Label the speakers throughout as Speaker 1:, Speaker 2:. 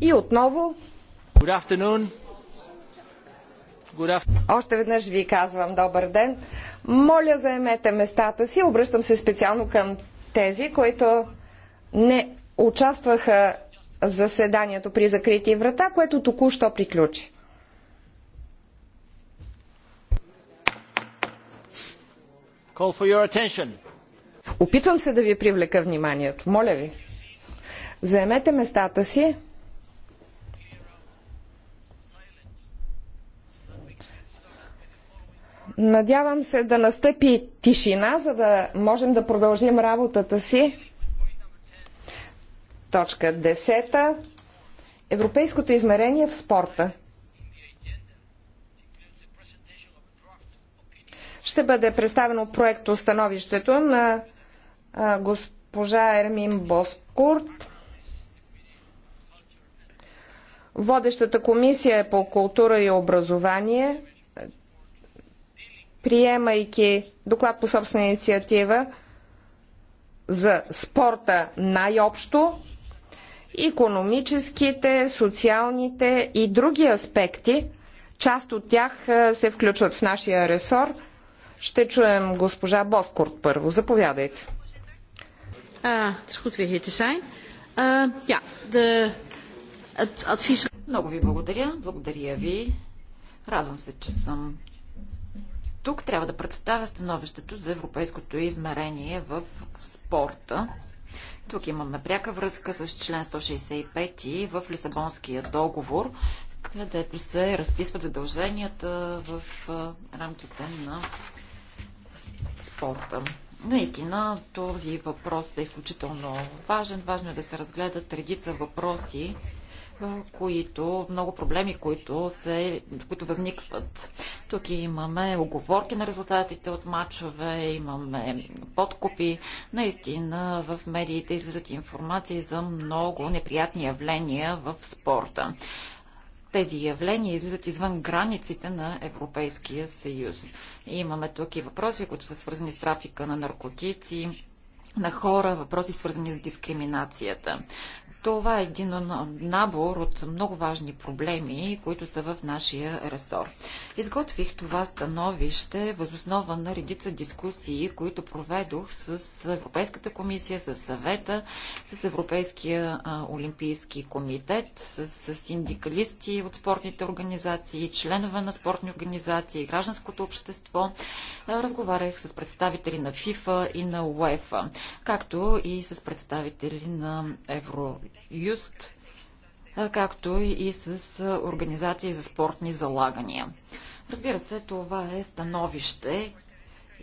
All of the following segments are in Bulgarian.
Speaker 1: И отново. Още веднъж ви казвам добър ден. Моля, заемете местата си. Обръщам се специално към тези, които не участваха в заседанието при закрити врата, което току-що приключи. Опитвам се да ви привлека вниманието. Моля ви. Заемете местата си. Надявам се да настъпи тишина, за да можем да продължим работата си. Точка 10. Европейското измерение в спорта. Ще бъде представено проекто становището на госпожа Ермин Боскурт, Водещата комисия е по култура и образование, приемайки доклад по собствена инициатива за спорта най-общо, економическите, социалните и други аспекти, част от тях е, се включват в нашия ресор. Ще чуем госпожа Боскорт първо. Заповядайте.
Speaker 2: Uh, het is goed weer hier te zijn. Uh, ja, de много ви благодаря. Благодаря ви. Радвам се, че съм тук. Трябва да представя становището за европейското измерение в спорта. Тук имаме пряка връзка с член 165 в Лисабонския договор, където се разписват задълженията в рамките на спорта. Наистина този въпрос е изключително важен. Важно е да се разгледат редица въпроси, които, много проблеми, които, се, които възникват. Тук имаме оговорки на резултатите от матчове, имаме подкупи. Наистина в медиите излизат информации за много неприятни явления в спорта. Тези явления излизат извън границите на Европейския съюз. И имаме тук и въпроси, които са свързани с трафика на наркотици, на хора, въпроси свързани с дискриминацията. Това е един набор от много важни проблеми, които са в нашия ресор. Изготвих това становище възоснова на редица дискусии, които проведох с Европейската комисия, с съвета, с Европейския олимпийски комитет, с, синдикалисти от спортните организации, членове на спортни организации, гражданското общество. Разговарях с представители на ФИФА и на УЕФА, както и с представители на Евро Юст, както и с организации за спортни залагания. Разбира се, това е становище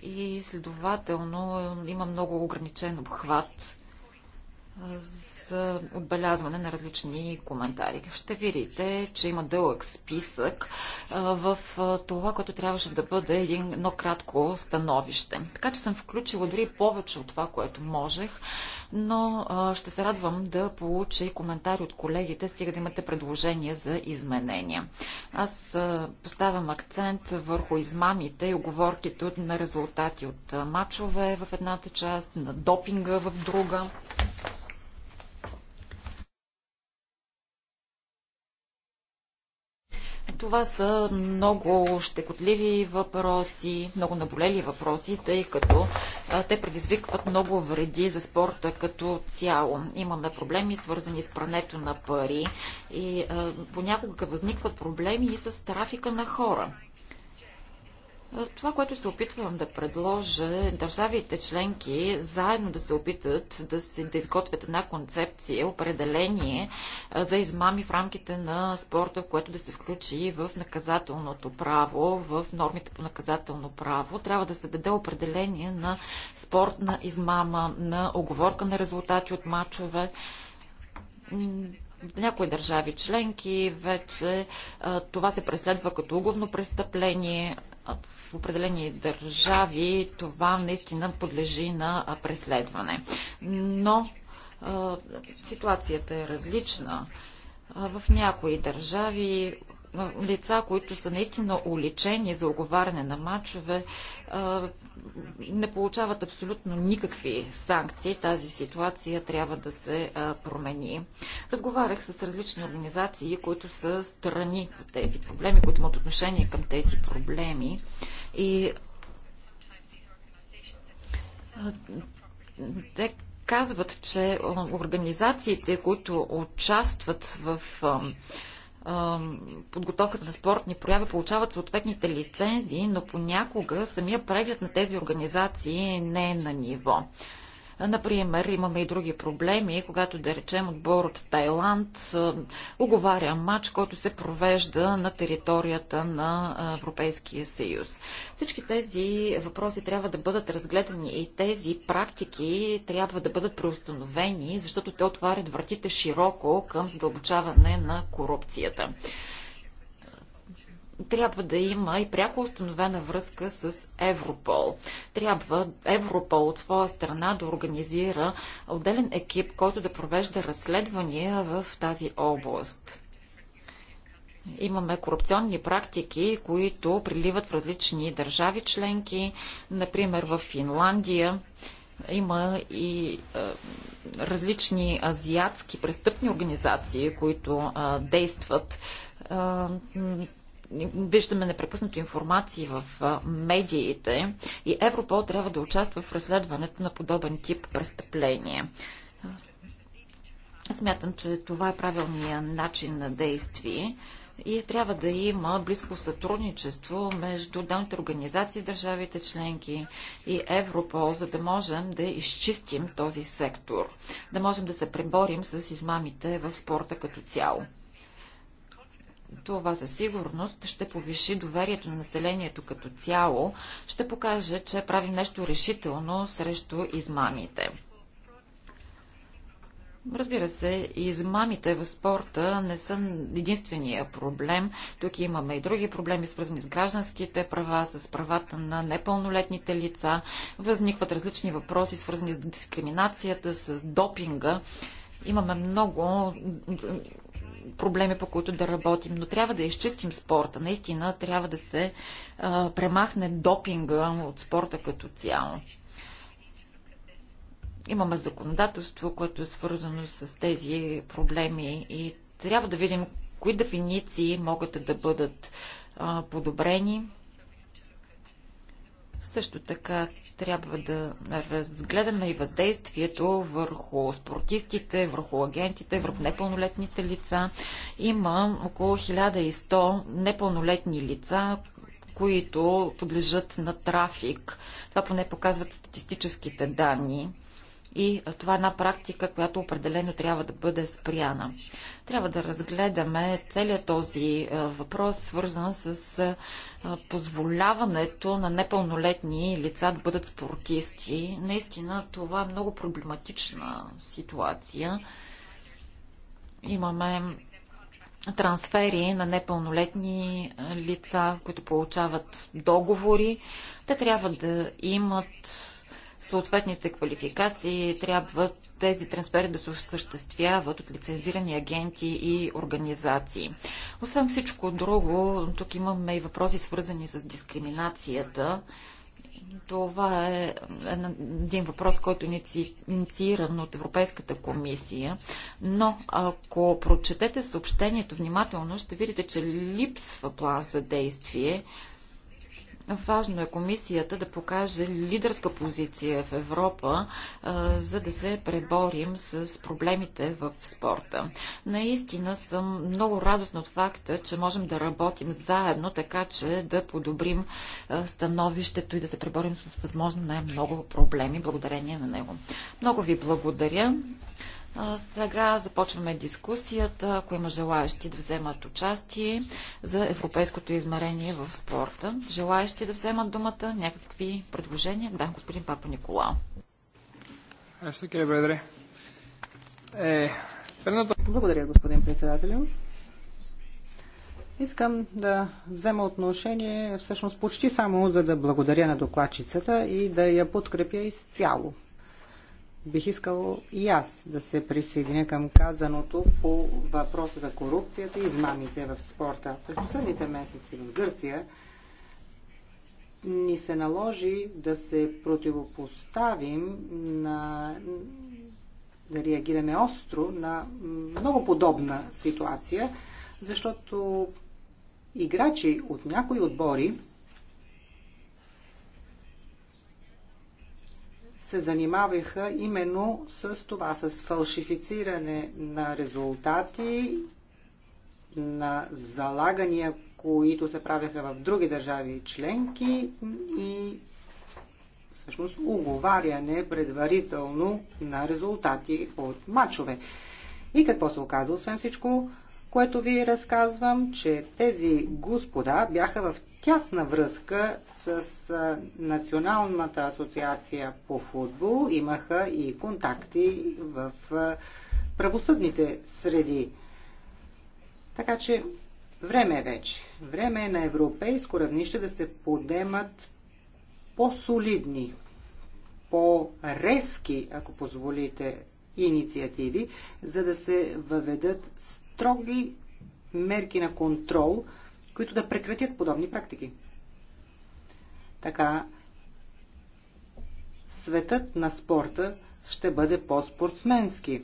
Speaker 2: и следователно има много ограничен обхват отбелязване на различни коментари. Ще видите, че има дълъг списък в това, което трябваше да бъде един, едно кратко становище. Така че съм включила дори повече от това, което можех, но ще се радвам да получа и коментари от колегите, стига да имате предложения за изменения. Аз поставям акцент върху измамите и оговорките на резултати от матчове в едната част, на допинга в друга. Това са много щекотливи въпроси, много наболели въпроси, тъй като а, те предизвикват много вреди за спорта като цяло. Имаме проблеми, свързани с прането на пари и а, понякога възникват проблеми и с трафика на хора. Това, което се опитвам да предложа, е държавите членки заедно да се опитат да, се, да изготвят една концепция, определение за измами в рамките на спорта, което да се включи в наказателното право, в нормите по наказателно право. Трябва да се даде определение на спортна измама, на оговорка на резултати от матчове някои държави членки вече а, това се преследва като уговно престъпление в определени държави това наистина подлежи на преследване. Но ситуацията е различна. В някои държави лица, които са наистина уличени за оговаряне на мачове, не получават абсолютно никакви санкции. Тази ситуация трябва да се промени. Разговарях с различни организации, които са страни от тези проблеми, които имат отношение към тези проблеми. И те казват, че организациите, които участват в подготовката на спортни прояви получават съответните лицензии, но понякога самия преглед на тези организации не е на ниво. Например, имаме и други проблеми, когато да речем отбор от Тайланд оговаря матч, който се провежда на територията на Европейския съюз. Всички тези въпроси трябва да бъдат разгледани и тези практики трябва да бъдат преустановени, защото те отварят вратите широко към задълбочаване на корупцията трябва да има и пряко установена връзка с Европол. Трябва Европол от своя страна да организира отделен екип, който да провежда разследвания в тази област. Имаме корупционни практики, които приливат в различни държави членки, например в Финландия има и е, различни азиатски престъпни организации, които е, действат виждаме непрекъснато информации в медиите и Европол трябва да участва в разследването на подобен тип престъпления. Смятам, че това е правилният начин на действие и трябва да има близко сътрудничество между данните организации, държавите членки и Европол, за да можем да изчистим този сектор, да можем да се преборим с измамите в спорта като цяло. Това със сигурност ще повиши доверието на населението като цяло, ще покаже, че правим нещо решително срещу измамите. Разбира се, измамите в спорта не са единствения проблем. Тук имаме и други проблеми, свързани с гражданските права, с правата на непълнолетните лица. Възникват различни въпроси, свързани с дискриминацията, с допинга. Имаме много проблеми, по които да работим, но трябва да изчистим спорта. Наистина трябва да се а, премахне допинга от спорта като цяло. Имаме законодателство, което е свързано с тези проблеми и трябва да видим кои дефиниции могат да бъдат а, подобрени. Също така трябва да разгледаме и въздействието върху спортистите, върху агентите, върху непълнолетните лица. Има около 1100 непълнолетни лица, които подлежат на трафик. Това поне показват статистическите данни и това е една практика, която определено трябва да бъде спряна. Трябва да разгледаме целият този е, въпрос, свързан с е, позволяването на непълнолетни лица да бъдат спортисти. Наистина това е много проблематична ситуация. Имаме трансфери на непълнолетни е, лица, които получават договори. Те трябва да имат съответните квалификации, трябва тези трансфери да се осъществяват от лицензирани агенти и организации. Освен всичко друго, тук имаме и въпроси свързани с дискриминацията. Това е един въпрос, който е иницииран от Европейската комисия, но ако прочетете съобщението внимателно, ще видите, че липсва план за действие Важно е комисията да покаже лидерска позиция в Европа, за да се преборим с проблемите в спорта. Наистина съм много радостна от факта, че можем да работим заедно, така че да подобрим становището и да се преборим с възможно най-много проблеми благодарение на него. Много ви благодаря. Сега започваме дискусията, ако има желаящи да вземат участие за европейското измерение в спорта. Желаящи да вземат думата, някакви предложения? Да, господин Папа Николао. Е, благодаря, господин председател.
Speaker 3: Искам да взема отношение, всъщност почти само за да благодаря на докладчицата и да я подкрепя изцяло Бих искал и аз да се присъединя към казаното по въпроса за корупцията и измамите в спорта. През последните месеци в Гърция ни се наложи да се противопоставим на да реагираме остро на много подобна ситуация, защото играчи от някои отбори се занимаваха именно с това, с фалшифициране на резултати, на залагания, които се правяха в други държави членки и всъщност уговаряне предварително на резултати от матчове. И какво се оказа, освен всичко, което ви разказвам, че тези господа бяха в тясна връзка с Националната асоциация по футбол, имаха и контакти в правосъдните среди. Така че време е вече. Време е на европейско равнище да се подемат по-солидни, по-резки, ако позволите, инициативи, за да се въведат строги мерки на контрол, които да прекратят подобни практики. Така, светът на спорта ще бъде по-спортсменски.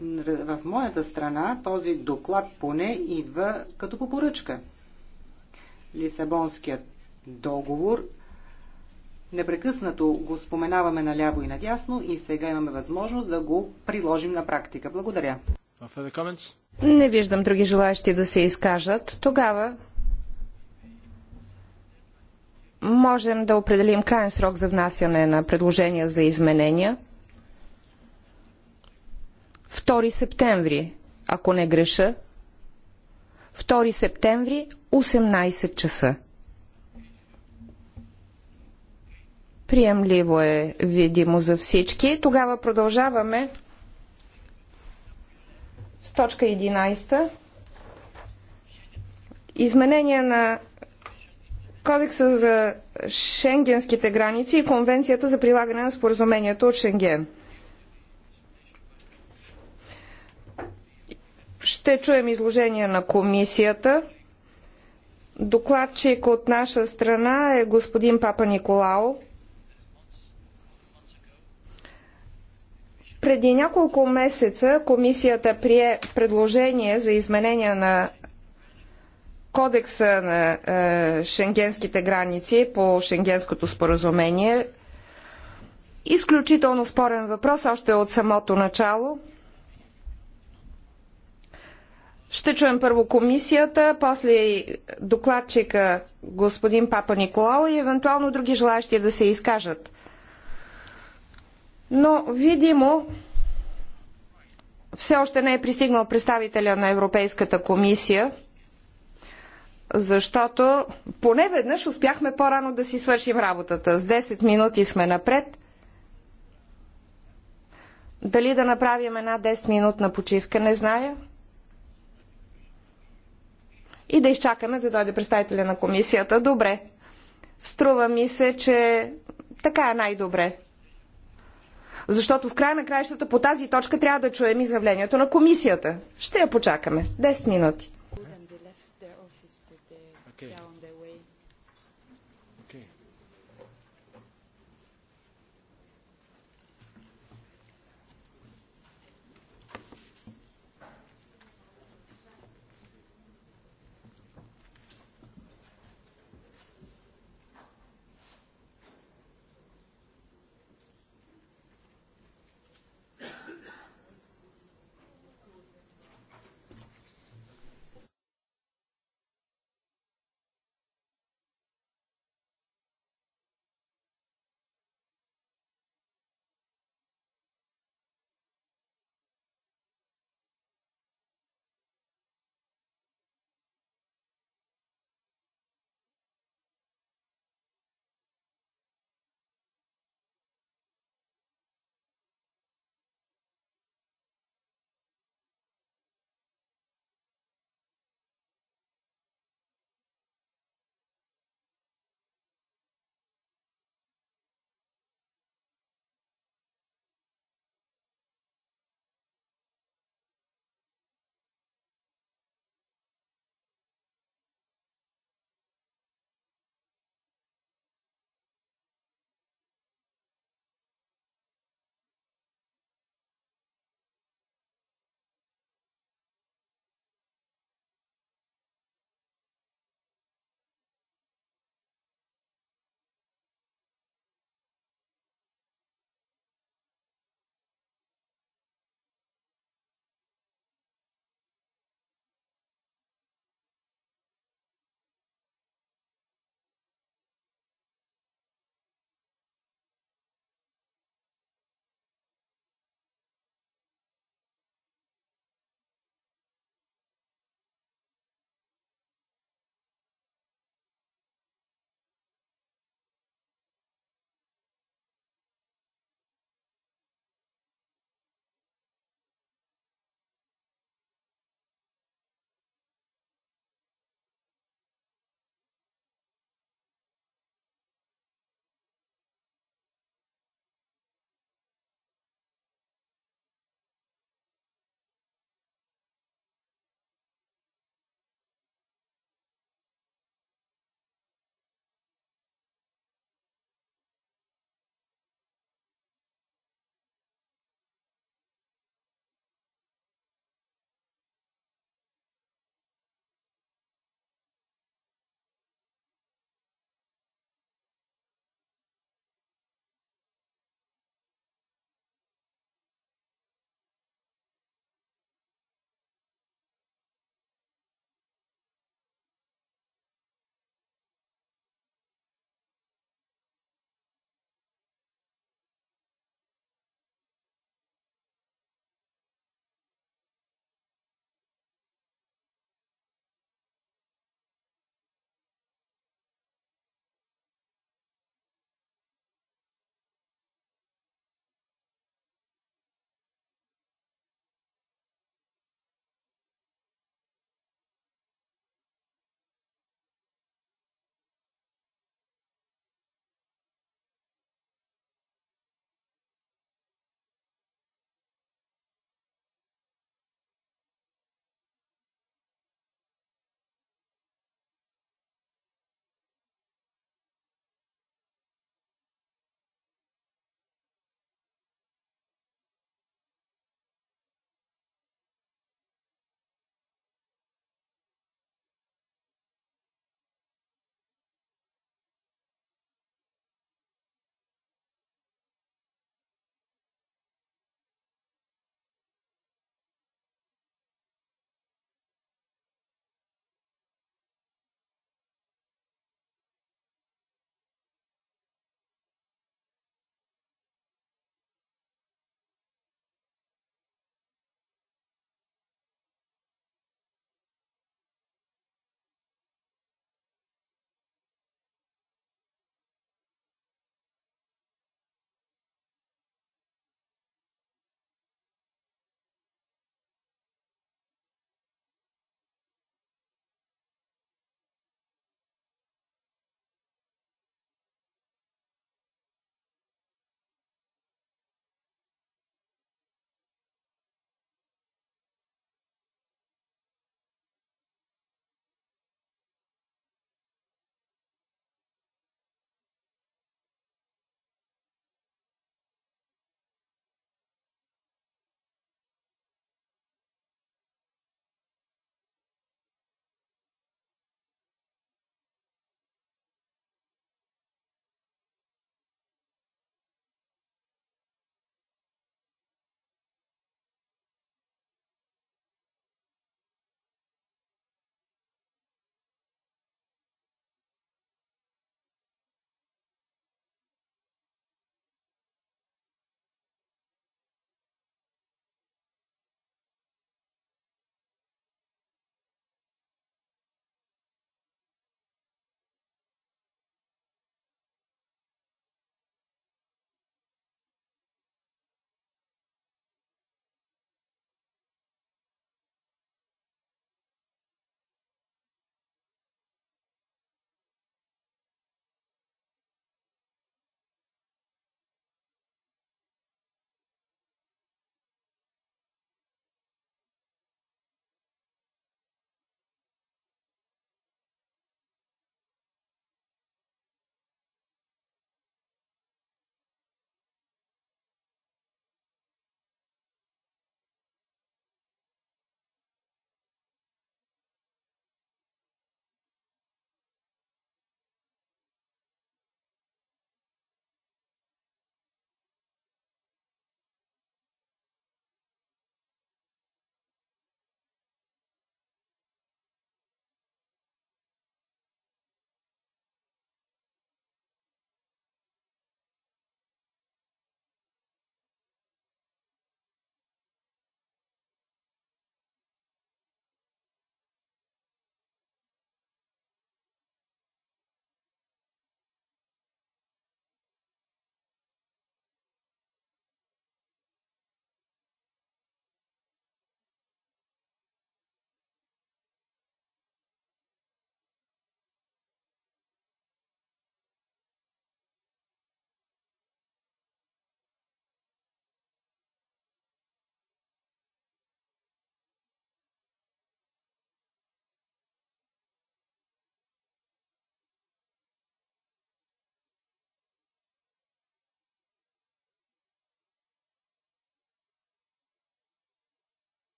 Speaker 3: В моята страна този доклад поне идва като по поръчка. Лисабонският договор непрекъснато го споменаваме наляво и надясно и сега имаме възможност да го приложим на практика.
Speaker 4: Благодаря.
Speaker 1: Не виждам други желаящи да се изкажат. Тогава можем да определим крайен срок за внасяне на предложения за изменения. 2 септември, ако не греша. 2 септември, 18 часа. Приемливо е видимо за всички. Тогава продължаваме с точка 11. Изменение на Кодекса за шенгенските граници и Конвенцията за прилагане на споразумението от Шенген. Ще чуем изложение на комисията. Докладчик от наша страна е господин Папа Николао. Преди няколко месеца комисията прие предложение за изменение на кодекса на е, шенгенските граници по шенгенското споразумение. Изключително спорен въпрос още от самото начало. Ще чуем първо комисията, после докладчика господин Папа Николао и евентуално други желаящи да се изкажат но видимо все още не е пристигнал представителя на Европейската комисия, защото поне веднъж успяхме по-рано да си свършим работата. С 10 минути сме напред. Дали да направим една 10-минутна почивка, не зная. И да изчакаме да дойде представителя на комисията. Добре. Струва ми се, че така е най-добре. Защото в края на краищата по тази точка трябва да чуем изявлението на комисията. Ще я почакаме. 10 минути.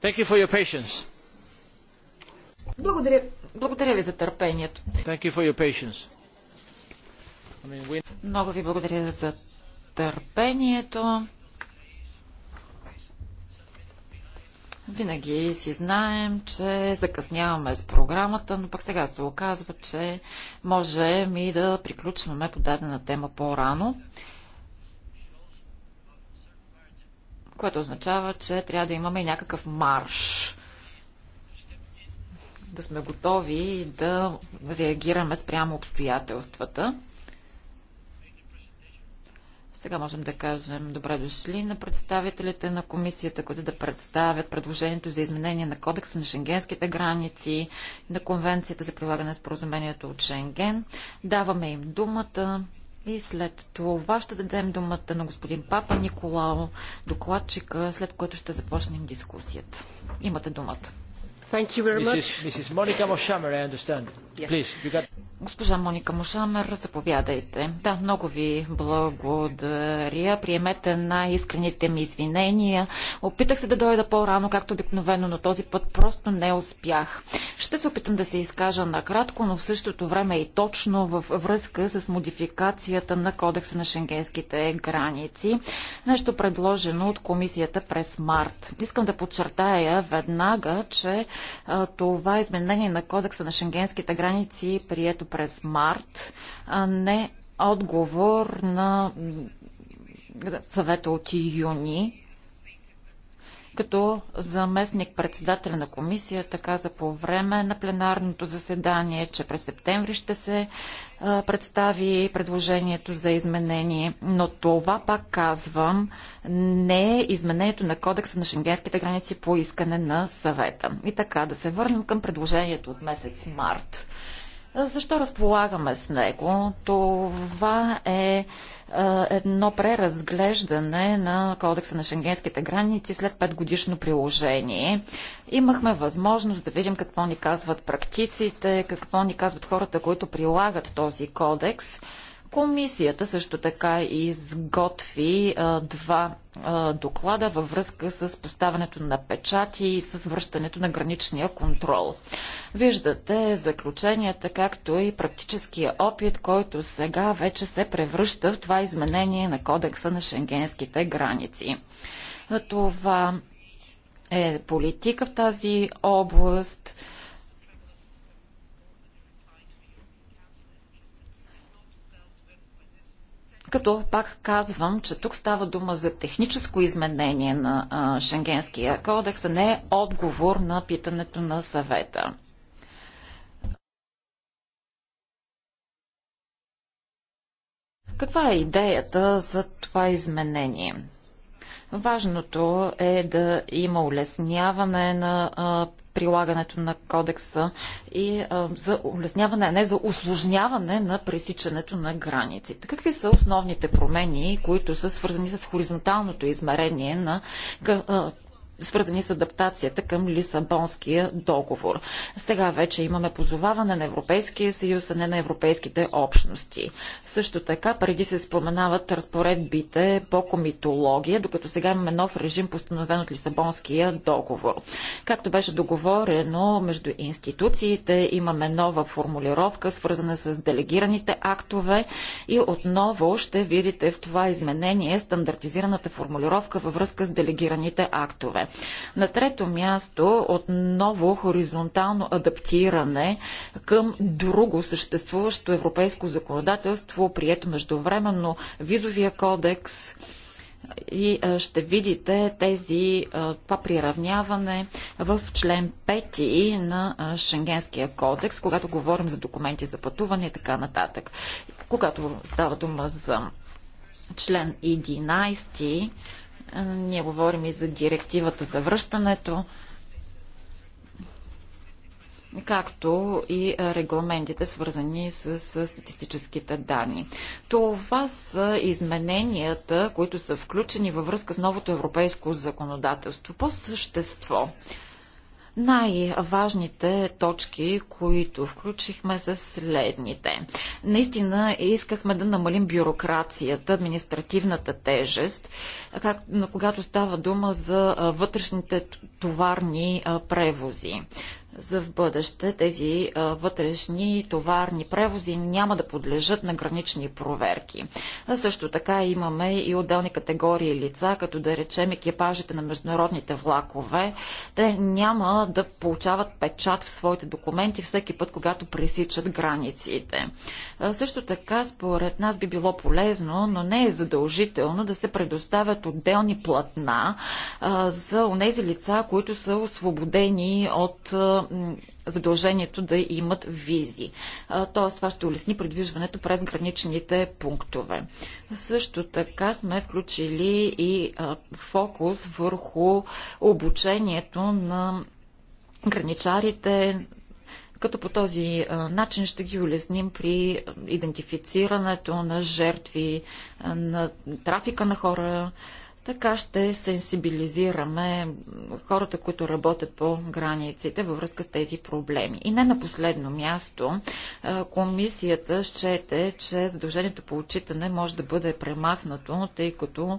Speaker 1: Thank you for your patience.
Speaker 2: Благодаря, благодаря ви за търпението. Thank you for your patience. I mean, we... Много ви благодаря за търпението. Винаги си знаем, че закъсняваме с програмата, но пък сега се оказва, че можем и да приключваме по дадена тема по-рано. което означава, че трябва да имаме и някакъв марш. Да сме готови да реагираме спрямо обстоятелствата. Сега можем да кажем добре дошли на представителите на комисията, които да представят предложението за изменение на кодекса на шенгенските граници, на конвенцията за прилагане на споразумението от Шенген. Даваме им думата и след това ще дадем думата на господин Папа Николао, докладчика, след което ще започнем дискусията. Имате думата. Thank you very much. Mrs. Monica Moshammer, I understand. Госпожа Моника Мушамер, заповядайте. Да, много ви благодаря. Приемете най-искрените ми извинения. Опитах се да дойда по-рано, както обикновено, но този път просто не успях. Ще се опитам да се изкажа накратко, но в същото време и точно в връзка с модификацията на кодекса на шенгенските граници. Нещо предложено от комисията през март. Искам да подчертая веднага, че това изменение на кодекса на шенгенските граници граници, прието през март, не отговор на съвета от юни, като заместник председател на комисията каза по време на пленарното заседание, че през септември ще се представи предложението за изменение. Но това, пак казвам, не е изменението на кодекса на шенгенските граници по искане на съвета. И така, да се върнем към предложението от месец март. Защо разполагаме с него? Това е едно преразглеждане на кодекса на шенгенските граници след 5 годишно приложение. Имахме възможност да видим какво ни казват практиците, какво ни казват хората, които прилагат този кодекс – Комисията също така изготви два доклада във връзка с поставянето на печати и с връщането на граничния контрол. Виждате заключенията, както и практическия опит, който сега вече се превръща в това изменение на кодекса на шенгенските граници. Това е политика в тази област – като пак казвам, че тук става дума за техническо изменение на а, Шенгенския кодекс, а не е отговор на питането на съвета. Каква е идеята за това изменение? Важното е да има улесняване на прилагането на кодекса и а, за улесняване, а не за усложняване на пресичането на границите. Какви са основните промени, които са свързани с хоризонталното измерение на свързани с адаптацията към Лисабонския договор. Сега вече имаме позоваване на Европейския съюз, а не на европейските общности. Също така, преди се споменават разпоредбите по комитология, докато сега имаме нов режим, постановен от Лисабонския договор. Както беше договорено между институциите, имаме нова формулировка, свързана с делегираните актове и отново ще видите в това изменение стандартизираната формулировка във връзка с делегираните актове. На трето място отново хоризонтално адаптиране към друго съществуващо европейско законодателство, прието междувременно визовия кодекс и ще видите тези, това приравняване в член 5 на Шенгенския кодекс, когато говорим за документи за пътуване и така нататък. Когато става дума за член 11, ние говорим и за директивата за връщането, както и регламентите, свързани с статистическите данни. Това са измененията, които са включени във връзка с новото европейско законодателство. По същество, най-важните точки, които включихме са следните. Наистина искахме да намалим бюрокрацията, административната тежест, как, когато става дума за вътрешните товарни превози за в бъдеще тези а, вътрешни товарни превози няма да подлежат на гранични проверки. А също така имаме и отделни категории лица, като да речем екипажите на международните влакове. Те няма да получават печат в своите документи всеки път, когато пресичат границите. А, също така, според нас би било полезно, но не е задължително да се предоставят отделни платна за тези лица, които са освободени от задължението да имат визи. Тоест, това ще улесни придвижването през граничните пунктове. Също така сме включили и фокус върху обучението на граничарите, като по този начин ще ги улесним при идентифицирането на жертви на трафика на хора, така ще сенсибилизираме хората, които работят по границите във връзка с тези проблеми. И не на последно място, комисията щете, че задължението по отчитане може да бъде премахнато, тъй като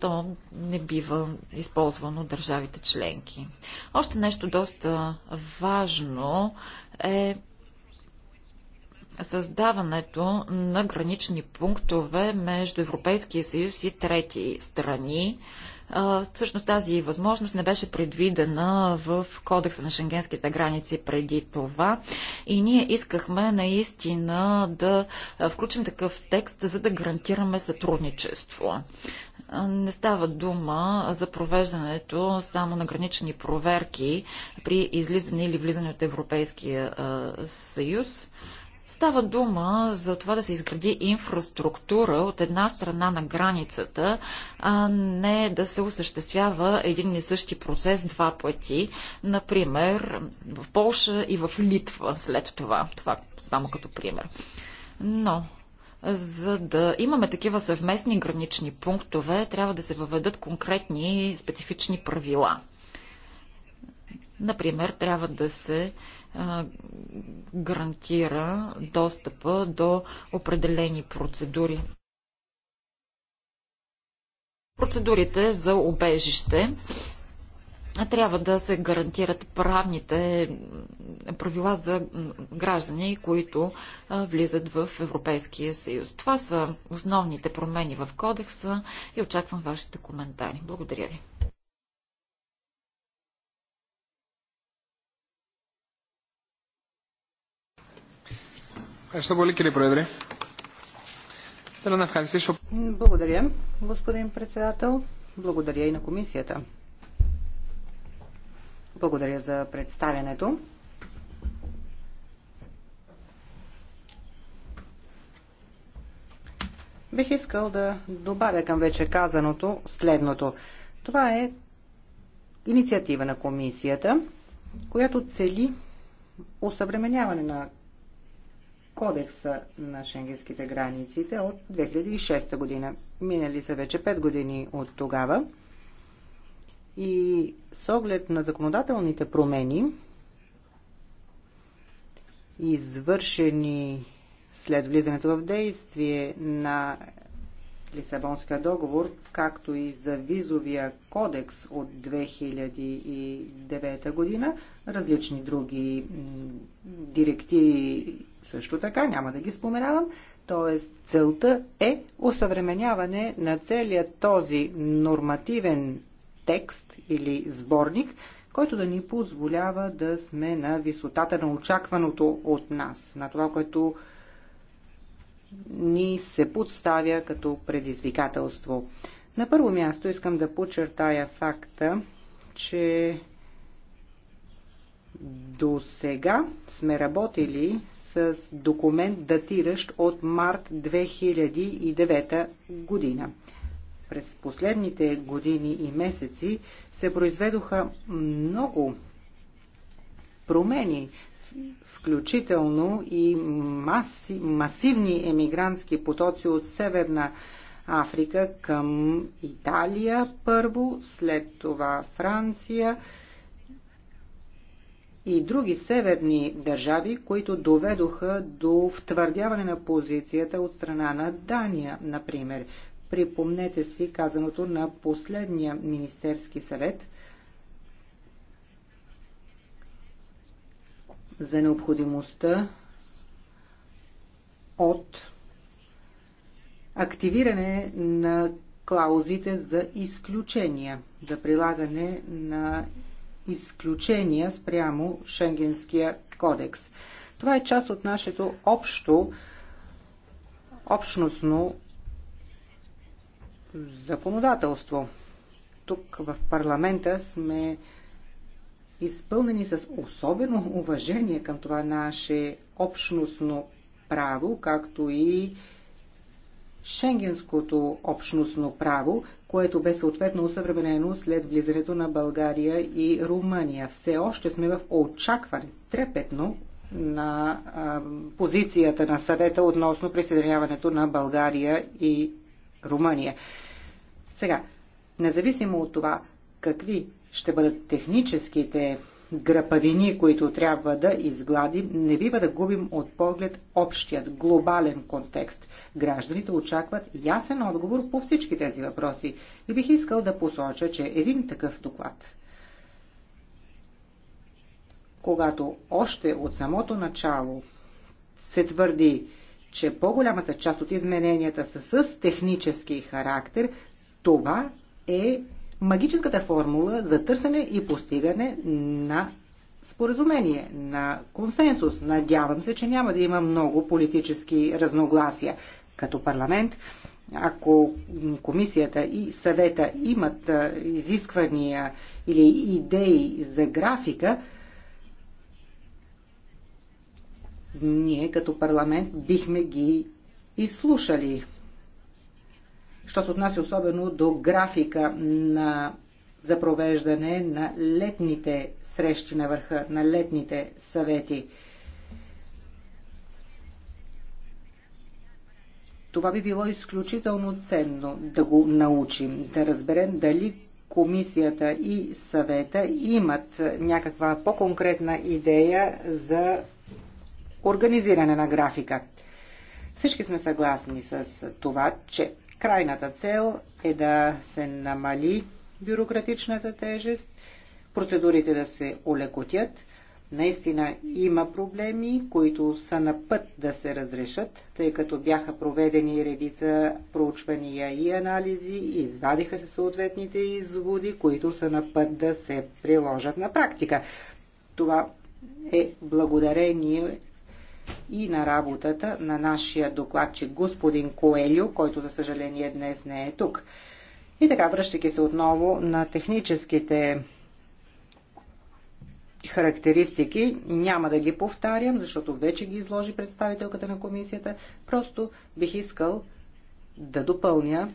Speaker 2: то не бива използвано от държавите членки. Още нещо доста важно е създаването на гранични пунктове между Европейския съюз и трети страни. Всъщност тази възможност не беше предвидена в кодекса на шенгенските граници преди това и ние искахме наистина да включим такъв текст, за да гарантираме сътрудничество. Не става дума за провеждането само на гранични проверки при излизане или влизане от Европейския съюз Става дума за това да се изгради инфраструктура от една страна на границата, а не да се осъществява един и същи процес два пъти, например в Полша и в Литва след това. Това само като пример. Но за да имаме такива съвместни гранични пунктове, трябва да се въведат конкретни специфични правила. Например, трябва да се гарантира достъпа до определени процедури. Процедурите за обежище трябва да се гарантират правните правила за граждани, които влизат в Европейския съюз. Това са основните промени в кодекса и очаквам вашите коментари. Благодаря ви.
Speaker 4: Ευχαριστώ πολύ κύριε Πρόεδρε. Θέλω να ευχαριστήσω.
Speaker 3: Благодаря, господин председател. Благодаря и на комисията. Благодаря за представянето. Бих искал да добавя към вече казаното следното. Това е инициатива на комисията, която цели усъвременяване на кодекса на шенгенските границите от 2006 година. Минали са вече 5 години от тогава. И с оглед на законодателните промени, извършени след влизането в действие на Лисабонския договор, както и за визовия кодекс от 2009 година, различни други директиви също така, няма да ги споменавам. Т.е. целта е усъвременяване на целият този нормативен текст или сборник, който да ни позволява да сме на висотата на очакваното от нас, на това, което ни се подставя като предизвикателство. На първо място искам да подчертая факта, че до сега сме работили с документ датиращ от март 2009 година. През последните години и месеци се произведоха много промени включително и маси, масивни емигрантски потоци от Северна Африка към Италия първо, след това Франция и други северни държави, които доведоха до втвърдяване на позицията от страна на Дания, например. Припомнете си казаното на последния Министерски съвет – за необходимостта от активиране на клаузите за изключения, за прилагане на изключения спрямо Шенгенския кодекс. Това е част от нашето общо, общностно законодателство. Тук в парламента сме изпълнени с особено уважение към това наше общностно право, както и шенгенското общностно право, което бе съответно усъвременено след влизането на България и Румъния. Все още сме в очакване, трепетно, на а, позицията на съвета относно присъединяването на България и Румъния. Сега, независимо от това какви ще бъдат техническите грапавини, които трябва да изгладим, не бива да губим от поглед общият глобален контекст. Гражданите очакват ясен отговор по всички тези въпроси и бих искал да посоча, че един такъв доклад, когато още от самото начало се твърди, че по-голямата част от измененията са с технически характер, това е магическата формула за търсене и постигане на споразумение, на консенсус. Надявам се, че няма да има много политически разногласия. Като парламент, ако комисията и съвета имат изисквания или идеи за графика, ние като парламент бихме ги изслушали що се отнася особено до графика на, за провеждане на летните срещи на върха, на летните съвети. Това би било изключително ценно да го научим, да разберем дали комисията и съвета имат някаква по-конкретна идея за организиране на графика. Всички сме съгласни с това, че Крайната цел е да се намали бюрократичната тежест, процедурите да се олекотят. Наистина има проблеми, които са на път да се разрешат, тъй като бяха проведени редица проучвания и анализи, и извадиха се съответните изводи, които са на път да се приложат на практика. Това е благодарение и на работата на нашия докладчик господин Коелю, който за съжаление днес не е тук. И така, връщайки се отново на техническите характеристики, няма да ги повтарям, защото вече ги изложи представителката на комисията, просто бих искал да допълня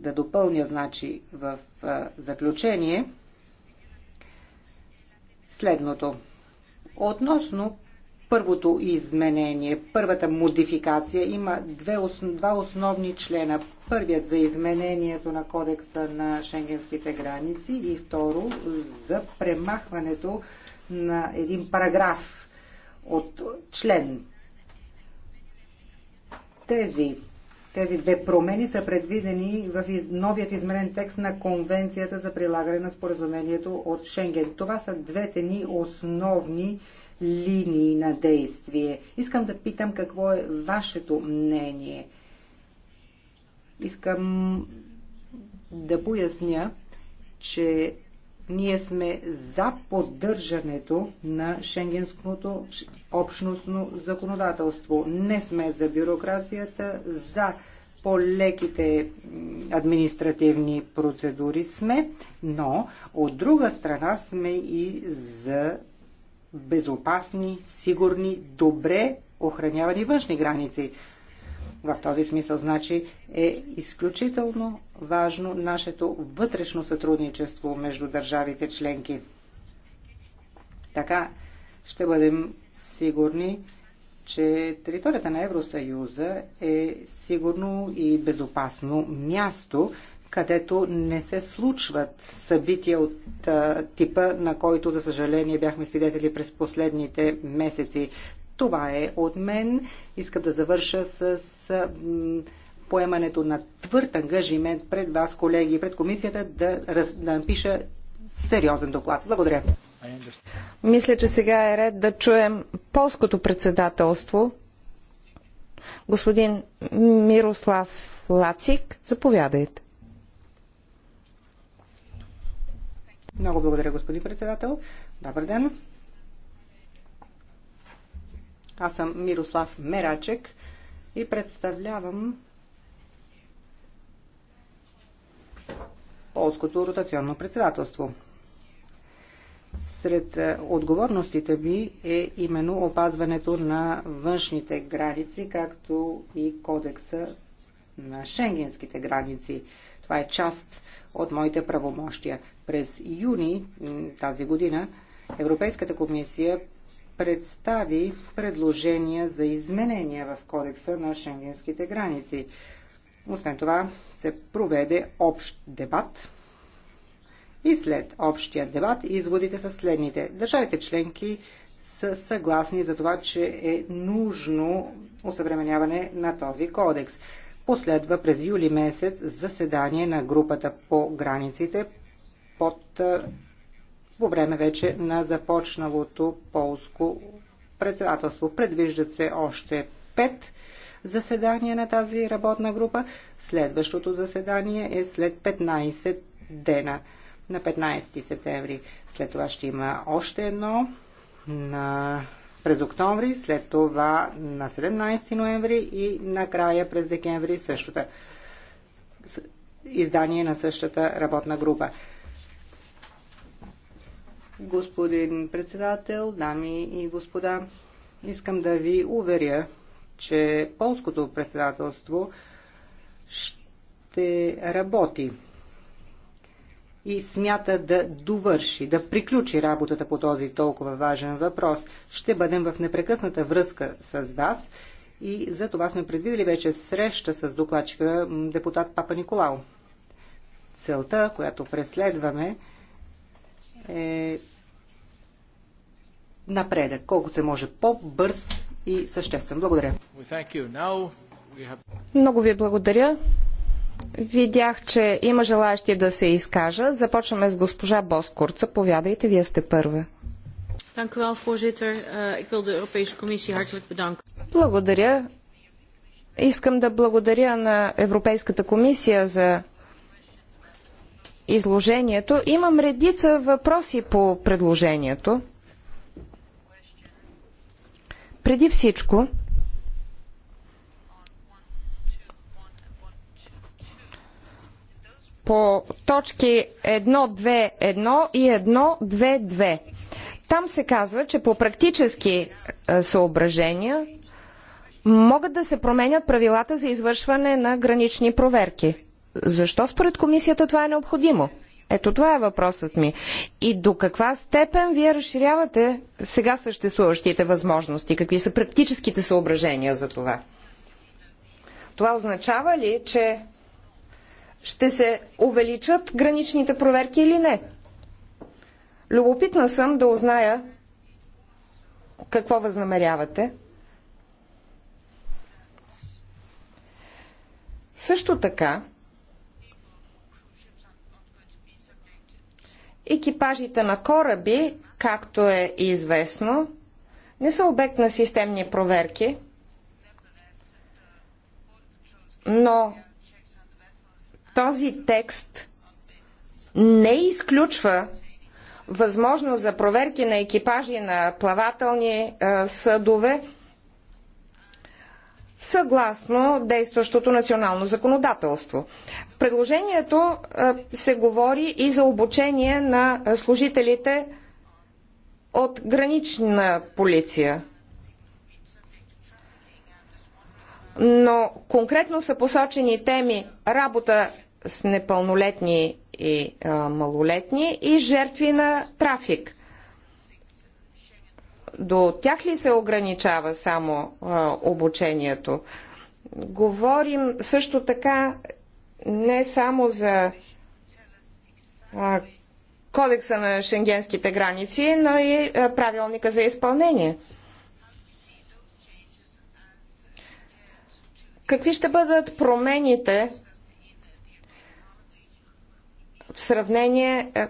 Speaker 3: да допълня, значи, в а, заключение – следното. Относно първото изменение, първата модификация, има две, два основни члена. Първият за изменението на кодекса на шенгенските граници и второ за премахването на един параграф от член. Тези тези две промени са предвидени в новият изменен текст на Конвенцията за прилагане на споразумението от Шенген. Това са двете ни основни линии на действие. Искам да питам какво е вашето мнение. Искам да поясня, че ние сме за поддържането на шенгенското общностно законодателство. Не сме за бюрокрацията, за по-леките административни процедури сме, но от друга страна сме и за безопасни, сигурни, добре охранявани външни граници. В този смисъл, значи, е изключително важно нашето вътрешно сътрудничество между държавите членки. Така ще бъдем сигурни, че територията на Евросъюза е сигурно и безопасно място, където не се случват събития от а, типа, на който, за съжаление, бяхме свидетели през последните месеци. Това е от мен. Искам да завърша с. с поемането на твърд ангажимент пред вас, колеги, пред комисията да, раз, да напиша сериозен доклад. Благодаря.
Speaker 1: Мисля, че сега е ред да чуем полското председателство. Господин Мирослав Лацик, заповядайте.
Speaker 3: Много благодаря, господин председател. Добър ден. Аз съм Мирослав Мерачек и представлявам Полското ротационно председателство. Сред е, отговорностите ми е именно опазването на външните граници, както и кодекса на шенгенските граници. Това е част от моите правомощия. През юни тази година Европейската комисия представи предложения за изменения в кодекса на шенгенските граници. Освен това се проведе общ дебат и след общия дебат изводите са следните. Държавите членки са съгласни за това, че е нужно осъвременяване на този кодекс. Последва през юли месец заседание на групата по границите под, по време вече на започналото полско председателство. Предвиждат се още пет заседания на тази работна група. Следващото заседание е след 15 дена на 15 септември. След това ще има още едно на през октомври, след това на 17 ноември и накрая през декември същата издание на същата работна група. Господин председател, дами и господа, искам да ви уверя, че полското председателство ще работи и смята да довърши, да приключи работата по този толкова важен въпрос. Ще бъдем в непрекъсната връзка с вас и за това сме предвидели вече среща с докладчика депутат Папа Николао. Целта, която преследваме е напредък, колкото се може по-бърз и съществен. Благодаря.
Speaker 1: Много ви благодаря. Видях, че има желаящи да се изкажат. Започваме с госпожа Боскурца, Повядайте, вие сте първа.
Speaker 4: Eh,
Speaker 1: благодаря. Искам да благодаря на Европейската комисия за изложението. Имам редица въпроси по предложението. Преди всичко, по точки 2, 1 и 2-2. Там се казва, че по практически е, съображения могат да се променят правилата за извършване на гранични проверки. Защо според комисията това е необходимо? Ето това е въпросът ми. И до каква степен вие разширявате сега съществуващите възможности? Какви са практическите съображения за това? Това означава ли, че ще се увеличат граничните проверки или не? Любопитна съм да узная какво възнамерявате. Също така, екипажите на кораби, както е известно, не са обект на системни проверки, но този текст не изключва възможност за проверки на екипажи на плавателни съдове съгласно действащото национално законодателство. В предложението се говори и за обучение на служителите от гранична полиция. Но конкретно са посочени теми работа с непълнолетни и а, малолетни и жертви на трафик. До тях ли се ограничава само а, обучението? Говорим също така не само за а, кодекса на шенгенските граници, но и а, правилника за изпълнение. Какви ще бъдат промените в сравнение е,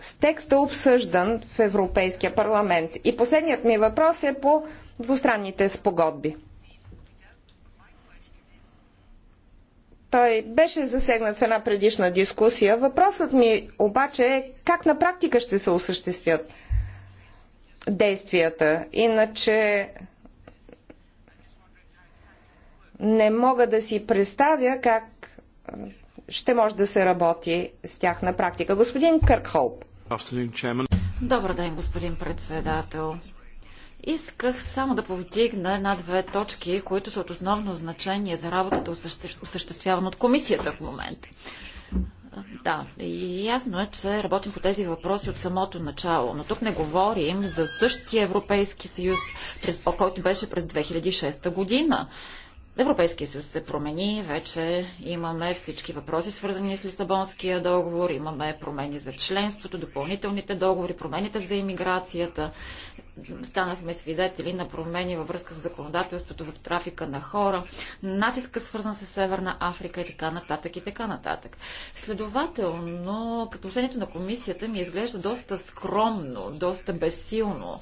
Speaker 1: с текста обсъждан в Европейския парламент. И последният ми въпрос е по двустранните спогодби. Той беше засегнат в една предишна дискусия. Въпросът ми обаче е как на практика ще се осъществят действията. Иначе не мога да си представя как ще може да се работи с тях на практика. Господин Къркхолп. Добър ден, господин
Speaker 2: председател. Исках само да повдигна една-две точки, които са от основно значение за работата, осъществявана от комисията в момента. Да, и ясно е, че работим по тези въпроси от самото начало, но тук не говорим за същия Европейски съюз, през, който беше през 2006 година. Европейския съюз се промени, вече имаме всички въпроси, свързани с Лисабонския договор, имаме промени за членството, допълнителните договори, промените за иммиграцията. Станахме свидетели на промени във връзка с законодателството в трафика на хора, натиска свързан с Северна Африка и така нататък и така нататък. Следователно, предложението на комисията ми изглежда доста скромно, доста безсилно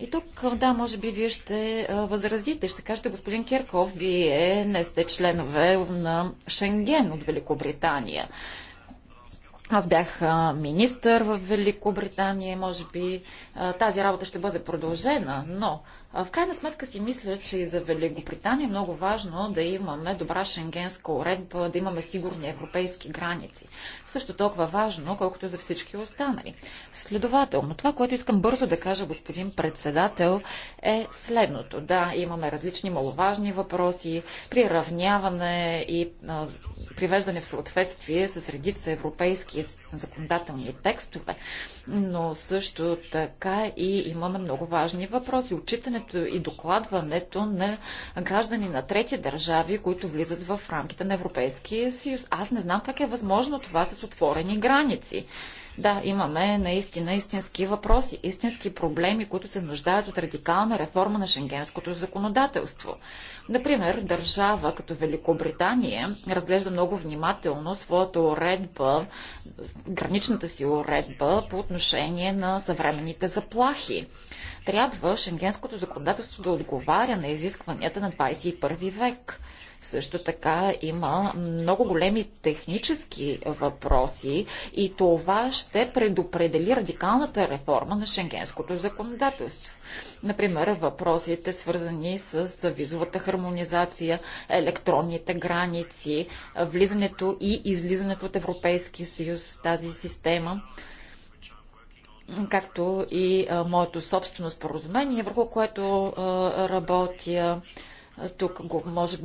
Speaker 2: и тук, да, може би вие ще възразите, ще кажете, господин Кирков, вие не сте членове на Шенген от Великобритания. Аз бях министър в Великобритания, може би тази работа ще бъде продължена, но в крайна сметка си мисля, че и за Великобритания е много важно да имаме добра шенгенска уредба, да имаме сигурни европейски граници. Също толкова важно, колкото за всички останали. Следователно, това, което искам бързо да кажа, господин председател, е следното. Да, имаме различни маловажни въпроси, приравняване и а, привеждане в съответствие с редица европейски законодателни текстове, но също така и имаме много важни въпроси. Отчитане отчитането и докладването на граждани на трети държави, които влизат в рамките на Европейския съюз. Аз не знам как е възможно това с отворени граници. Да, имаме наистина истински въпроси, истински проблеми, които се нуждаят от радикална реформа на шенгенското законодателство. Например, държава като Великобритания разглежда много внимателно своята уредба, граничната си уредба по отношение на съвременните заплахи трябва шенгенското законодателство да отговаря на изискванията на 21 век. Също така има много големи технически въпроси и това ще предопредели радикалната реформа на шенгенското законодателство. Например, въпросите свързани с визовата хармонизация, електронните граници, влизането и излизането от Европейския съюз, тази система както и а, моето собствено споразумение, върху което а, работя тук го, може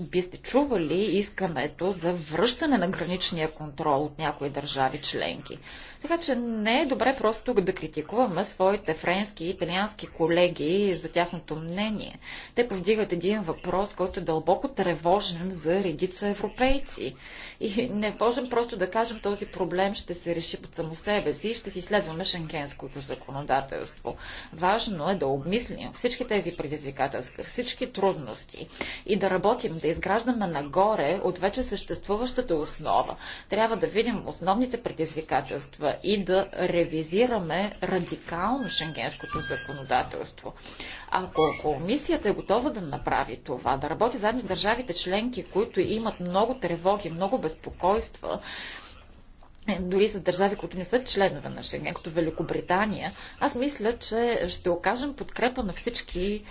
Speaker 2: би сте чували искането за връщане на граничния контрол от някои държави членки. Така че не е добре просто да критикуваме своите френски и италиански колеги за тяхното мнение. Те повдигат един въпрос, който е дълбоко тревожен за редица европейци. И не можем просто да кажем този проблем ще се реши под само себе си и ще си следваме шенгенското законодателство. Важно е да обмислим всички тези предизвикателства, всички трудности, трудности и да работим, да изграждаме нагоре от вече съществуващата основа. Трябва да видим основните предизвикателства и да ревизираме радикално шенгенското законодателство. Ако комисията е готова да направи това, да работи заедно с държавите членки, които имат много тревоги, много безпокойства, е, дори с държави, които не са членове на Шенген, като Великобритания, аз мисля, че ще окажем подкрепа на всички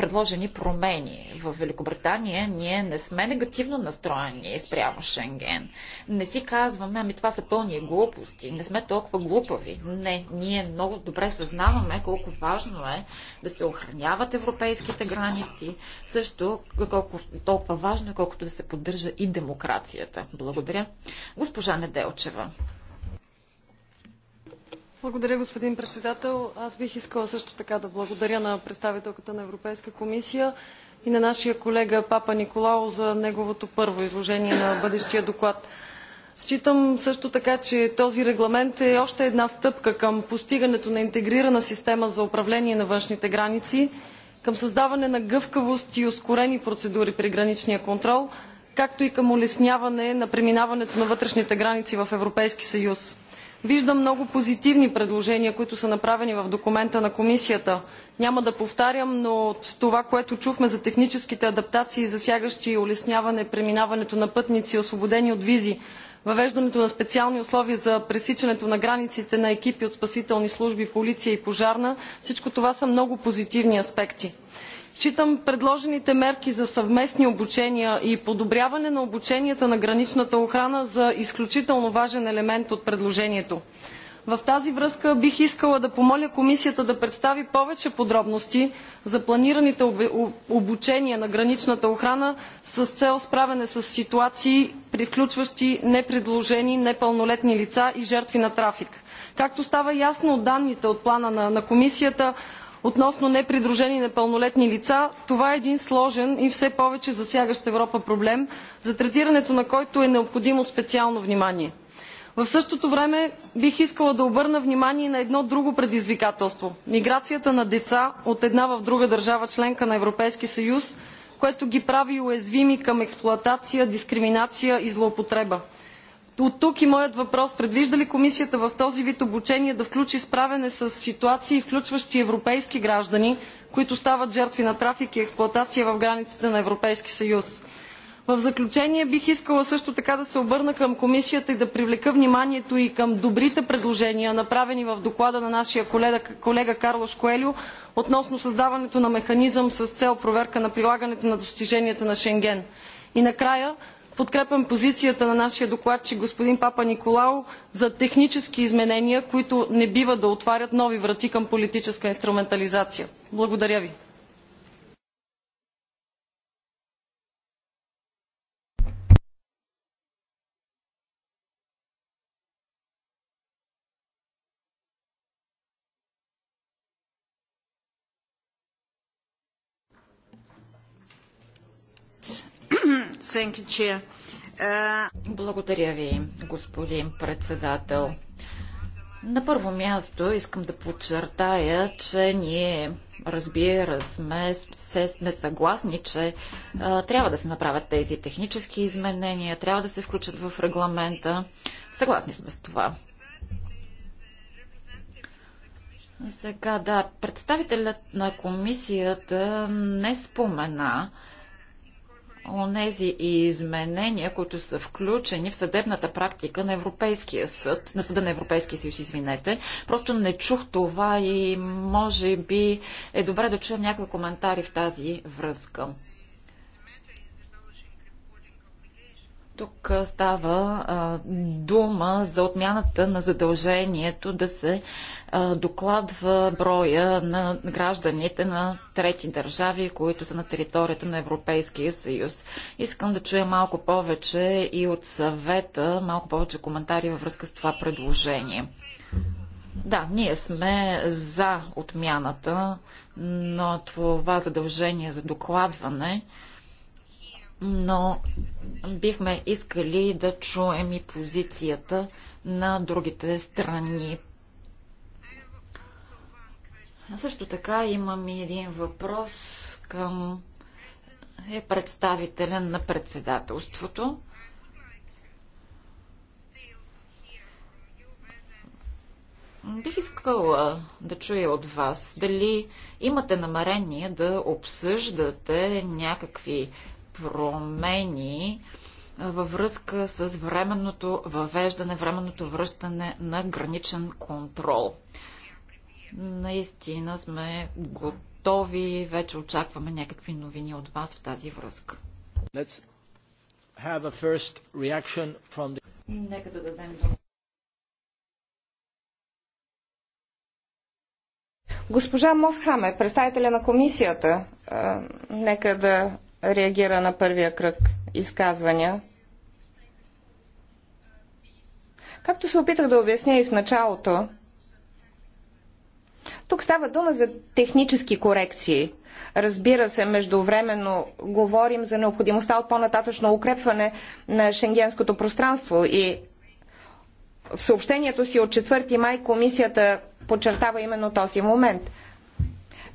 Speaker 2: предложени промени. В Великобритания ние не сме негативно настроени спрямо Шенген. Не си казваме, ами това са пълни глупости, не сме толкова глупави. Не, ние много добре съзнаваме колко важно е да се охраняват европейските граници, също колко, толкова важно е колкото да се поддържа и демокрацията. Благодаря. Госпожа Неделчева.
Speaker 4: Благодаря, господин председател. Аз бих искала също така да благодаря на представителката на Европейска комисия и на нашия колега Папа Николао за неговото първо изложение на бъдещия доклад. Считам също така, че този регламент е още една стъпка към постигането на интегрирана система за управление на външните граници, към създаване на гъвкавост и ускорени процедури при граничния контрол, както и към улесняване на преминаването на вътрешните граници в Европейски съюз. Виждам много позитивни предложения, които са направени в документа на комисията. Няма да повтарям, но от това, което чухме за техническите адаптации, засягащи улесняване преминаването на пътници, освободени от визи, въвеждането на специални условия за пресичането на границите на екипи от спасителни служби, полиция и пожарна, всичко това са много позитивни аспекти. Считам предложените мерки за съвместни обучения и подобряване на обученията на граничната охрана за изключително важен елемент от предложението. В тази връзка бих искала да помоля комисията да представи повече подробности за планираните обучения на граничната охрана с цел справяне с ситуации, включващи непредложени непълнолетни лица и жертви на трафик. Както става ясно от данните от плана на, на комисията, относно непридружени непълнолетни лица. Това е един сложен и все повече засягащ Европа проблем, за третирането на който е необходимо специално внимание. В същото време бих искала да обърна внимание на едно друго предизвикателство – миграцията на деца от една в друга държава членка на Европейския съюз, което ги прави уязвими към експлоатация, дискриминация и злоупотреба. От тук и моят въпрос. Предвижда ли комисията в този вид обучение да включи справяне с ситуации, включващи европейски граждани, които стават жертви на трафик и експлоатация в границите на Европейския съюз? В заключение бих искала също така да се обърна към комисията и да привлека вниманието и към добрите предложения, направени в доклада на нашия колега, колега Карлош Коелю относно създаването на механизъм с цел проверка на прилагането на достиженията на Шенген. И накрая, Подкрепям позицията на нашия докладчик господин Папа Николао за технически изменения, които не бива да отварят нови врати към политическа инструментализация. Благодаря ви.
Speaker 1: Uh, Благодаря
Speaker 2: ви, господин председател. На първо място искам да подчертая, че ние, разбира сме, се, сме съгласни, че а, трябва да се направят тези технически изменения, трябва да се включат в регламента. Съгласни сме с това. Сега, да, представителят на комисията не спомена, онези изменения, които са включени в съдебната практика на Европейския съд, на съда на Европейския съюз, извинете. Просто не чух това и може би е добре да чуем някои коментари в тази връзка. Тук става а, дума за отмяната на задължението да се а, докладва броя на гражданите на трети държави, които са на територията на Европейския съюз. Искам да чуя малко повече и от съвета, малко повече коментари във връзка с това предложение. Да, ние сме за отмяната но това задължение за докладване но бихме искали да чуем и позицията на другите страни. Също така имам и един въпрос към е представителя на председателството. Бих искала да чуя от вас дали имате намерение да обсъждате някакви промени във връзка с временното въвеждане, временното връщане на граничен контрол. Наистина сме готови, вече очакваме някакви новини от вас в тази връзка. The... Нека да дадем дума.
Speaker 1: Госпожа Мосхаме, представителя на комисията, нека да реагира на първия кръг изказвания. Както се опитах да обясня и в началото, тук става дума за технически корекции. Разбира се, междувременно говорим за необходимостта от по-нататъчно укрепване на шенгенското пространство и в съобщението си от 4 май комисията подчертава именно този момент.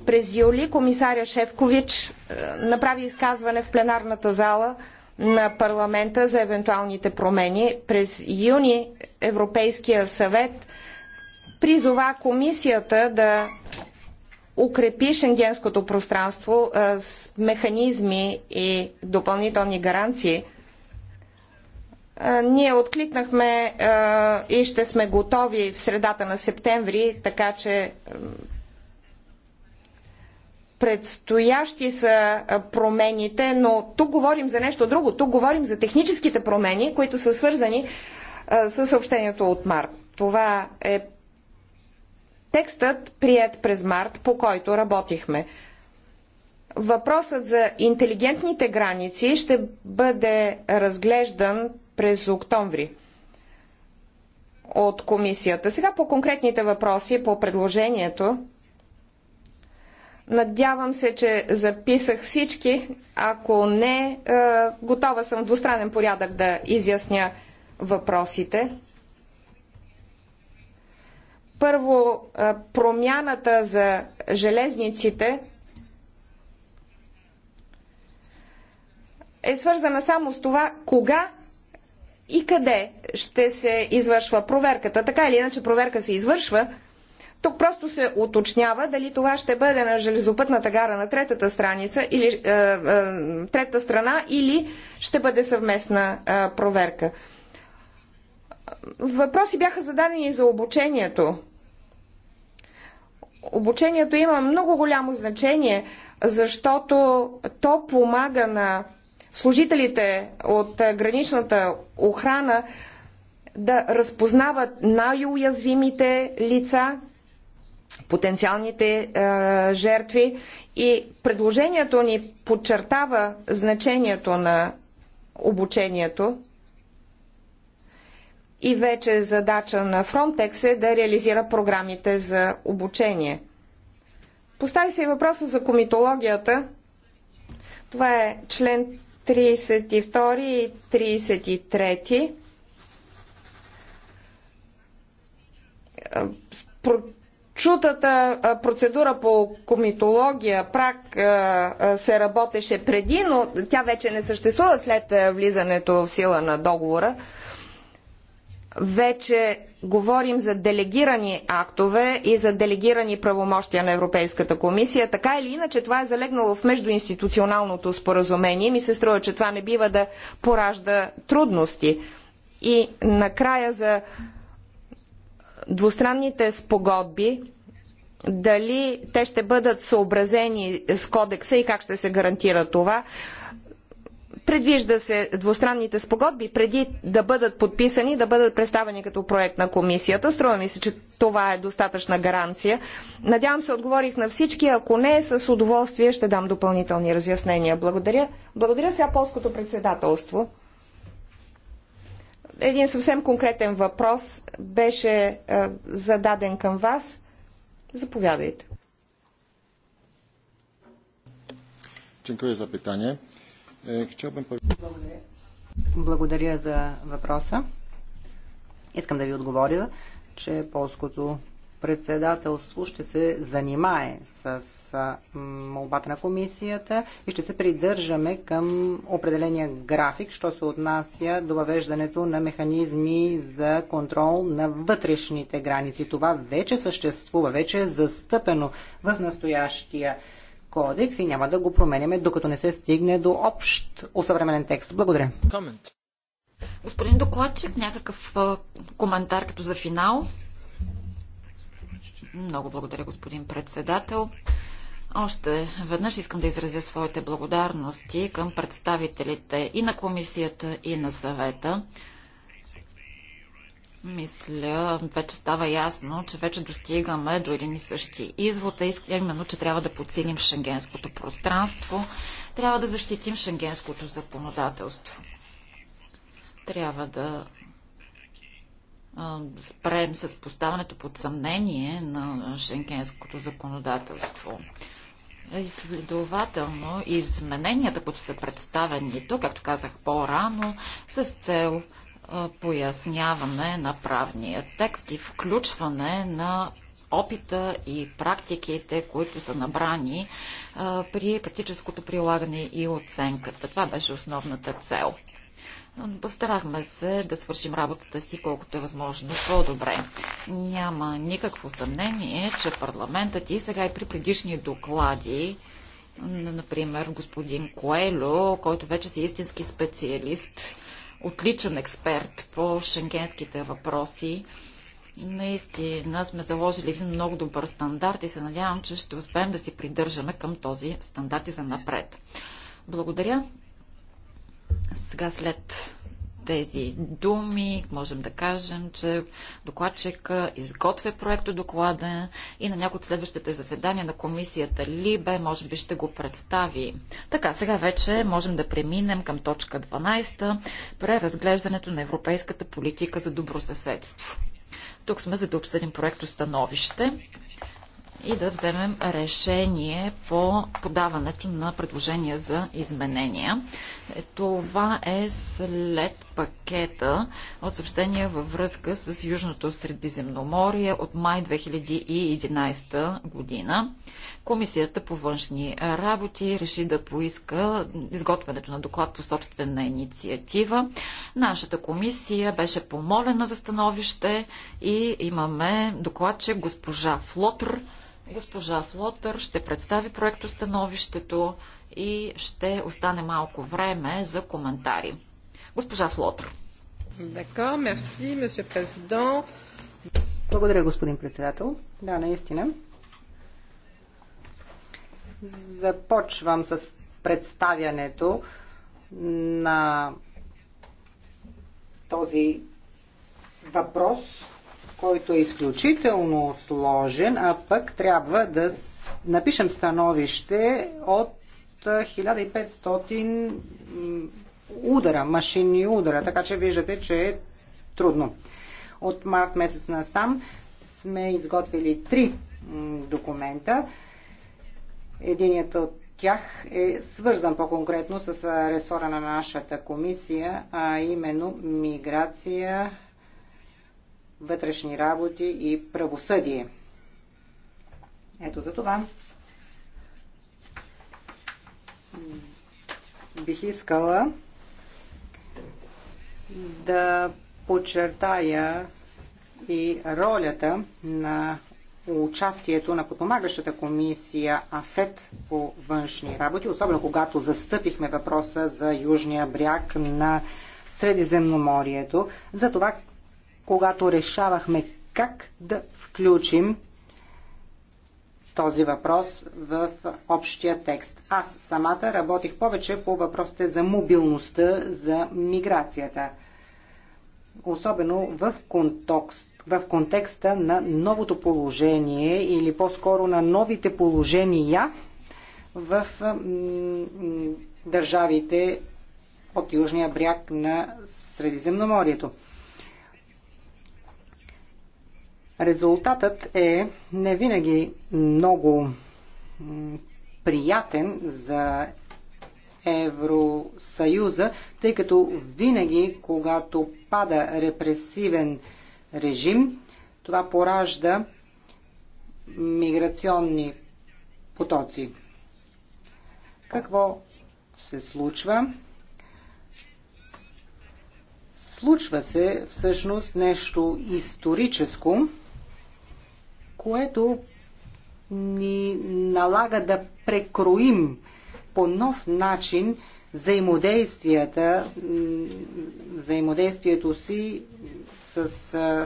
Speaker 1: През юли комисаря Шевкович е, направи изказване в пленарната зала на парламента за евентуалните промени. През юни Европейския съвет призова комисията да укрепи шенгенското пространство е, с механизми и допълнителни гаранции. Е, ние откликнахме и ще сме готови в средата на септември, така че Предстоящи са промените, но тук говорим за нещо друго. Тук говорим за техническите промени, които са свързани с съобщението от март. Това е текстът, прият през март, по който работихме. Въпросът за интелигентните граници ще бъде разглеждан през октомври от комисията. Сега по конкретните въпроси по предложението Надявам се, че записах всички. Ако не, е, готова съм в двустранен порядък да изясня въпросите. Първо, е, промяната за железниците е свързана само с това кога и къде ще се извършва проверката. Така или иначе проверка се извършва, тук просто се уточнява дали това ще бъде на железопътната гара на третата страница или е, е, трета страна или ще бъде съвместна е, проверка. Въпроси бяха зададени за обучението. Обучението има много голямо значение, защото то помага на служителите от граничната охрана да разпознават най-уязвимите лица потенциалните е, жертви и предложението ни подчертава значението на обучението и вече задача на Frontex е да реализира програмите за обучение. Постави се и въпроса за комитологията. Това е член 32 и 33 чутата процедура по комитология, прак се работеше преди, но тя вече не съществува след влизането в сила на договора. Вече говорим за делегирани актове и за делегирани правомощия на Европейската комисия. Така или иначе това е залегнало в междуинституционалното споразумение. Ми се струва, че това не бива да поражда трудности. И накрая за двустранните спогодби, дали те ще бъдат съобразени с кодекса и как ще се гарантира това, Предвижда се двустранните спогодби преди да бъдат подписани, да бъдат представени като проект на комисията. Струва ми се, че това е достатъчна гаранция. Надявам се, отговорих на всички. Ако не, с удоволствие ще дам допълнителни разяснения. Благодаря. Благодаря сега полското председателство един съвсем конкретен въпрос беше е, зададен към вас. Заповядайте.
Speaker 4: Dziękuję за питание. E,
Speaker 3: Благодаря за въпроса. Искам да ви отговоря, че полското председателство ще се занимае с молбата на комисията и ще се придържаме към определения график, що се отнася до въвеждането на механизми за контрол на вътрешните граници. Това вече съществува, вече е застъпено в настоящия кодекс и няма да го променяме, докато не се стигне до общ осъвременен текст. Благодаря.
Speaker 2: Comment. Господин докладчик, някакъв коментар като за финал? Много благодаря, господин председател. Още веднъж искам да изразя своите благодарности към представителите и на комисията, и на съвета. Мисля, вече става ясно, че вече достигаме до един и същи извод, а именно, че трябва да подсилим шенгенското пространство, трябва да защитим шенгенското законодателство. Трябва да спрем с поставането под съмнение на шенгенското законодателство. И следователно, измененията, които са представени тук, както казах по-рано, с цел поясняване на правния текст и включване на опита и практиките, които са набрани при практическото прилагане и оценката. Това беше основната цел. Постарахме се да свършим работата си колкото е възможно по-добре. Няма никакво съмнение, че парламентът и сега и при предишни доклади, например господин Коело, който вече си е истински специалист, отличен експерт по шенгенските въпроси, наистина сме заложили един много добър стандарт и се надявам, че ще успеем да си придържаме към този стандарт и за напред. Благодаря. Сега след тези думи можем да кажем, че докладчик изготвя проекто доклада и на някои от следващите заседания на комисията Либе може би ще го представи. Така, сега вече можем да преминем към точка 12 преразглеждането на европейската политика за добросъседство. Тук сме за да обсъдим проекто становище и да вземем решение по подаването на предложения за изменения. Е, това е след пакета от съобщения във връзка с Южното Средиземноморие от май 2011 година. Комисията по външни работи реши да поиска изготвянето на доклад по собствена инициатива. Нашата комисия беше помолена за становище и имаме докладче госпожа Флотър. Госпожа Флотър ще представи проекто становището и ще остане малко време за коментари. Госпожа Флотър.
Speaker 3: Благодаря, господин председател. Да, наистина. Започвам с представянето на този въпрос, който е изключително сложен, а пък трябва да напишем становище от 1500 удара, машинни удара, така че виждате, че е трудно. От март месец насам сме изготвили три документа. Единият от тях е свързан по-конкретно с ресора на нашата комисия, а именно миграция, вътрешни работи и правосъдие. Ето за това бих искала да подчертая и ролята на участието на подпомагащата комисия АФЕТ по външни работи, особено когато застъпихме въпроса за южния бряг на Средиземноморието, за това когато решавахме как да включим този въпрос в общия текст. Аз самата работих повече по въпросите за мобилността, за миграцията. Особено в контокст, в контекста на новото положение или по-скоро на новите положения в държавите от южния бряг на Средиземноморието. Резултатът е не винаги много приятен за Евросъюза, тъй като винаги, когато пада репресивен режим, това поражда миграционни потоци. Какво се случва? Случва се всъщност нещо историческо, което ни налага да прекроим по нов начин взаимодействията, взаимодействието си с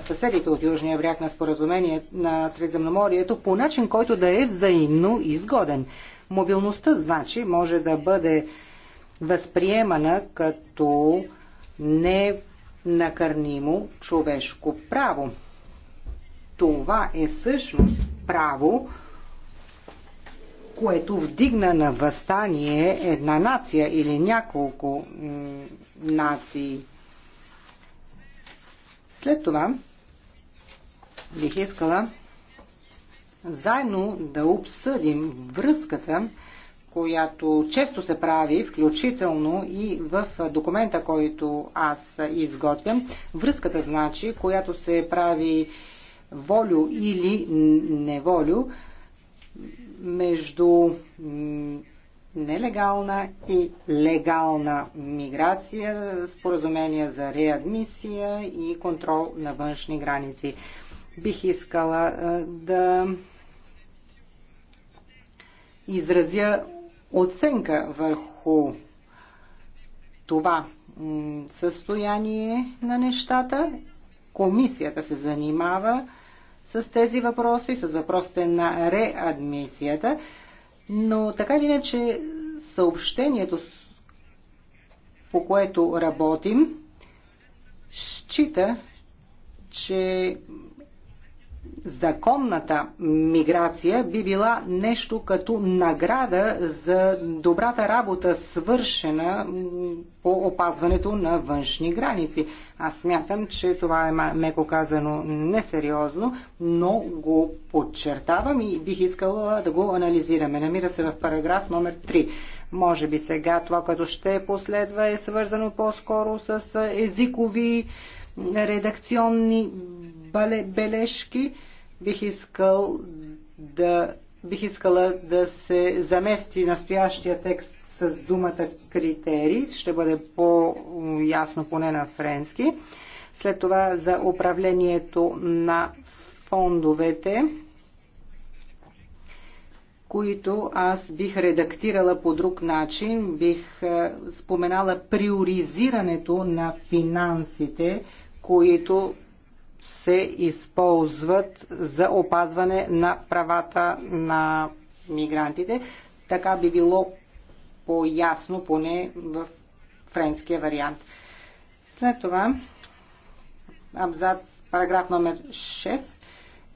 Speaker 3: съседите от Южния бряг на споразумение на Средиземноморието по начин, който да е взаимно изгоден. Мобилността, значи, може да бъде възприемана като не накърнимо човешко право. Това е всъщност право, което вдигна на възстание една нация или няколко нации. След това бих искала заедно да обсъдим връзката, която често се прави, включително и в документа, който аз изготвям. Връзката, значи, която се прави волю или неволю между нелегална и легална миграция, споразумения за реадмисия и контрол на външни граници. Бих искала да изразя оценка върху това състояние на нещата. Комисията се занимава с тези въпроси, с въпросите на реадмисията, но така или иначе съобщението, по което работим, счита, че законната миграция би била нещо като награда за добрата работа, свършена по опазването на външни граници. Аз смятам, че това е меко казано несериозно, но го подчертавам и бих искала да го анализираме. Намира се в параграф номер 3. Може би сега това, което ще последва, е свързано по-скоро с езикови редакционни бележки. Бих, искал да, бих искала да се замести настоящия текст с думата критерии. Ще бъде по-ясно поне на френски. След това за управлението на фондовете които аз бих редактирала по друг начин, бих е, споменала приоризирането на финансите, които се използват за опазване на правата на мигрантите. Така би било по-ясно, поне в френския вариант. След това абзац, параграф номер 6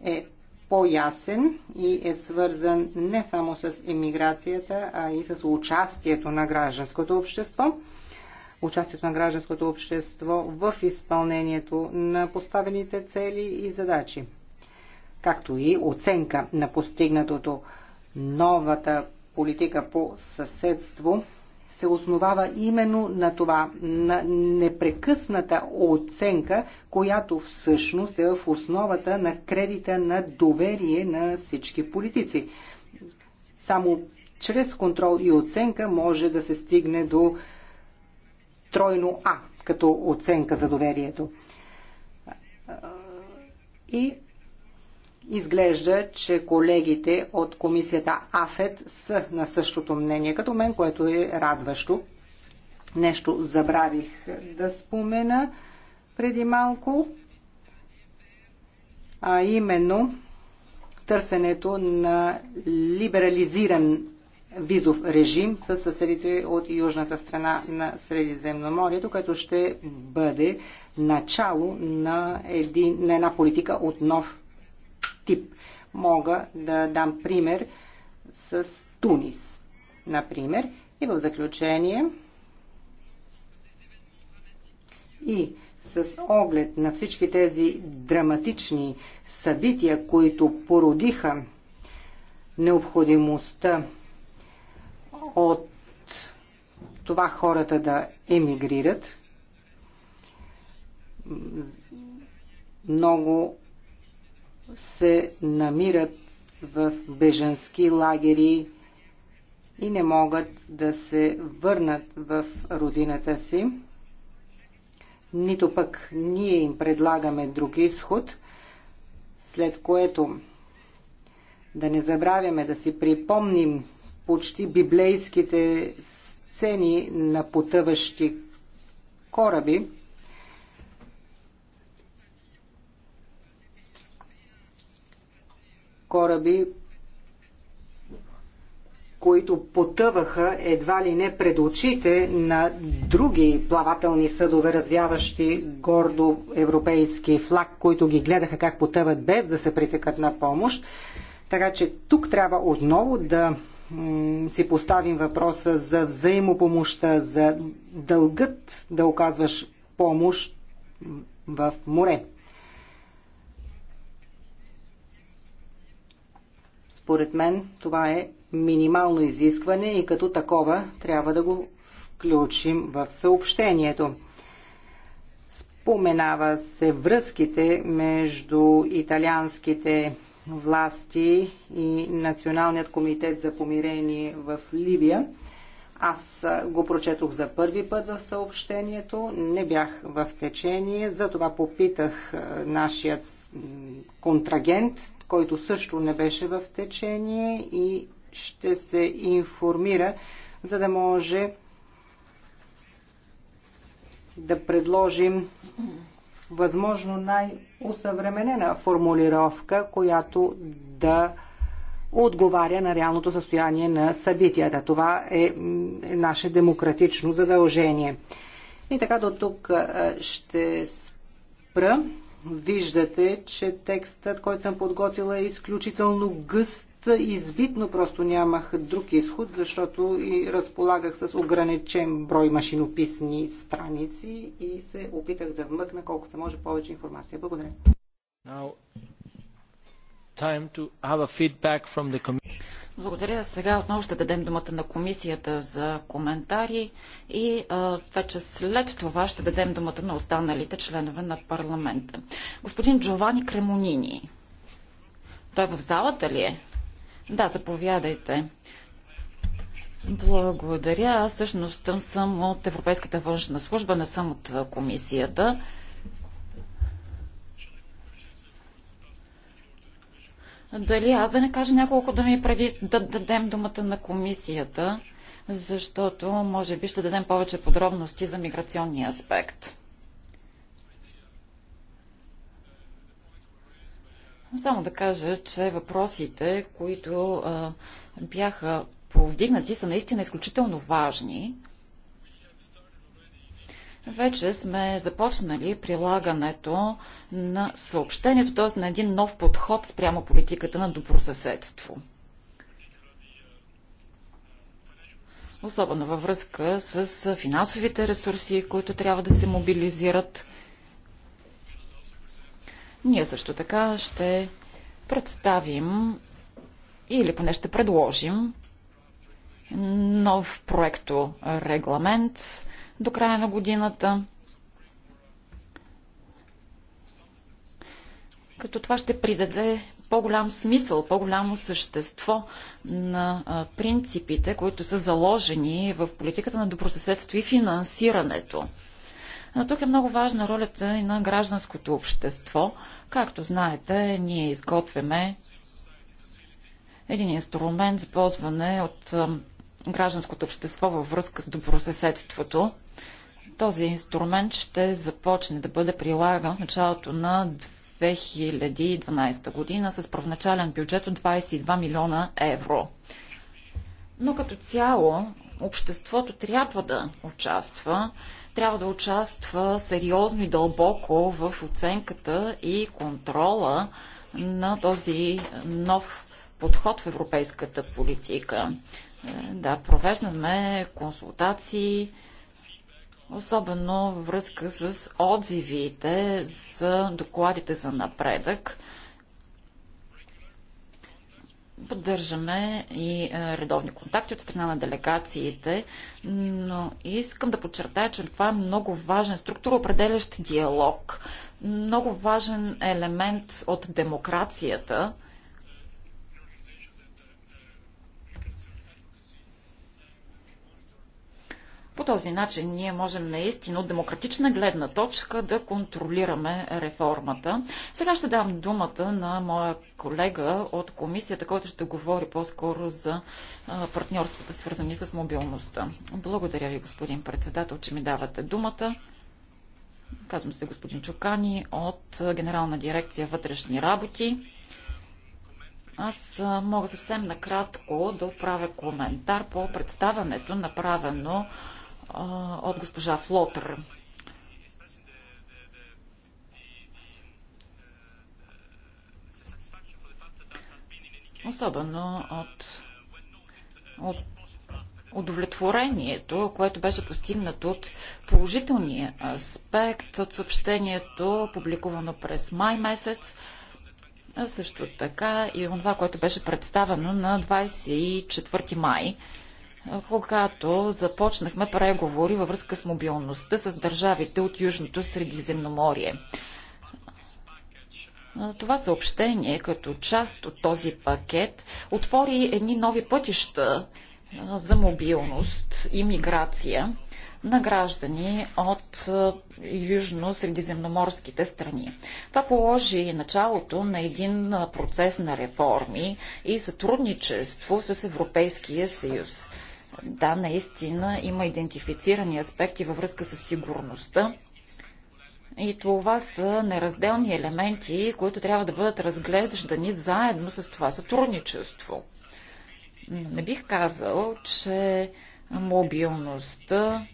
Speaker 3: е по-ясен и е свързан не само с емиграцията, а и с участието на гражданското общество участието на гражданското общество в изпълнението на поставените цели и задачи, както и оценка на постигнатото. Новата политика по съседство се основава именно на това, на непрекъсната оценка, която всъщност е в основата на кредита на доверие на всички политици. Само чрез контрол и оценка може да се стигне до тройно А като оценка за доверието. И изглежда, че колегите от комисията АФЕД са на същото мнение като мен, което е радващо. Нещо забравих да спомена преди малко, а именно търсенето на либерализиран визов режим с съседите от южната страна на Средиземноморието, което ще бъде начало на, един, на една политика от нов тип. Мога да дам пример с Тунис, например. И в заключение и с оглед на всички тези драматични събития, които породиха необходимостта от това хората да емигрират. Много се намират в беженски лагери и не могат да се върнат в родината си. Нито пък ние им предлагаме друг изход, след което да не забравяме да си припомним почти библейските сцени на потъващи кораби, кораби, които потъваха едва ли не пред очите на други плавателни съдове, развяващи гордо европейски флаг, които ги гледаха как потъват без да се притекат на помощ. Така че тук трябва отново да си поставим въпроса за взаимопомощта, за дългът да оказваш помощ в море. Според мен това е минимално изискване и като такова трябва да го включим в съобщението. Споменава се връзките между италианските власти и Националният комитет за помирение в Либия. Аз го прочетох за първи път в съобщението, не бях в течение, затова попитах е, нашият контрагент, който също не беше в течение и ще се информира, за да може да предложим възможно най-усъвременена формулировка, която да отговаря на реалното състояние на събитията. Това е наше демократично задължение. И така до тук ще спра. Виждате, че текстът, който съм подготвила е изключително гъст избитно просто нямах друг изход, защото и разполагах с ограничен брой машинописни страници и се опитах да вмъкна колкото може повече
Speaker 1: информация. Благодаря. Now, time to have a feedback from the
Speaker 2: Благодаря. Сега отново ще дадем думата на комисията за коментари и а, вече след това ще дадем думата на останалите членове на парламента. Господин Джовани Кремонини. Той е в залата ли е? Да, заповядайте. Благодаря. Аз всъщност съм от Европейската външна служба, не съм от комисията. Дали аз да не кажа няколко думи преди да дадем думата на комисията, защото може би ще дадем повече подробности за миграционния аспект. Само да кажа, че въпросите, които а, бяха повдигнати, са наистина изключително важни. Вече сме започнали прилагането на съобщението, т.е. на един нов подход спрямо политиката на добросъседство. Особено във връзка с финансовите ресурси, които трябва да се мобилизират – ние също така ще представим или поне ще предложим нов проекто регламент до края на годината. Като това ще придаде по-голям смисъл, по-голямо същество на принципите, които са заложени в политиката на добросъседство и финансирането но тук е много важна ролята и на гражданското общество. Както знаете, ние изготвяме един инструмент за ползване от гражданското общество във връзка с добросъседството. Този инструмент ще започне да бъде прилаган в началото на 2012 година с правначален бюджет от 22 милиона евро. Но като цяло обществото трябва да участва трябва да участва сериозно и дълбоко в оценката и контрола на този нов подход в европейската политика. Е, да, провеждаме консултации, особено във връзка с отзивите за докладите за напредък. Поддържаме и е, редовни контакти от страна на делегациите, но искам да подчертая, че това е много важен структура, определящ диалог, много важен елемент от демокрацията – По този начин ние можем наистина от демократична гледна точка да контролираме реформата. Сега ще дам думата на моя колега от комисията, който ще говори по-скоро за партньорствата, свързани с мобилността. Благодаря ви, господин председател, че ми давате думата. Казвам се господин Чукани от Генерална дирекция вътрешни работи. Аз мога съвсем накратко да отправя коментар по представането, направено от госпожа Флотър. Особено от, от удовлетворението, което беше постигнато от положителния аспект от съобщението, публикувано през май месец, а също така и от това, което беше представено на 24 май когато започнахме преговори във връзка с мобилността с държавите от Южното Средиземноморие. Това съобщение, като част от този пакет, отвори едни нови пътища за мобилност и миграция на граждани от южно-средиземноморските страни. Това положи началото на един процес на реформи и сътрудничество с Европейския съюз. Да, наистина има идентифицирани аспекти във връзка с сигурността. И това са неразделни елементи, които трябва да бъдат разглеждани заедно с това сътрудничество. Не бих казал, че мобилността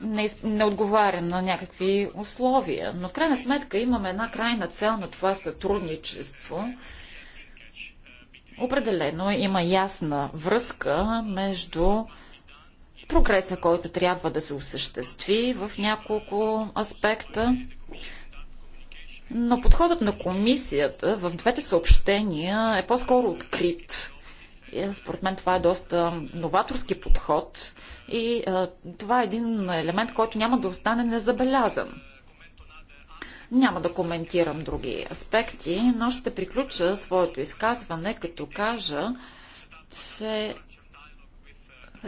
Speaker 2: не, не отговаря на някакви условия. Но в крайна сметка имаме една крайна цел на това сътрудничество Определено има ясна връзка между прогреса, който трябва да се осъществи в няколко аспекта. Но подходът на комисията в двете съобщения е по-скоро открит. И, е, според мен това е доста новаторски подход и а, е, това е един елемент, който няма да остане незабелязан. Няма да коментирам други аспекти, но ще приключа своето изказване, като кажа, че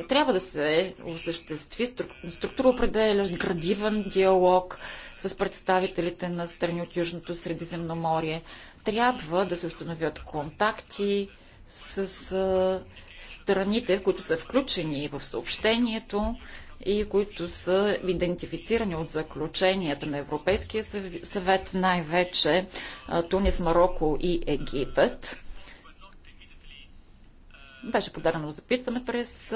Speaker 2: трябва да се осъществи структуроопределящ градивен диалог с представителите на страни от Южното Средиземноморие. Трябва да се установят контакти с страните, които са включени в съобщението, и които са идентифицирани от заключенията на Европейския съвет, най-вече Тунис, Марокко и Египет. Беше подадено запитване през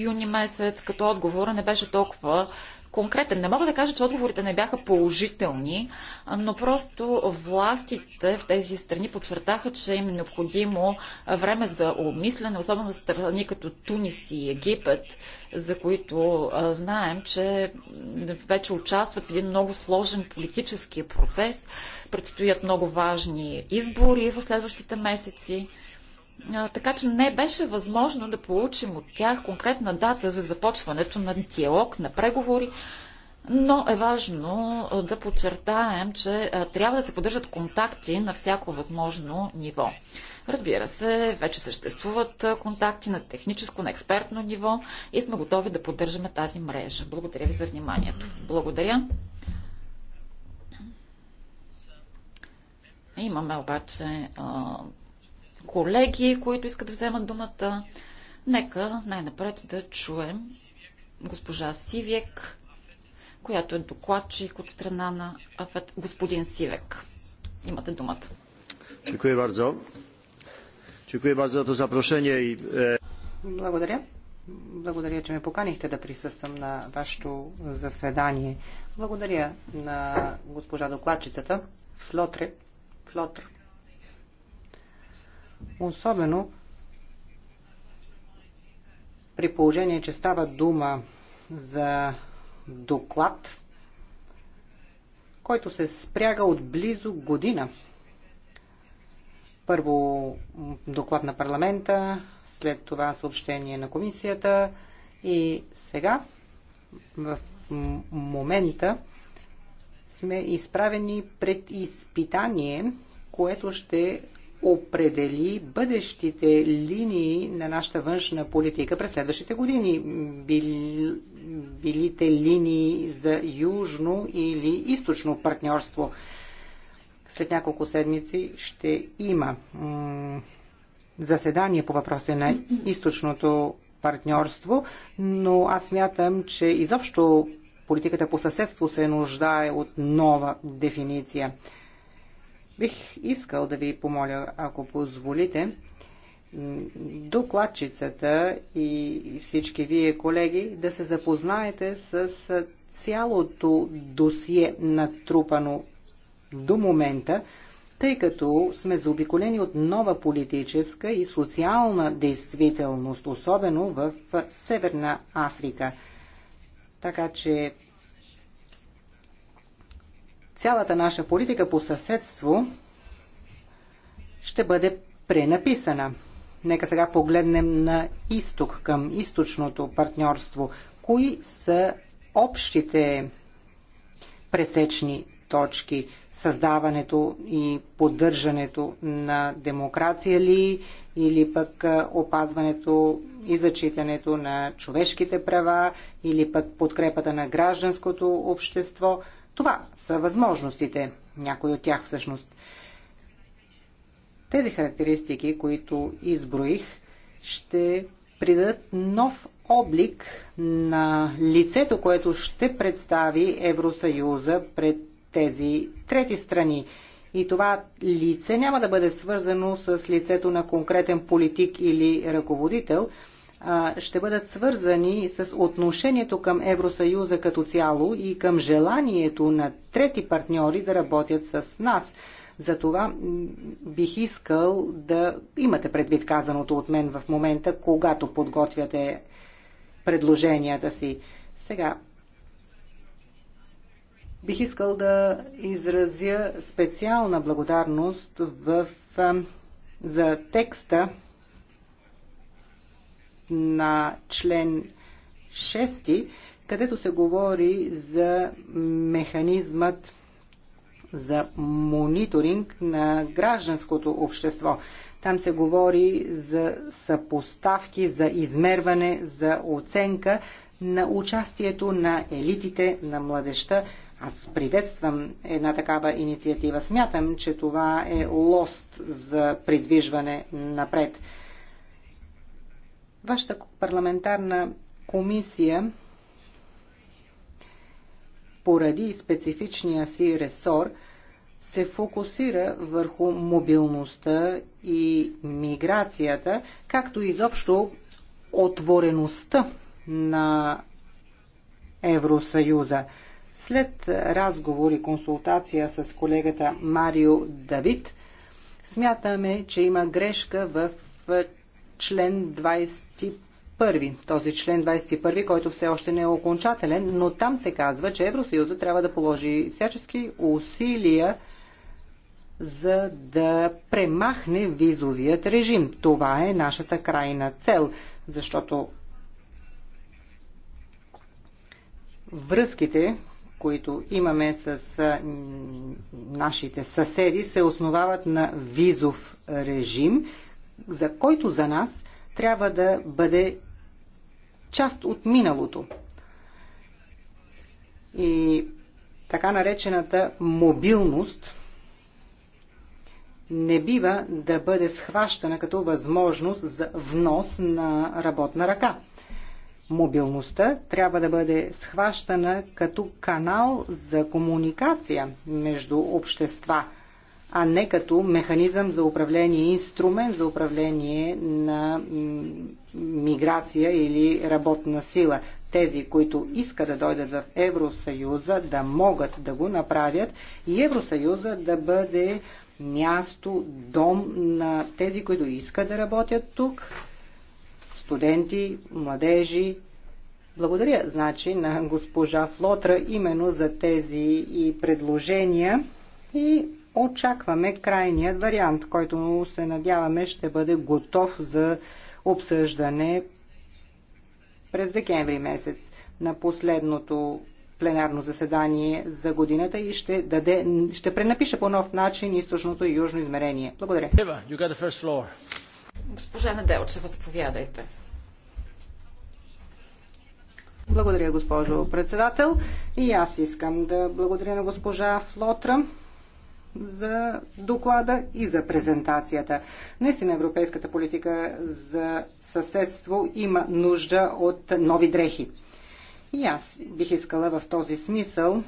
Speaker 2: юни месец, като отговора не беше толкова конкретен. Не мога да кажа, че отговорите не бяха положителни, но просто властите в тези страни подчертаха, че им е необходимо време за обмислене, особено страни като Тунис и Египет, за които знаем, че вече участват в един много сложен политически процес. Предстоят много важни избори в следващите месеци така че не беше възможно да получим от тях конкретна дата за започването на диалог, на преговори, но е важно да подчертаем, че трябва да се поддържат контакти на всяко възможно ниво. Разбира се, вече съществуват контакти на техническо, на експертно ниво и сме готови да поддържаме тази мрежа. Благодаря ви за вниманието. Благодаря. Имаме обаче колеги, които искат да вземат думата. Нека най-напред да чуем госпожа Сивек, която е докладчик от страна на Афет. Господин Сивек, имате думата.
Speaker 4: E,
Speaker 3: Благодаря. Благодаря, че ме поканихте да присъствам на вашето заседание. Благодаря на госпожа докладчицата Флотре, Флотре. Особено при положение, че става дума за доклад, който се спряга от близо година. Първо доклад на парламента, след това съобщение на комисията и сега в момента сме изправени пред изпитание, което ще определи бъдещите линии на нашата външна политика през следващите години. Били, билите линии за южно или източно партньорство. След няколко седмици ще има заседание по въпроса на източното партньорство, но аз мятам, че изобщо политиката по съседство се нуждае от нова дефиниция. Бих искал да ви помоля, ако позволите, докладчицата и всички вие, колеги, да се запознаете с цялото досие натрупано до момента, тъй като сме заобиколени от нова политическа и социална действителност, особено в Северна Африка. Така че цялата наша политика по съседство ще бъде пренаписана. Нека сега погледнем на изток, към източното партньорство. Кои са общите пресечни точки? Създаването и поддържането на демокрация ли или пък опазването и зачитането на човешките права или пък подкрепата на гражданското общество – това са възможностите, някои от тях всъщност. Тези характеристики, които изброих, ще придадат нов облик на лицето, което ще представи Евросъюза пред тези трети страни. И това лице няма да бъде свързано с лицето на конкретен политик или ръководител – ще бъдат свързани с отношението към Евросъюза като цяло и към желанието на трети партньори да работят с нас. Затова бих искал да имате предвид казаното от мен в момента, когато подготвяте предложенията си. Сега, бих искал да изразя специална благодарност в, за текста на член 6, където се говори за механизмът за мониторинг на гражданското общество. Там се говори за съпоставки, за измерване, за оценка на участието на елитите, на младеща. Аз приветствам една такава инициатива. Смятам, че това е лост за придвижване напред. Вашата парламентарна комисия поради специфичния си ресор се фокусира върху мобилността и миграцията, както изобщо отвореността на Евросъюза. След разговор и консултация с колегата Марио Давид, смятаме, че има грешка в член 21. Този член 21, който все още не е окончателен, но там се казва, че Евросъюза трябва да положи всячески усилия за да премахне визовият режим. Това е нашата крайна цел, защото връзките, които имаме с нашите съседи, се основават на визов режим, за който за нас трябва да бъде част от миналото. И така наречената мобилност не бива да бъде схващана като възможност за внос на работна ръка. Мобилността трябва да бъде схващана като канал за комуникация между общества – а не като механизъм за управление, инструмент за управление на миграция или работна сила. Тези, които искат да дойдат в Евросъюза, да могат да го направят и Евросъюза да бъде място, дом на тези, които искат да работят тук, студенти, младежи. Благодаря, значи, на госпожа Флотра именно за тези и предложения. И очакваме крайният вариант, който се надяваме ще бъде готов за обсъждане през декември месец на последното пленарно заседание за годината и ще, даде, ще пренапише по нов начин източното
Speaker 2: и южно измерение. Благодаря. Ева, Госпожа Неделчева, заповядайте.
Speaker 3: Благодаря, госпожо председател. И аз искам да благодаря на госпожа Флотра за доклада и за презентацията. Наистина европейската политика за съседство има нужда от нови дрехи. И аз бих искала в този смисъл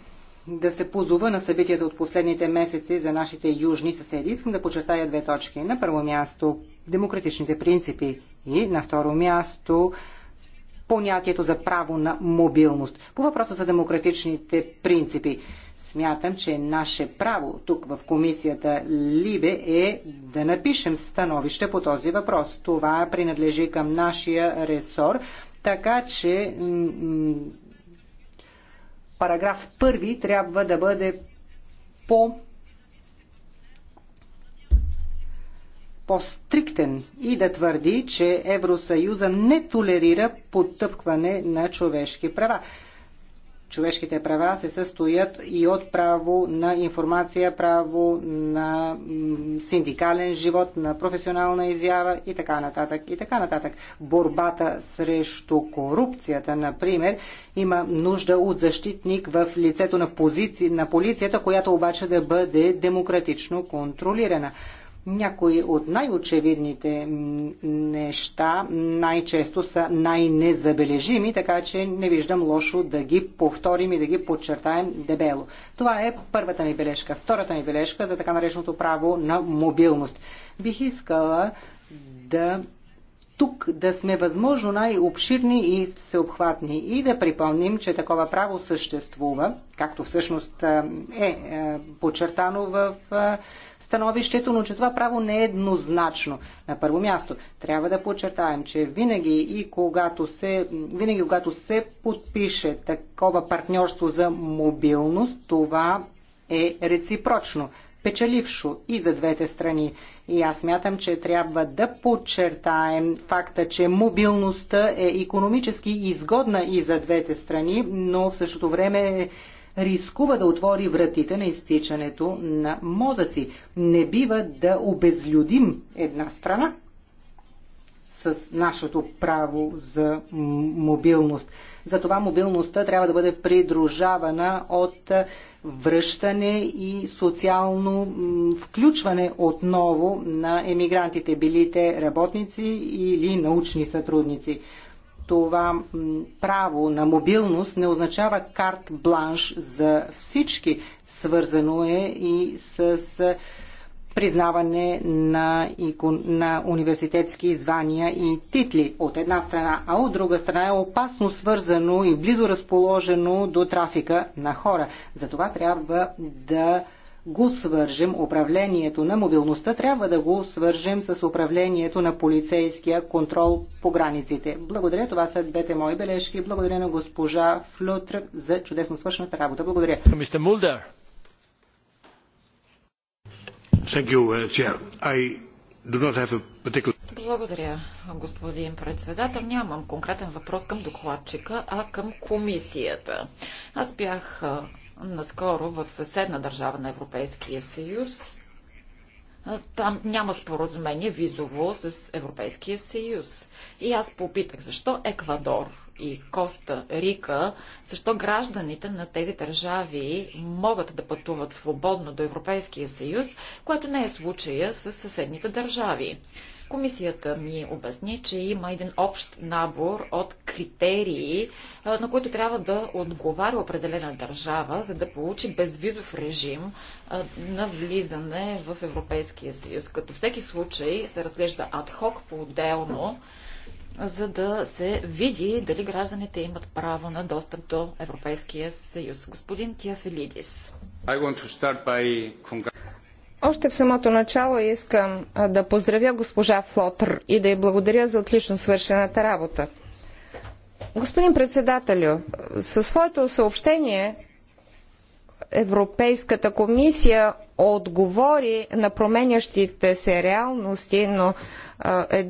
Speaker 3: да се позова на събитията от последните месеци за нашите южни съседи. Искам да подчертая две точки. На първо място демократичните принципи и на второ място понятието за право на мобилност. По въпроса за демократичните принципи. Смятам, че наше право тук в комисията Либе е да напишем становище по този въпрос. Това принадлежи към нашия ресор, така че параграф първи трябва да бъде по по-стриктен и да твърди, че Евросъюза не толерира потъпкване на човешки права човешките права се състоят и от право на информация, право на синдикален живот, на професионална изява и така нататък. И така нататък. Борбата срещу корупцията, например, има нужда от защитник в лицето на, позиции на полицията, която обаче да бъде демократично контролирана. Някои от най-очевидните неща най-често са най-незабележими, така че не виждам лошо да ги повторим и да ги подчертаем дебело. Това е първата ми бележка. Втората ми бележка за така нареченото право на мобилност. Бих искала да тук да сме възможно най-обширни и всеобхватни и да припомним, че такова право съществува, както всъщност е, е подчертано в е, становището, но че това право не е еднозначно. На първо място, трябва да подчертаем, че винаги и когато се, винаги когато се подпише такова партньорство за мобилност, това е реципрочно печелившо и за двете страни. И аз мятам, че трябва да подчертаем факта, че мобилността е економически изгодна и за двете страни, но в същото време е рискува да отвори вратите на изтичането на мозъци. Не бива да обезлюдим една страна с нашето право за мобилност. Затова мобилността трябва да бъде придружавана от връщане и социално включване отново на емигрантите, били те работници или научни сътрудници това право на мобилност не означава карт бланш за всички. Свързано е и с признаване на, на университетски звания и титли от една страна, а от друга страна е опасно свързано и близо разположено до трафика на хора. Затова трябва да го свържем, управлението на мобилността трябва да го свържем с управлението на полицейския контрол по границите. Благодаря, това са двете мои бележки. Благодаря на госпожа Флютр за чудесно свършната работа. Благодаря.
Speaker 1: Мистер Мулдер. Uh,
Speaker 2: Благодаря, господин председател. Нямам конкретен въпрос към докладчика, а към комисията. Аз бях наскоро в съседна държава на Европейския съюз. Там няма споразумение визово с Европейския съюз. И аз попитах, защо Еквадор и Коста Рика, защо гражданите на тези държави могат да пътуват свободно до Европейския съюз, което не е случая с съседните държави. Комисията ми обясни, че има един общ набор от критерии, е, на които трябва да отговаря определена държава, за да получи безвизов режим е, на влизане в Европейския съюз. Като всеки случай се разглежда адхок по-отделно, за да се види дали гражданите имат право на достъп до Европейския съюз. Господин Тиафелидис.
Speaker 4: By...
Speaker 1: Още в самото начало искам да поздравя госпожа Флотър и да й благодаря за отлично свършената работа. Господин председателю, със своето съобщение Европейската комисия отговори на променящите се реалности, но е,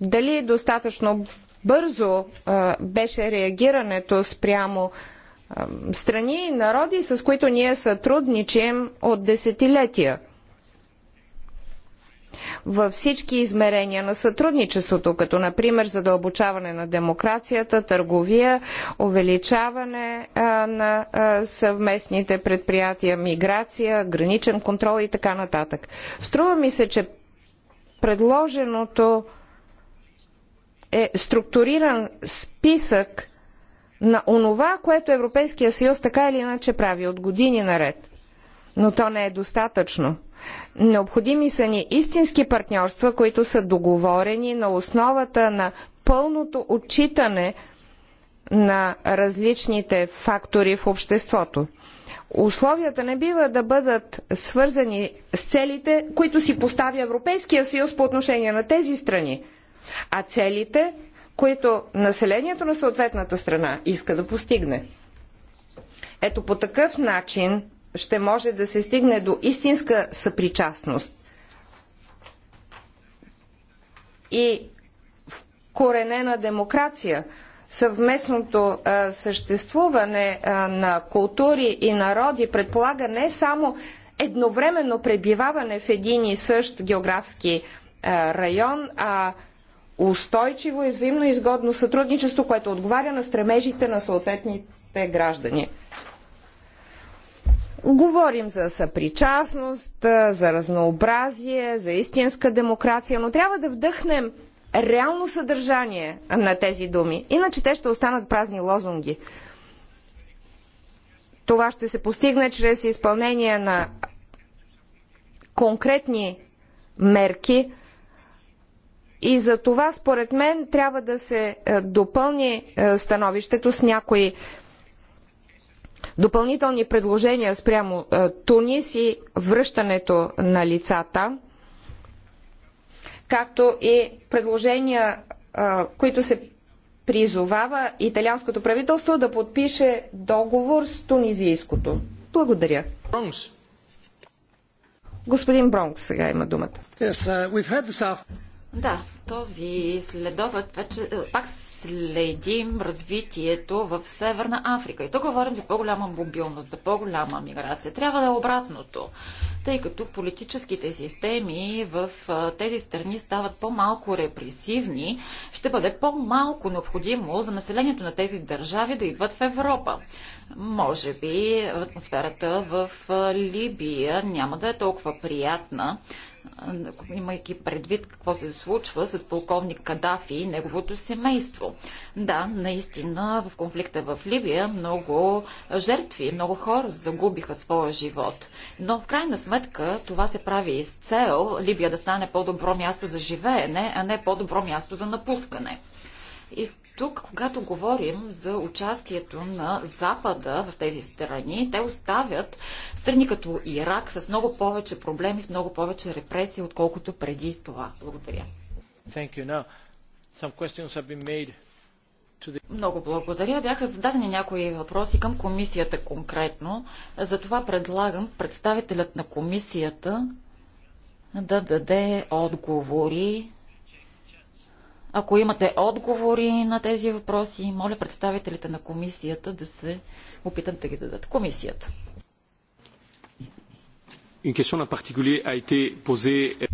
Speaker 1: дали достатъчно бързо е, беше реагирането спрямо е, страни и народи, с които ние сътрудничим от десетилетия – във всички измерения на сътрудничеството, като например задълбочаване на демокрацията, търговия, увеличаване на съвместните предприятия, миграция, граничен контрол и така нататък. Струва ми се, че предложеното е структуриран списък на онова, което Европейския съюз така или иначе прави от години наред. Но то не е достатъчно. Необходими са ни истински партньорства, които са договорени на основата на пълното отчитане на различните фактори в обществото. Условията не бива да бъдат свързани с целите, които си поставя Европейския съюз по отношение на тези страни, а целите, които населението на съответната страна иска да постигне. Ето по такъв начин ще може да се стигне до истинска съпричастност и коренена демокрация. Съвместното съществуване на култури и народи предполага не само едновременно пребиваване в един и същ географски район, а устойчиво и взаимно изгодно сътрудничество, което отговаря на стремежите на съответните граждани. Говорим за съпричастност, за разнообразие, за истинска демокрация, но трябва да вдъхнем реално съдържание на тези думи. Иначе те ще останат празни лозунги. Това ще се постигне чрез изпълнение на конкретни мерки. И за това, според мен, трябва да се е, допълни е, становището с някои допълнителни предложения спрямо е, Тунис и връщането на лицата, както и предложения, е, които се призовава италианското правителство да подпише договор с тунизийското. Благодаря. Бронкс. Господин Бронкс сега има думата. Yes, uh,
Speaker 2: да, този следобед вече е, пак следим развитието в Северна Африка. И тук говорим за по-голяма мобилност, за по-голяма миграция. Трябва да е обратното, тъй като политическите системи в тези страни стават по-малко репресивни, ще бъде по-малко необходимо за населението на тези държави да идват в Европа. Може би атмосферата в Либия няма да е толкова приятна, имайки предвид какво се случва с полковник Кадафи и неговото семейство. Да, наистина в конфликта в Либия много жертви, много хора загубиха своя живот. Но в крайна сметка това се прави с цел Либия да стане по-добро място за живеене, а не по-добро място за напускане. И тук, когато говорим за участието на Запада в тези страни, те оставят страни като Ирак с много повече проблеми, с много повече репресии, отколкото преди това. Благодаря. Много благодаря. Бяха зададени някои въпроси към комисията конкретно. Затова предлагам представителят на комисията да даде отговори ако имате отговори на тези въпроси, моля представителите на комисията да се опитат да ги дадат. Комисията.
Speaker 3: Euh,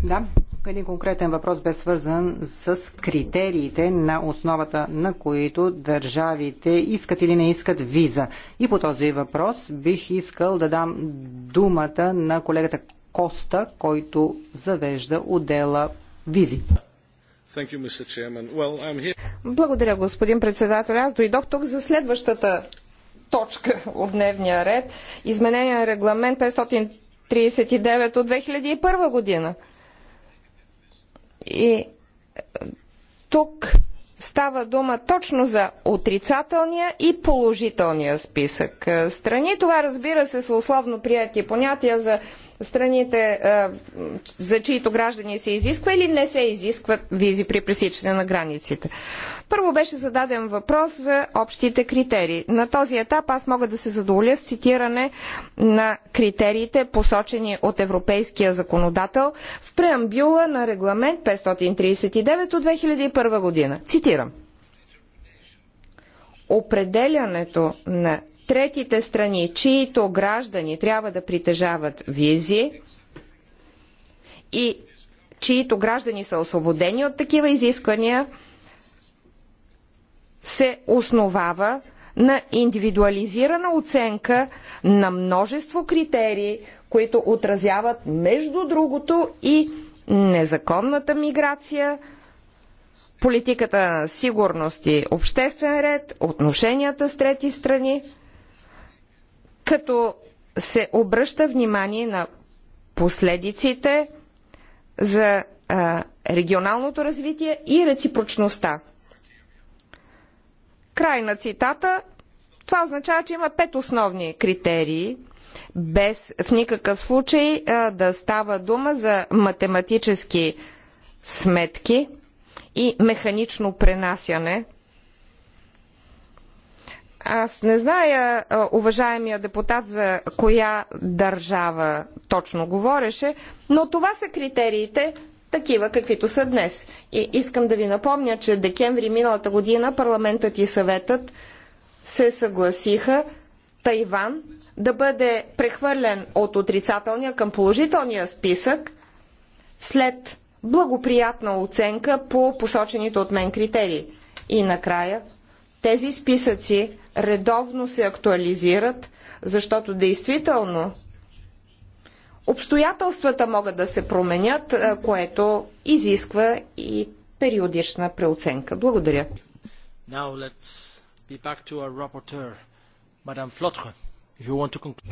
Speaker 3: да, един конкретен въпрос бе свързан с критериите на основата на които държавите искат или не искат виза. И по този въпрос бих искал да дам думата на колегата Коста, който
Speaker 1: завежда отдела визи. Благодаря, господин председател. Аз дойдох тук за следващата точка от дневния ред. Изменение на регламент 539 от 2001 година. И тук става дума точно за отрицателния и положителния списък е, страни. Това разбира се са условно прияти понятия за страните, е, за чието граждани се изисква или не се изискват визи при пресичане на границите. Първо беше зададен въпрос за общите критерии. На този етап аз мога да се задоволя с цитиране на критериите, посочени от европейския законодател в преамбюла на регламент 539 от 2001 година. Цитирам. Определянето на третите страни, чието граждани трябва да притежават визи и чието граждани са освободени от такива изисквания – се основава на индивидуализирана оценка на множество критерии, които отразяват, между другото, и незаконната миграция, политиката на сигурност и обществен ред, отношенията с трети страни, като се обръща внимание на последиците за а, регионалното развитие и реципрочността. Край на цитата. Това означава, че има пет основни критерии, без в никакъв случай да става дума за математически сметки и механично пренасяне. Аз не зная, уважаемия депутат, за коя държава точно говореше, но това са критериите, такива каквито са днес. И искам да ви напомня, че декември миналата година парламентът и съветът се съгласиха Тайван да бъде прехвърлен от отрицателния към положителния списък след благоприятна оценка по посочените от мен критерии. И накрая тези списъци редовно се актуализират, защото действително Обстоятелствата могат да се променят, което изисква и периодична преоценка. Благодаря.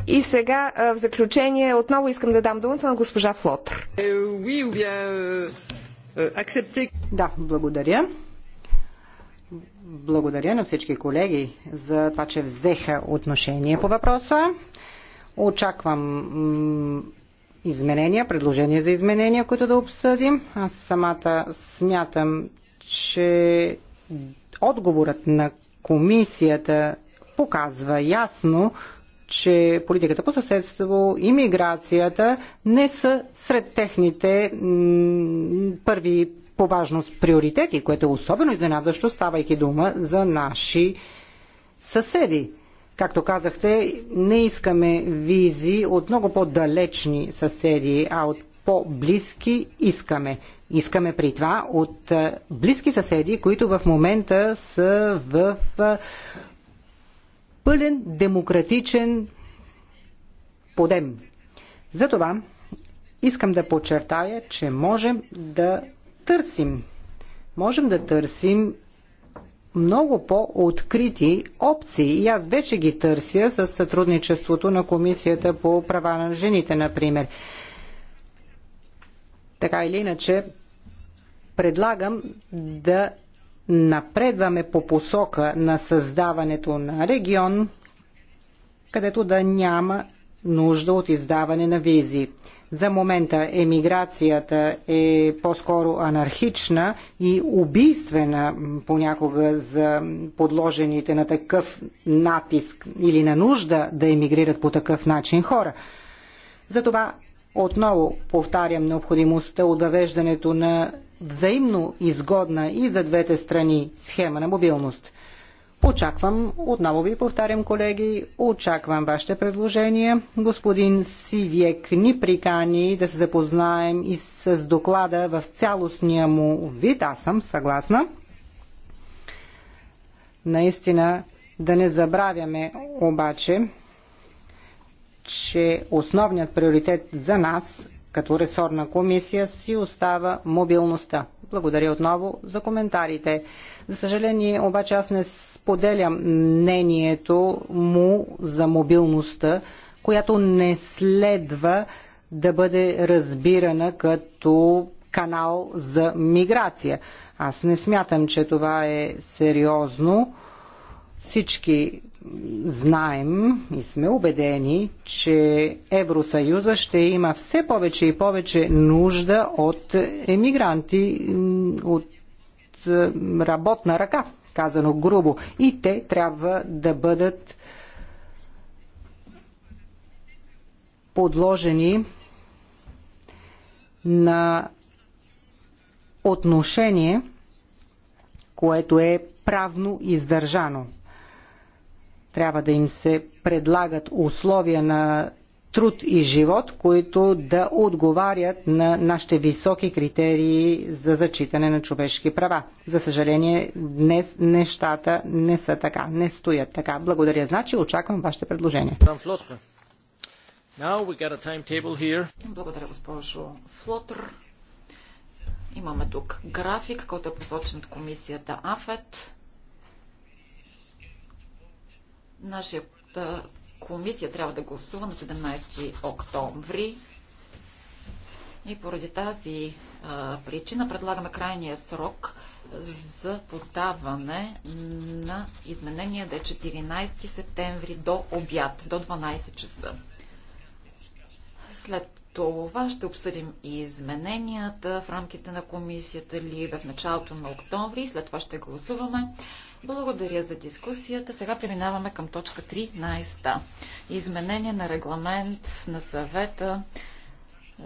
Speaker 1: И сега в заключение отново искам да дам думата на госпожа Флотър.
Speaker 4: Е,
Speaker 3: е, е, да, благодаря. Благодаря на всички колеги за това, че взеха отношение по въпроса. Очаквам изменения, предложения за изменения, които да обсъдим. Аз самата смятам, че отговорът на комисията показва ясно, че политиката по съседство и миграцията не са сред техните първи по важност приоритети, което е особено изненадващо, ставайки дума за наши съседи. Както казахте, не искаме визи от много по-далечни съседи, а от по-близки искаме. Искаме при това от е, близки съседи, които в момента са в е, пълен демократичен подем. Затова искам да подчертая, че можем да търсим. Можем да търсим много по-открити опции и аз вече ги търся с сътрудничеството на Комисията по права на жените, например. Така или иначе, предлагам да напредваме по посока на създаването на регион, където да няма нужда от издаване на визи. За момента емиграцията е по-скоро анархична и убийствена понякога за подложените на такъв натиск или на нужда да емигрират по такъв начин хора. Затова отново повтарям необходимостта от въвеждането на взаимно изгодна и за двете страни схема на мобилност – Очаквам, отново ви повтарям, колеги, очаквам вашите предложения. Господин Сивиек ни прикани да се запознаем и с доклада в цялостния му вид. Аз съм съгласна. Наистина, да не забравяме обаче, че основният приоритет за нас като ресорна комисия си остава мобилността. Благодаря отново за коментарите. За съжаление, обаче аз не споделям мнението му за мобилността, която не следва да бъде разбирана като канал за миграция. Аз не смятам, че това е сериозно. Всички знаем и сме убедени, че Евросъюза ще има все повече и повече нужда от емигранти, от работна ръка казано грубо. И те трябва да бъдат подложени на отношение, което е правно издържано. Трябва да им се предлагат условия на труд и живот, които да отговарят на нашите високи критерии за зачитане на човешки права. За съжаление, днес нещата не са така, не стоят така. Благодаря, значи очаквам вашите предложения.
Speaker 2: Благодаря, госпожо Флотър. Имаме тук график, който е посочен от комисията АФЕТ. Нашият комисия трябва да гласува на 17 октомври. И поради тази а, причина предлагаме крайния срок за подаване на изменения да е 14 септември до обяд, до 12 часа. След това ще обсъдим и измененията в рамките на комисията или в началото на октомври. След това ще гласуваме благодаря за дискусията. Сега преминаваме към точка 13. Изменение на регламент на съвета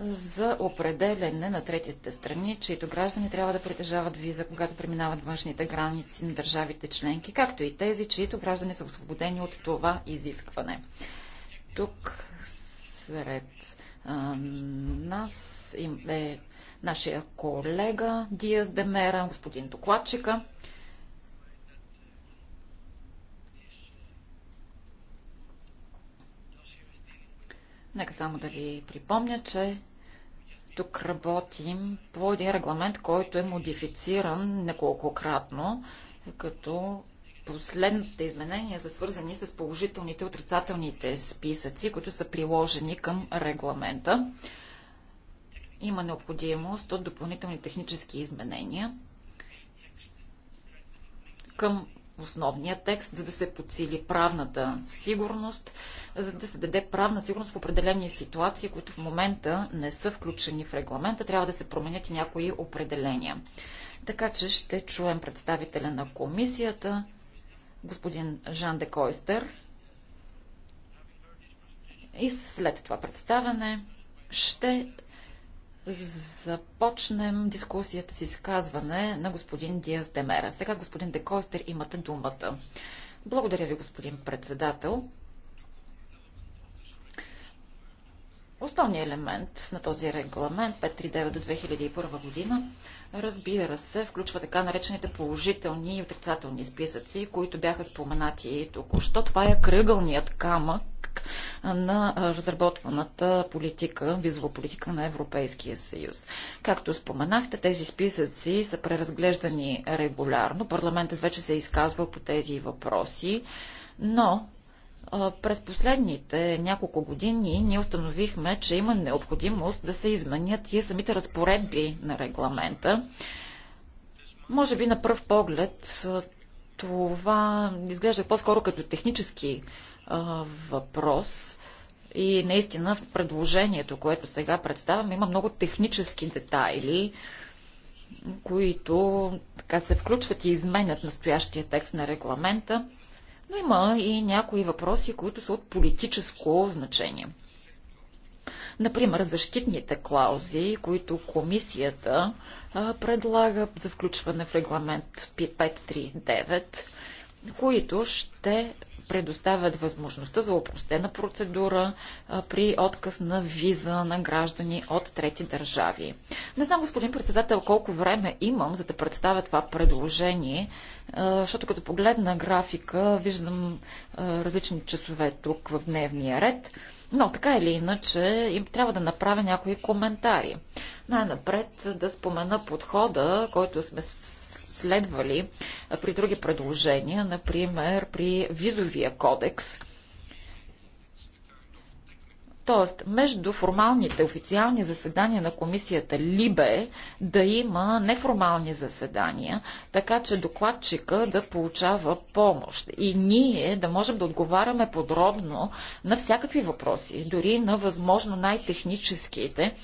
Speaker 2: за определене на третите страни, чието граждани трябва да притежават виза, когато преминават външните граници на държавите членки, както и тези, чието граждани са освободени от това изискване. Тук сред а, нас е нашия колега Диас Демера, господин докладчика. Нека само да ви припомня, че тук работим по един регламент, който е модифициран неколкократно, като последните изменения са свързани с положителните и отрицателните списъци, които са приложени към регламента. Има необходимост от допълнителни технически изменения към основния текст, за да се подсили правната сигурност, за да се даде правна сигурност в определени ситуации, които в момента не са включени в регламента. Трябва да се променят и някои определения. Така че ще чуем представителя на комисията, господин Жан де Койстер. И след това представяне ще започнем дискусията с изказване на господин Диас Демера. Сега, господин Декостер, имате думата. Благодаря ви, господин председател. Основният елемент на този регламент 539 до 2001 година Разбира се, включва така наречените положителни и отрицателни списъци, които бяха споменати току-що. Това е кръгълният камък на разработваната политика, визова политика на Европейския съюз. Както споменахте, тези списъци са преразглеждани регулярно. Парламентът вече се е изказвал по тези въпроси, но през последните няколко години ние установихме, че има необходимост да се изменят и самите разпоредби на регламента. Може би на пръв поглед това изглежда по-скоро като технически въпрос и наистина в предложението, което сега представям, има много технически детайли, които така се включват и изменят настоящия текст на регламента но има и някои въпроси, които са от политическо значение. Например, защитните клаузи, които комисията предлага за включване в регламент 539 които ще предоставят възможността за опростена процедура а, при отказ на виза на граждани от трети държави. Не знам, господин председател, колко време имам за да представя това предложение, а, защото като погледна графика, виждам а, различни часове тук в дневния ред. Но така или иначе, им трябва да направя някои коментари. Най-напред да спомена подхода, който сме следвали при други предложения, например при визовия кодекс. Тоест, между формалните официални заседания на комисията Либе да има неформални заседания, така че докладчика да получава помощ и ние да можем да отговаряме подробно на всякакви въпроси, дори на възможно най-техническите,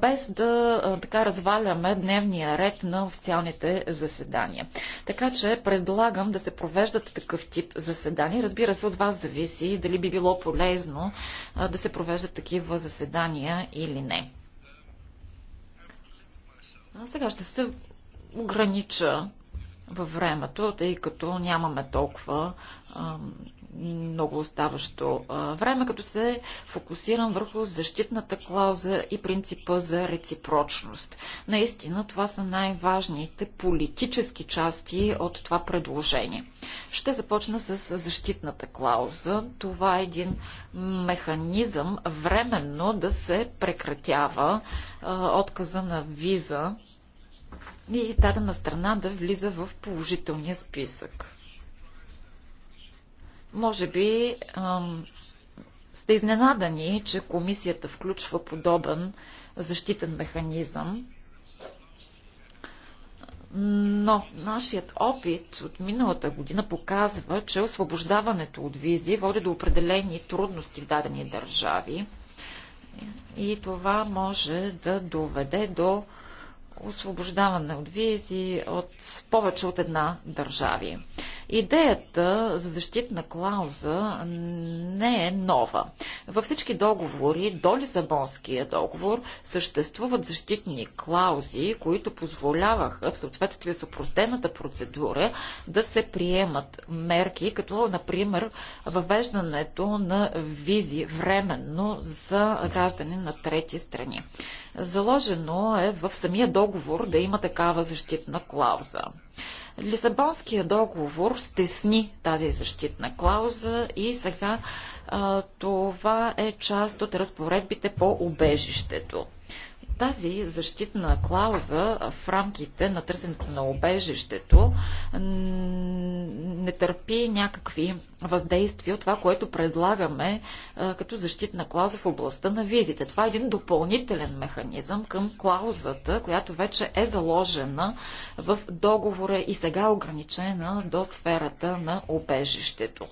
Speaker 2: без да така разваляме дневния ред на официалните заседания. Така че предлагам да се провеждат такъв тип заседания. Разбира се, от вас зависи дали би било полезно да се провеждат провеждат такива заседания или не. А сега ще се огранича във времето, тъй като нямаме толкова ам, много оставащо време, като се фокусирам върху защитната клауза и принципа за реципрочност. Наистина, това са най-важните политически части от това предложение. Ще започна с защитната клауза. Това е един механизъм временно да се прекратява отказа на виза и дадена страна да влиза в положителния списък. Може би ам, сте изненадани, че комисията включва подобен защитен механизъм, но нашият опит от миналата година показва, че освобождаването от визи води до определени трудности в дадени държави и това може да доведе до освобождаване от визи от повече от една държави. Идеята за защитна клауза не е нова. Във всички договори до Лисабонския договор съществуват защитни клаузи, които позволяваха в съответствие с упростената процедура да се приемат мерки, като например въвеждането на визи временно за граждани на трети страни. Заложено е в самия договор да има такава защитна клауза. Лисабонския договор стесни тази защитна клауза и сега а, това е част от разпоредбите по убежището. Тази защитна клауза в рамките на търсенето на обежището не търпи някакви въздействия от това, което предлагаме като защитна клауза в областта на визите. Това е един допълнителен механизъм към клаузата, която вече е заложена в договора и сега е ограничена до сферата на обежището.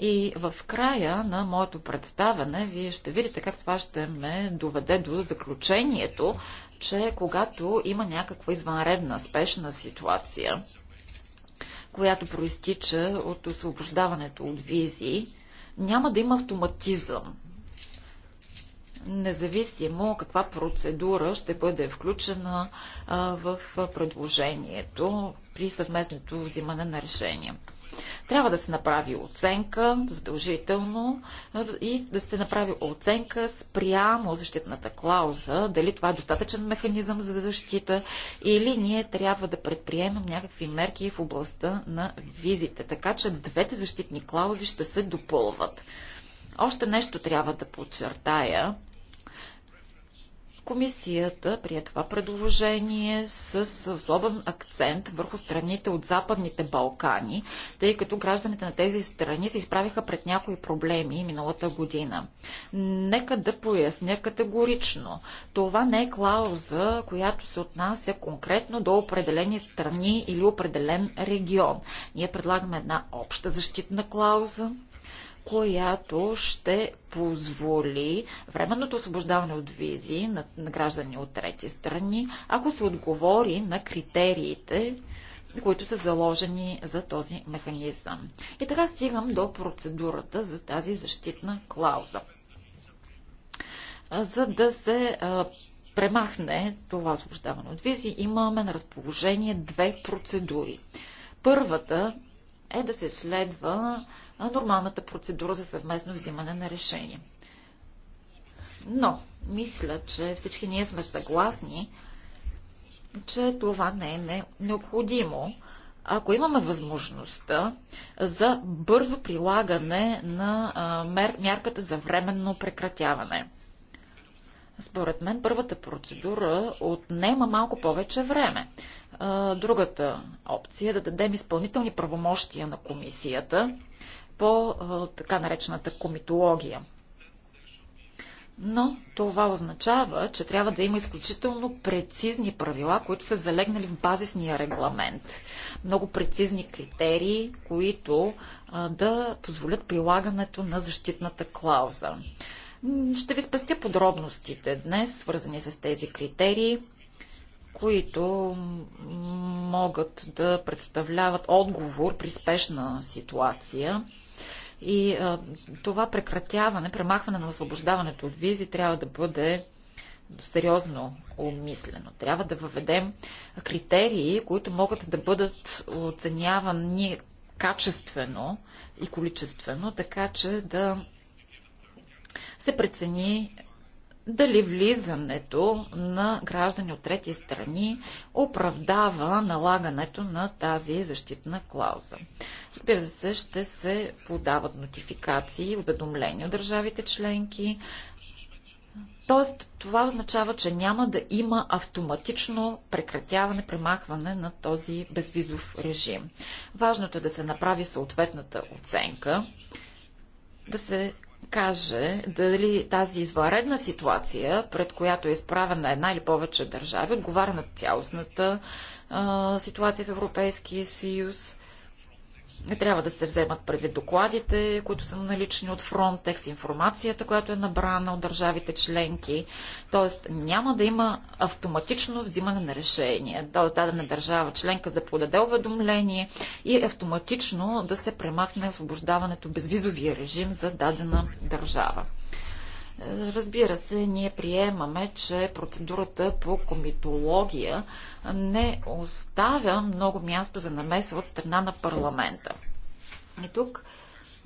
Speaker 2: И в края на моето представяне вие ще видите как това ще ме доведе до заключението, че когато има някаква извънредна, спешна ситуация, която проистича от освобождаването от визи, няма да има автоматизъм. Независимо каква процедура ще бъде включена в предложението при съвместното взимане на решение. Трябва да се направи оценка, задължително, и да се направи оценка спрямо защитната клауза, дали това е достатъчен механизъм за защита или ние трябва да предприемем някакви мерки в областта на визите. Така че двете защитни клаузи ще се допълват. Още нещо трябва да подчертая Комисията прие това предложение с особен акцент върху страните от Западните Балкани, тъй като гражданите на тези страни се изправиха пред някои проблеми миналата година. Нека да поясня категорично. Това не е клауза, която се отнася конкретно до определени страни или определен регион. Ние предлагаме една обща защитна клауза, която ще позволи временното освобождаване от визи на, на граждани от трети страни, ако се отговори на критериите, които са заложени за този механизъм. И така стигам до процедурата за тази защитна клауза. За да се а, премахне това освобождаване от визи, имаме на разположение две процедури. Първата е да се следва нормалната процедура за съвместно взимане на решение. Но, мисля, че всички ние сме съгласни, че това не е необходимо, ако имаме възможността за бързо прилагане на мер, мярката за временно прекратяване. Според мен първата процедура отнема малко повече време другата опция е да дадем изпълнителни правомощия на комисията по така наречената комитология. Но това означава, че трябва да има изключително прецизни правила, които са залегнали в базисния регламент. Много прецизни критерии, които а, да позволят прилагането на защитната клауза. Ще ви спестя подробностите днес, свързани с тези критерии които могат да представляват отговор при спешна ситуация. И а, това прекратяване, премахване на освобождаването от визи трябва да бъде сериозно умислено. Трябва да въведем критерии, които могат да бъдат оценявани качествено и количествено, така че да се прецени дали влизането на граждани от трети страни оправдава налагането на тази защитна клауза. Разбира се, ще се подават нотификации, уведомления от държавите членки. Тоест, това означава, че няма да има автоматично прекратяване, премахване на този безвизов режим. Важното е да се направи съответната оценка, да се каже дали тази извънредна ситуация, пред която е изправена една или повече държави, отговаря на цялостната а, ситуация в Европейския съюз не Трябва да се вземат предвид докладите, които са налични от Frontex, информацията, която е набрана от държавите членки. Тоест няма да има автоматично взимане на решение. Тоест дадена държава членка да подаде уведомление и автоматично да се премахне освобождаването безвизовия режим за дадена държава. Разбира се, ние приемаме, че процедурата по комитология не оставя много място за намеса от страна на парламента. И тук,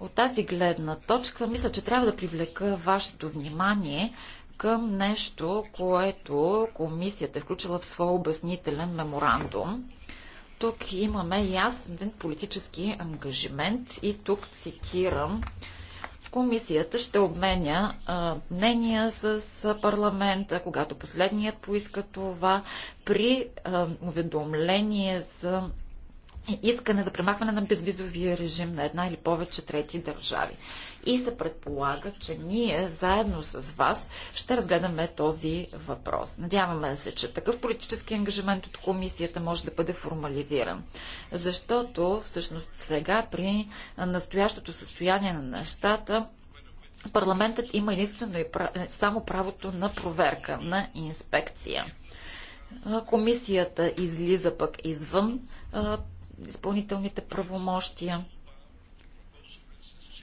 Speaker 2: от тази гледна точка, мисля, че трябва да привлека вашето внимание към нещо, което комисията е включила в своя обяснителен меморандум. Тук имаме ясен политически ангажимент и тук цитирам Комисията ще обменя а, мнения с парламента, когато последният поиска това, при а, уведомление за искане за премахване на безвизовия режим на една или повече трети държави и се предполага, че ние заедно с вас ще разгледаме този въпрос. Надяваме се, че такъв политически ангажимент от комисията може да бъде формализиран. Защото всъщност сега при настоящото състояние на нещата парламентът има единствено и е, само правото на проверка, на инспекция. Комисията излиза пък извън изпълнителните правомощия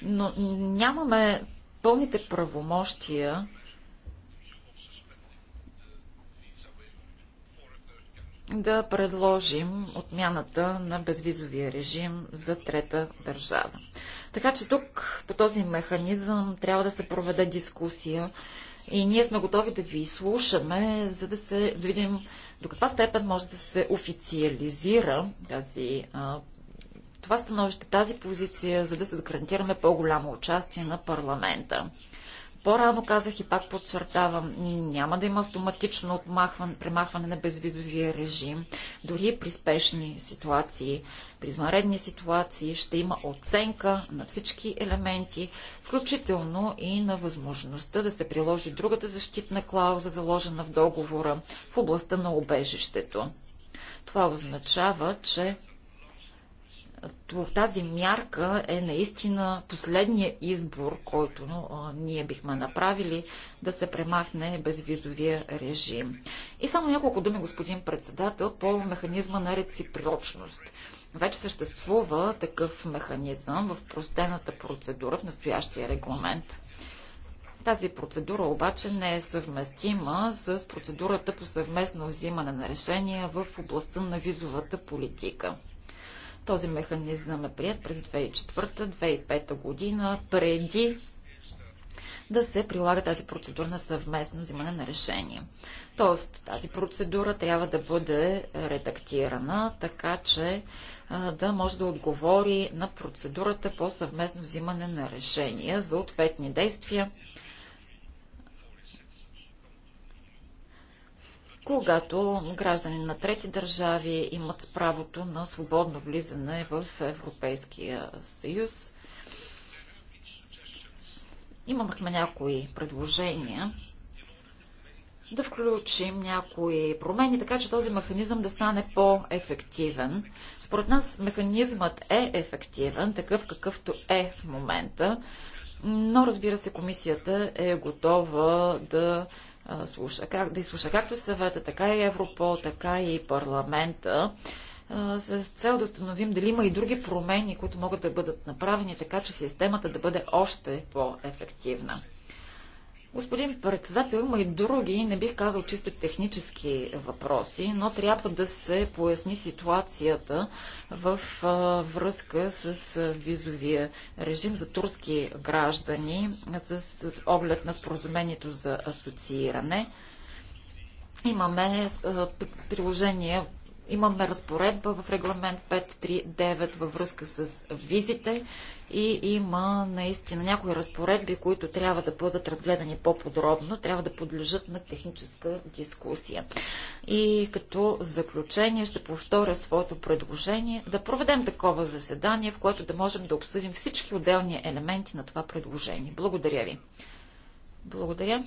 Speaker 2: но нямаме пълните правомощия да предложим отмяната на безвизовия режим за трета държава. Така че тук по този механизъм трябва да се проведе дискусия и ние сме готови да ви слушаме, за да, се, да видим до каква степен може да се официализира тази а, това становище, тази позиция, за да се гарантираме по-голямо участие на парламента. По-рано казах и пак подчертавам, няма да има автоматично отмахван, премахване на безвизовия режим. Дори при спешни ситуации, при измаредни ситуации ще има оценка на всички елементи, включително и на възможността да се приложи другата защитна клауза, заложена в договора в областта на обежището. Това означава, че в тази мярка е наистина последния избор, който ние бихме направили да се премахне безвизовия режим. И само няколко думи, господин председател, по механизма на реципрочност. Вече съществува такъв механизъм в простената процедура в настоящия регламент. Тази процедура обаче не е съвместима с процедурата по съвместно взимане на решения в областта на визовата политика. Този механизъм е прият през 2004-2005 година, преди да се прилага тази процедура на съвместно взимане на решение. Тоест, тази процедура трябва да бъде редактирана, така че да може да отговори на процедурата по съвместно взимане на решения за ответни действия когато граждани на трети държави имат правото на свободно влизане в Европейския съюз. Имахме някои предложения да включим някои промени, така че този механизъм да стане по-ефективен. Според нас механизмът е ефективен, такъв какъвто е в момента, но разбира се, комисията е готова да слуша, как, да изслуша както съвета, така и Европол, така и парламента, с цел да установим дали има и други промени, които могат да бъдат направени, така че системата да бъде още по-ефективна. Господин председател, има и други, не бих казал чисто технически въпроси, но трябва да се поясни ситуацията в а, връзка с визовия режим за турски граждани с оглед на споразумението за асоцииране. Имаме а, приложение имаме разпоредба в регламент 539 във връзка с визите и има наистина някои разпоредби, които трябва да бъдат разгледани по-подробно, трябва да подлежат на техническа дискусия. И като заключение ще повторя своето предложение да проведем такова заседание, в което да можем да обсъдим всички отделни елементи на това предложение. Благодаря ви. Благодаря.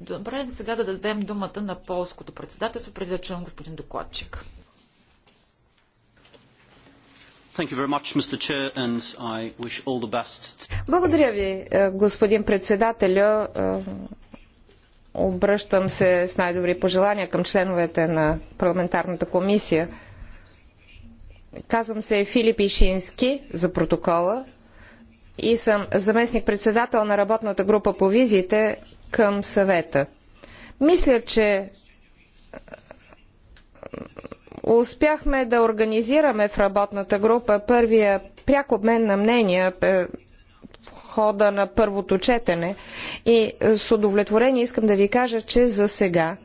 Speaker 2: Добре, сега да дадем думата на полското председателство, преди да чуем господин докладчик.
Speaker 1: Благодаря ви, е, господин председателя.
Speaker 4: Е,
Speaker 1: обръщам се с най-добри пожелания към членовете на парламентарната комисия. Казвам се Филип Ишински за протокола и съм заместник-председател на работната група по визите към съвета. Мисля, че е, успяхме да организираме в работната група първия пряк обмен на мнения е, в хода на първото четене и е, с удовлетворение искам да ви кажа, че за сега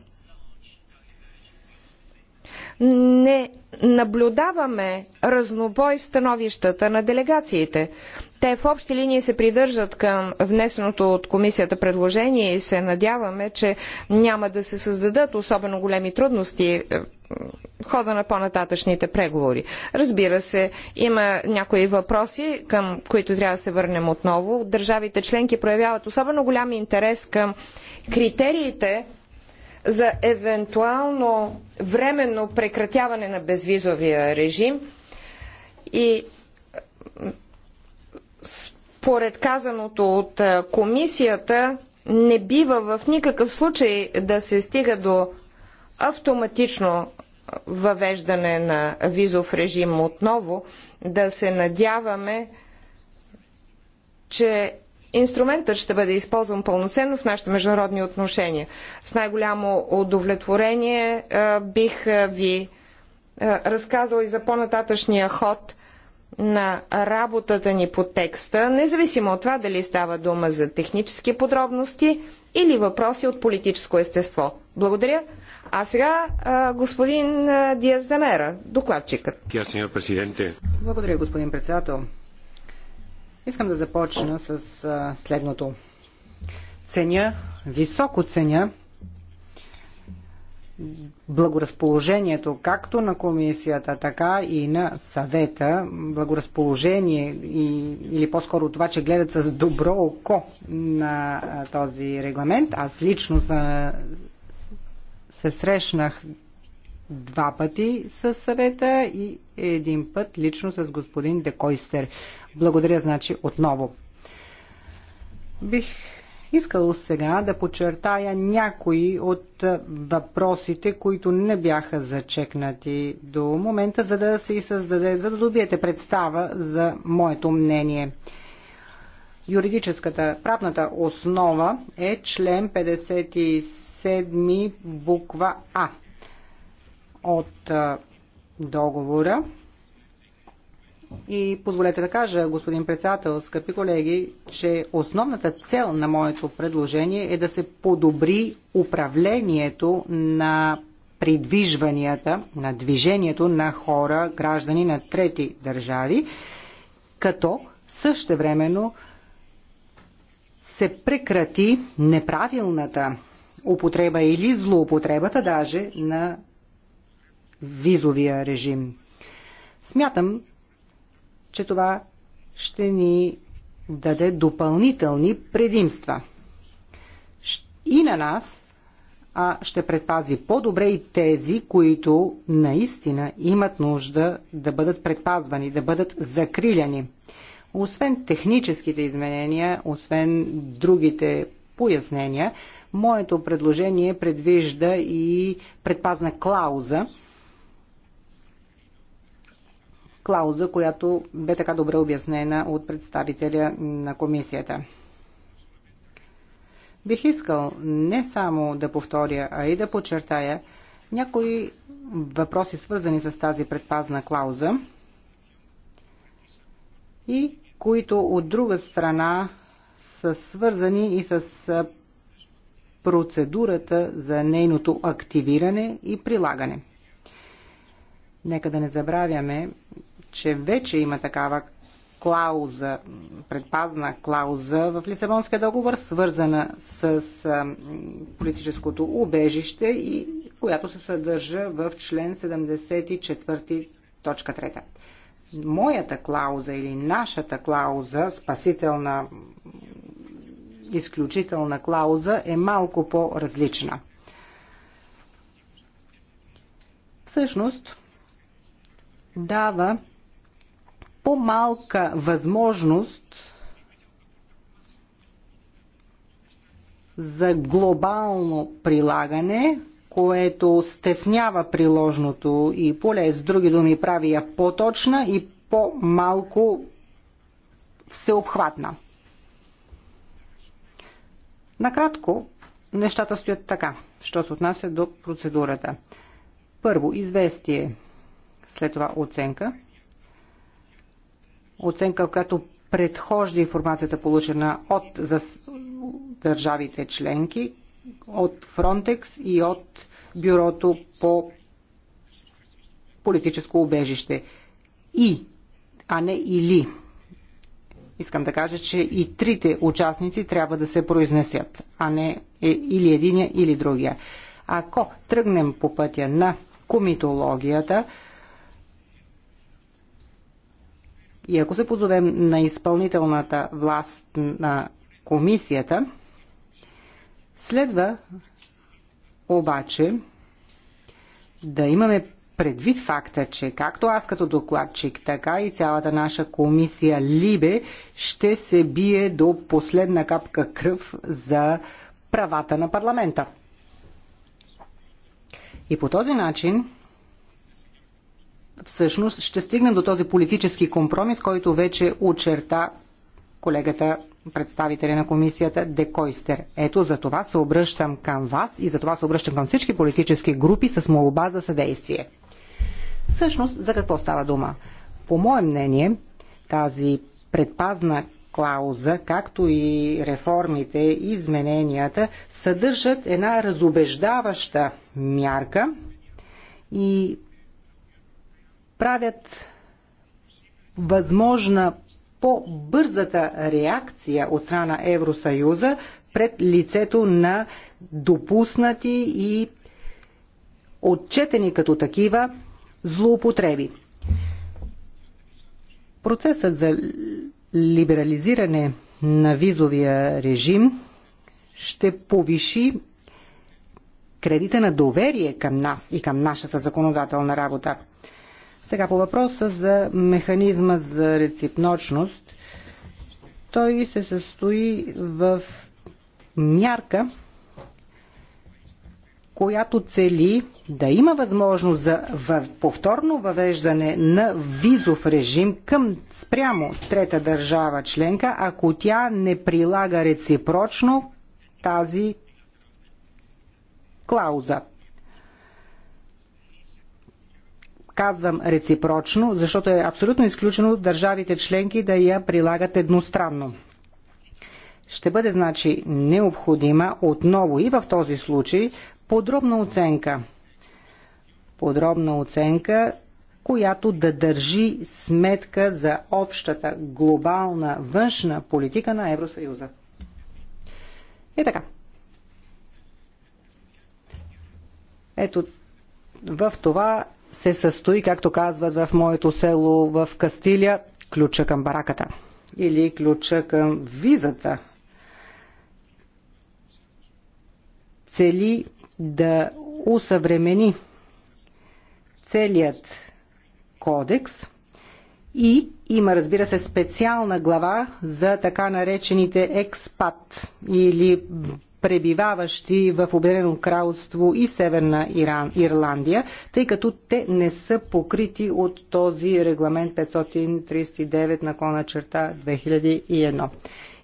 Speaker 1: не наблюдаваме разнобой в становищата на делегациите. Те в общи линии се придържат към внесеното от комисията предложение и се надяваме, че няма да се създадат особено големи трудности в е, хода на по-нататъчните преговори. Разбира се, има някои въпроси, към които трябва да се върнем отново. Държавите членки проявяват особено голям интерес към критериите за евентуално временно прекратяване на безвизовия режим и според казаното от е, комисията, не бива в никакъв случай да се стига до автоматично въвеждане на визов режим отново, да се надяваме, че инструментът ще бъде използван пълноценно в нашите международни отношения. С най-голямо удовлетворение е, бих е, ви разказал и за по-нататъчния ход на работата ни по текста, независимо от това дали става дума за технически подробности или въпроси от политическо естество. Благодаря. А сега а, господин Диаз Дамера, докладчикът.
Speaker 3: Благодаря, господин председател. Искам да започна с а, следното. Ценя, високо ценя благоразположението както на комисията, така и на съвета, благоразположение и, или по-скоро това, че гледат с добро око на този регламент. Аз лично са, се срещнах два пъти с съвета и един път лично с господин Декойстер. Благодаря, значи, отново. Бих Искал сега да подчертая някои от въпросите, които не бяха зачекнати до момента, за да се създаде, за да добиете представа за моето мнение. Юридическата правната основа е член 57 буква А от договора и позволете да кажа, господин председател, скъпи колеги, че основната цел на моето предложение е да се подобри управлението на придвижванията, на движението на хора, граждани на трети държави, като същевременно се прекрати неправилната употреба или злоупотребата даже на визовия режим. Смятам, че това ще ни даде допълнителни предимства. И на нас, а ще предпази по-добре и тези, които наистина имат нужда да бъдат предпазвани, да бъдат закриляни. Освен техническите изменения, освен другите пояснения, моето предложение предвижда и предпазна клауза – клауза, която бе така добре обяснена от представителя на комисията. Бих искал не само да повторя, а и да подчертая някои въпроси, свързани с тази предпазна клауза и които от друга страна са свързани и с процедурата за нейното активиране и прилагане. Нека да не забравяме, че вече има такава клауза, предпазна клауза в Лисабонския договор, свързана с политическото убежище и която се съдържа в член 74, точка 3. Моята клауза или нашата клауза, спасителна изключителна клауза, е малко по-различна. Всъщност, дава по-малка възможност за глобално прилагане, което стеснява приложното и поле, с други думи прави я по-точна и по-малко всеобхватна. Накратко, нещата стоят така, що се отнася до процедурата. Първо, известие, след това оценка – оценка, която предхожда информацията получена от за, държавите членки, от Фронтекс и от Бюрото по политическо убежище. И, а не или. Искам да кажа, че и трите участници трябва да се произнесят, а не е или единия, или другия. Ако тръгнем по пътя на комитологията, И ако се позовем на изпълнителната власт на комисията, следва обаче да имаме предвид факта, че както аз като докладчик, така и цялата наша комисия Либе ще се бие до последна капка кръв за правата на парламента. И по този начин всъщност ще стигнем до този политически компромис, който вече очерта колегата представителя на комисията Декойстер. Ето за това се обръщам към вас и за това се обръщам към всички политически групи с молба за съдействие. Всъщност, за какво става дума? По мое мнение, тази предпазна клауза, както и реформите и измененията, съдържат една разобеждаваща мярка и правят възможна по-бързата реакция от страна на Евросъюза пред лицето на допуснати и отчетени като такива злоупотреби. Процесът за либерализиране на визовия режим ще повиши кредита на доверие към нас и към нашата законодателна работа. Сега по въпроса за механизма за реципночност, той се състои в мярка, която цели да има възможност за повторно въвеждане на визов режим към спрямо трета държава членка, ако тя не прилага реципрочно тази клауза. казвам реципрочно, защото е абсолютно изключено държавите членки да я прилагат едностранно. Ще бъде значи необходима отново и в този случай подробна оценка. Подробна оценка, която да държи сметка за общата глобална външна политика на Евросъюза. И така. Ето в това се състои, както казват в моето село в Кастилия, ключа към бараката или ключа към визата. Цели да усъвремени целият кодекс и има, разбира се, специална глава за така наречените експат или пребиваващи в Обединено кралство и Северна Иран, Ирландия, тъй като те не са покрити от този регламент 539 наклона черта 2001.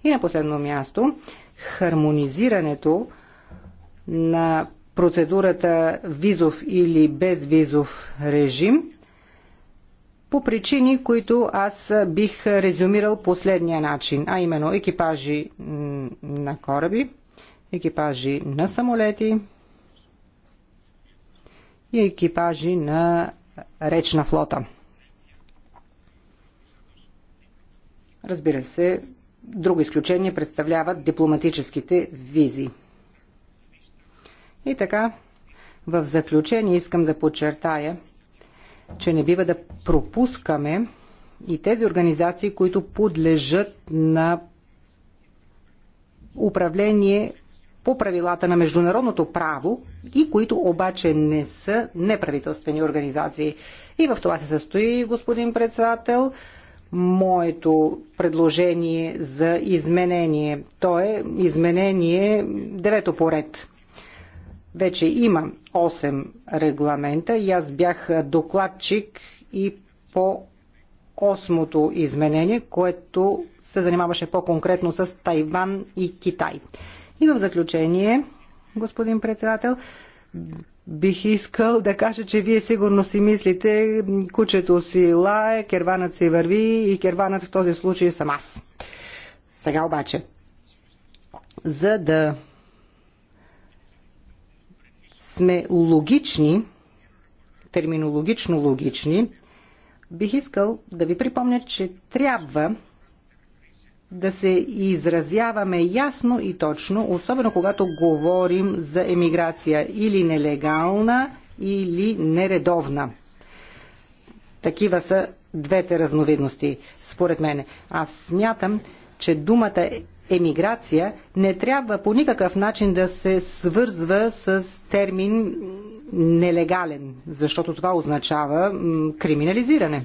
Speaker 3: И на последно място, хармонизирането на процедурата визов или безвизов режим по причини, които аз бих резюмирал последния начин, а именно екипажи на кораби, екипажи на самолети и екипажи на речна флота. Разбира се, друго изключение представляват дипломатическите визи. И така, в заключение искам да подчертая, че не бива да пропускаме и тези организации, които подлежат на управление по правилата на международното право и които обаче не са неправителствени организации. И в това се състои, господин председател, моето предложение за изменение. То е изменение девето поред. Вече има 8 регламента и аз бях докладчик и по осмото изменение, което се занимаваше по-конкретно с Тайван и Китай. И в заключение, господин председател, бих искал да кажа, че вие сигурно си мислите, кучето си лае, керванът си върви и керванът в този случай съм аз. Сега обаче, за да сме логични, терминологично логични, бих искал да ви припомня, че трябва да се изразяваме ясно и точно, особено когато говорим за емиграция или нелегална, или нередовна. Такива са двете разновидности, според мене. Аз смятам, че думата емиграция не трябва по никакъв начин да се свързва с термин нелегален, защото това означава криминализиране.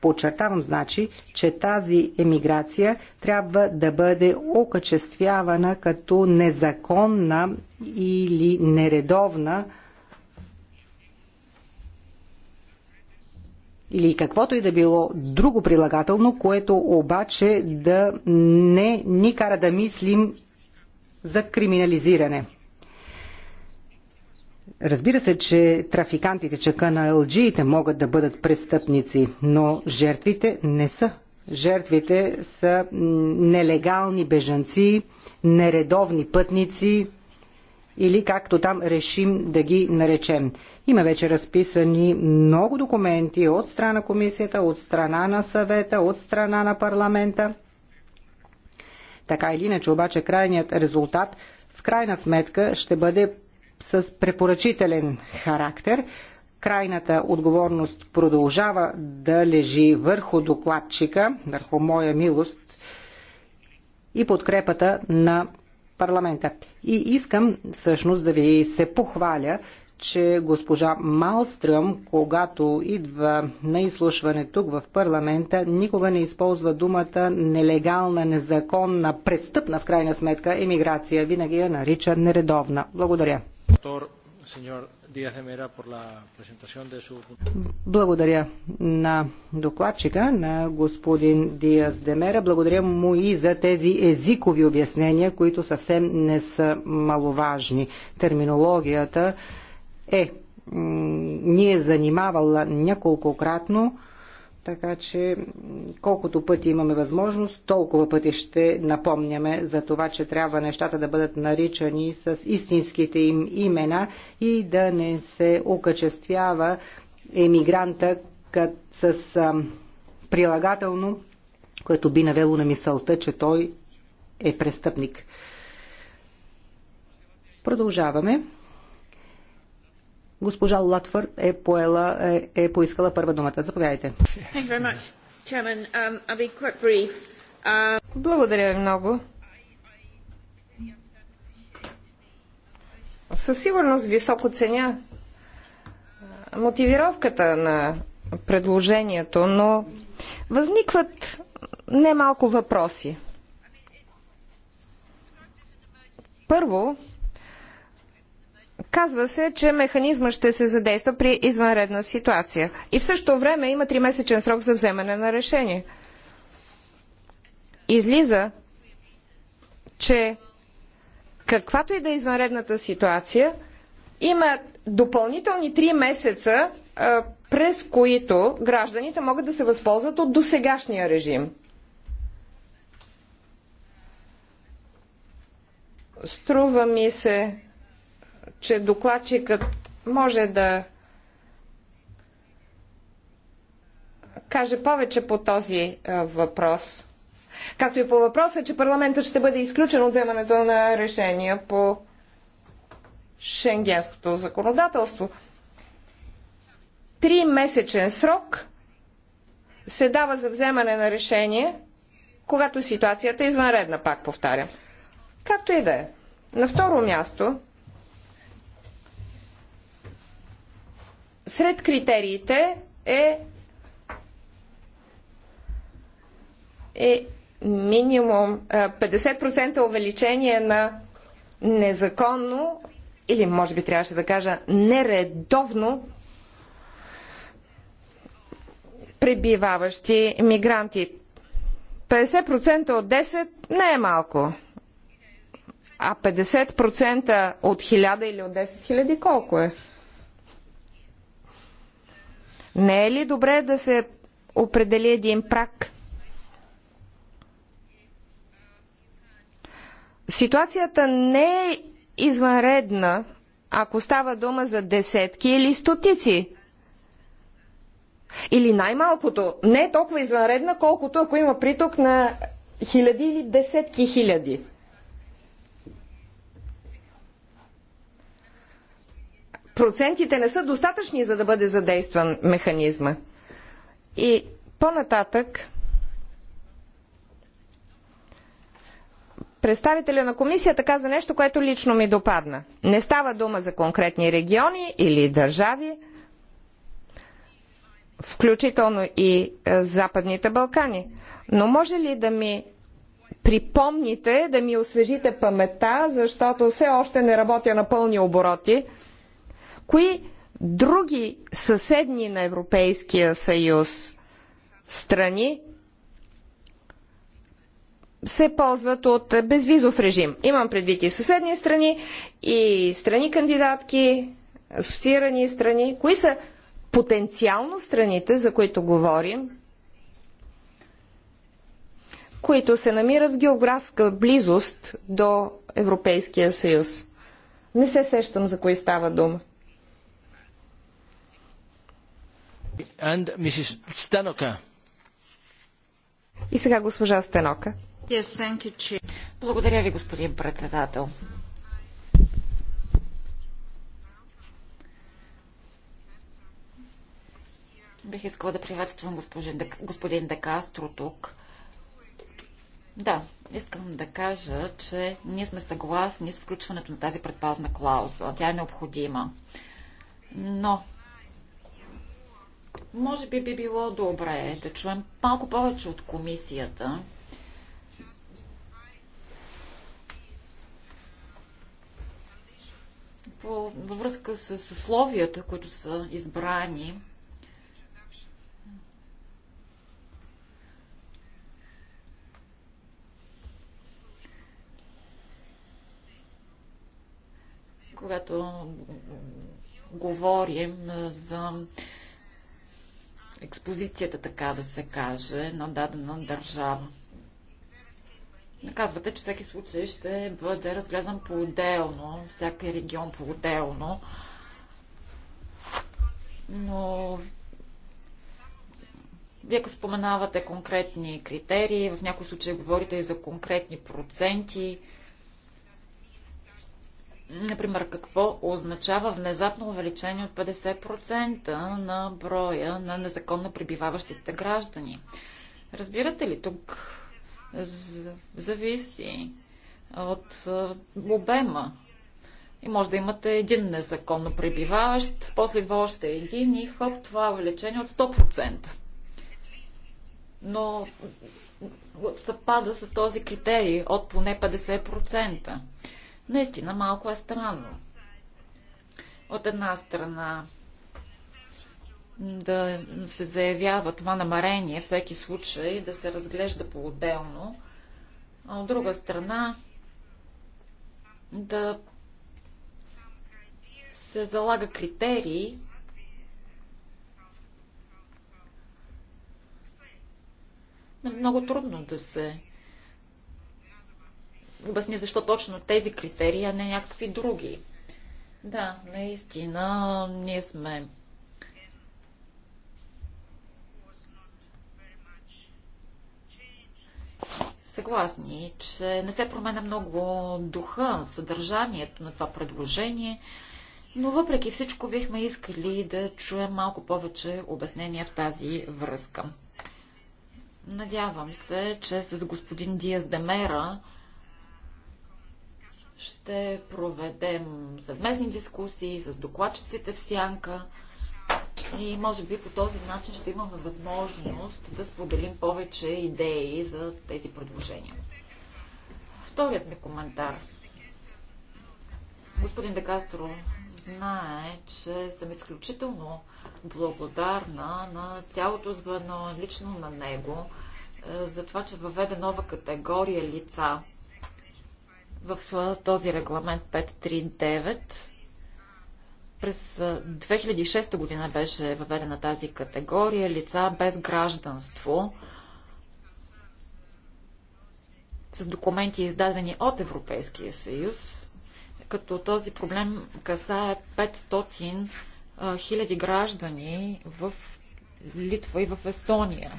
Speaker 3: Подчертавам, значи, че тази емиграция трябва да бъде окачествявана като незаконна или нередовна или каквото и да било друго прилагателно, което обаче да не ни кара да мислим за криминализиране. Разбира се, че трафикантите, на каналджиите могат да бъдат престъпници, но жертвите не са. Жертвите са нелегални бежанци, нередовни пътници или както там решим да ги наречем. Има вече разписани много документи от страна на комисията, от страна на съвета, от страна на парламента. Така или иначе, обаче крайният резултат в крайна сметка ще бъде с препоръчителен характер. Крайната отговорност продължава да лежи върху докладчика, върху моя милост и подкрепата на парламента. И искам всъщност да ви се похваля, че госпожа Малстръм, когато идва на изслушване тук в парламента, никога не използва думата нелегална, незаконна, престъпна в крайна сметка емиграция. Винаги я нарича нередовна. Благодаря. Благодаря на докладчика, на господин Диас Демера. Благодаря му и за тези езикови обяснения, които съвсем не са маловажни. Терминологията е ни е занимавала няколкократно така че колкото пъти имаме възможност, толкова пъти ще напомняме за това, че трябва нещата да бъдат наричани с истинските им имена и да не се окачествява емигранта кът, с а, прилагателно, което би навело на мисълта, че той е престъпник. Продължаваме. Госпожа Латвърд е, поела, е, е поискала първа думата. Заповядайте.
Speaker 1: Um, um, Благодаря ви много. Със сигурност високо ценя мотивировката на предложението, но възникват немалко въпроси. Първо, Казва се, че механизма ще се задейства при извънредна ситуация. И в същото време има 3-месечен срок за вземане на решение. Излиза, че каквато и да е извънредната ситуация, има допълнителни 3 месеца, през които гражданите могат да се възползват от досегашния режим. Струва ми се, че докладчикът може да каже повече по този е, въпрос. Както и по въпроса, че парламентът ще бъде изключен от вземането на решения по шенгенското законодателство. Три месечен срок се дава за вземане на решение, когато ситуацията е извънредна, пак повтарям. Както и да е. На второ място, Сред критериите е, е минимум 50% е, увеличение на незаконно или може би трябваше да кажа нередовно пребиваващи мигранти. 50% от 10 не е малко. А 50% от 1000 или от 10 000 колко е? Не е ли добре да се определи един прак? Ситуацията не е извънредна, ако става дума за десетки или стотици. Или най-малкото, не е толкова извънредна, колкото ако има приток на хиляди или десетки хиляди. процентите не са достатъчни, за да бъде задействан механизма. И по-нататък представителя на комисията каза нещо, което лично ми допадна. Не става дума за конкретни региони или държави, включително и е, Западните Балкани. Но може ли да ми припомните, да ми освежите паметта, защото все още не работя на пълни обороти – Кои други съседни на Европейския съюз страни се ползват от безвизов режим. Имам предвид и съседни страни, и страни кандидатки, асоциирани страни. Кои са потенциално страните, за които говорим, които се намират в географска близост до Европейския съюз? Не се сещам за кои става дума.
Speaker 4: And Mrs.
Speaker 1: И сега госпожа Стенока. Yes, Благодаря ви, господин председател.
Speaker 2: Бих искала да приветствам господин, господин Декастро тук. Да, искам да кажа, че ние сме съгласни с включването на тази предпазна клауза. Тя е необходима. Но може би би било добре да чуем малко повече от комисията. По, във връзка с условията, които са избрани когато говорим за експозицията, така да се каже, на дадена държава. Казвате, че всеки случай ще бъде разгледан по-отделно, всяка регион по-отделно. Но вие ако споменавате конкретни критерии, в някои случаи говорите и за конкретни проценти, Например, какво означава внезапно увеличение от 50% на броя на незаконно пребиваващите граждани? Разбирате ли, тук зависи от обема. И може да имате един незаконно пребиваващ, после два още един и хоп, това е увеличение от 100%. Но съвпада с този критерий от поне 50% наистина малко е странно. От една страна да се заявява това намерение, всеки случай да се разглежда по-отделно, а от друга страна да се залага критерии, много трудно да се обясни защо точно тези критерии, а не някакви други. Да, наистина, ние сме съгласни, че не се променя много духа, съдържанието на това предложение, но въпреки всичко бихме искали да чуем малко повече обяснения в тази връзка. Надявам се, че с господин Диас Демера ще проведем съвместни дискусии с докладчиците в Сянка и може би по този начин ще имаме възможност да споделим повече идеи за тези предложения. Вторият ми коментар. Господин Декастро знае, че съм изключително благодарна на цялото звено, лично на него, е, за това, че въведе нова категория лица – в този регламент 539. През 2006 година беше въведена тази категория лица без гражданство с документи издадени от Европейския съюз, като този проблем касае 500 хиляди граждани в Литва и в Естония,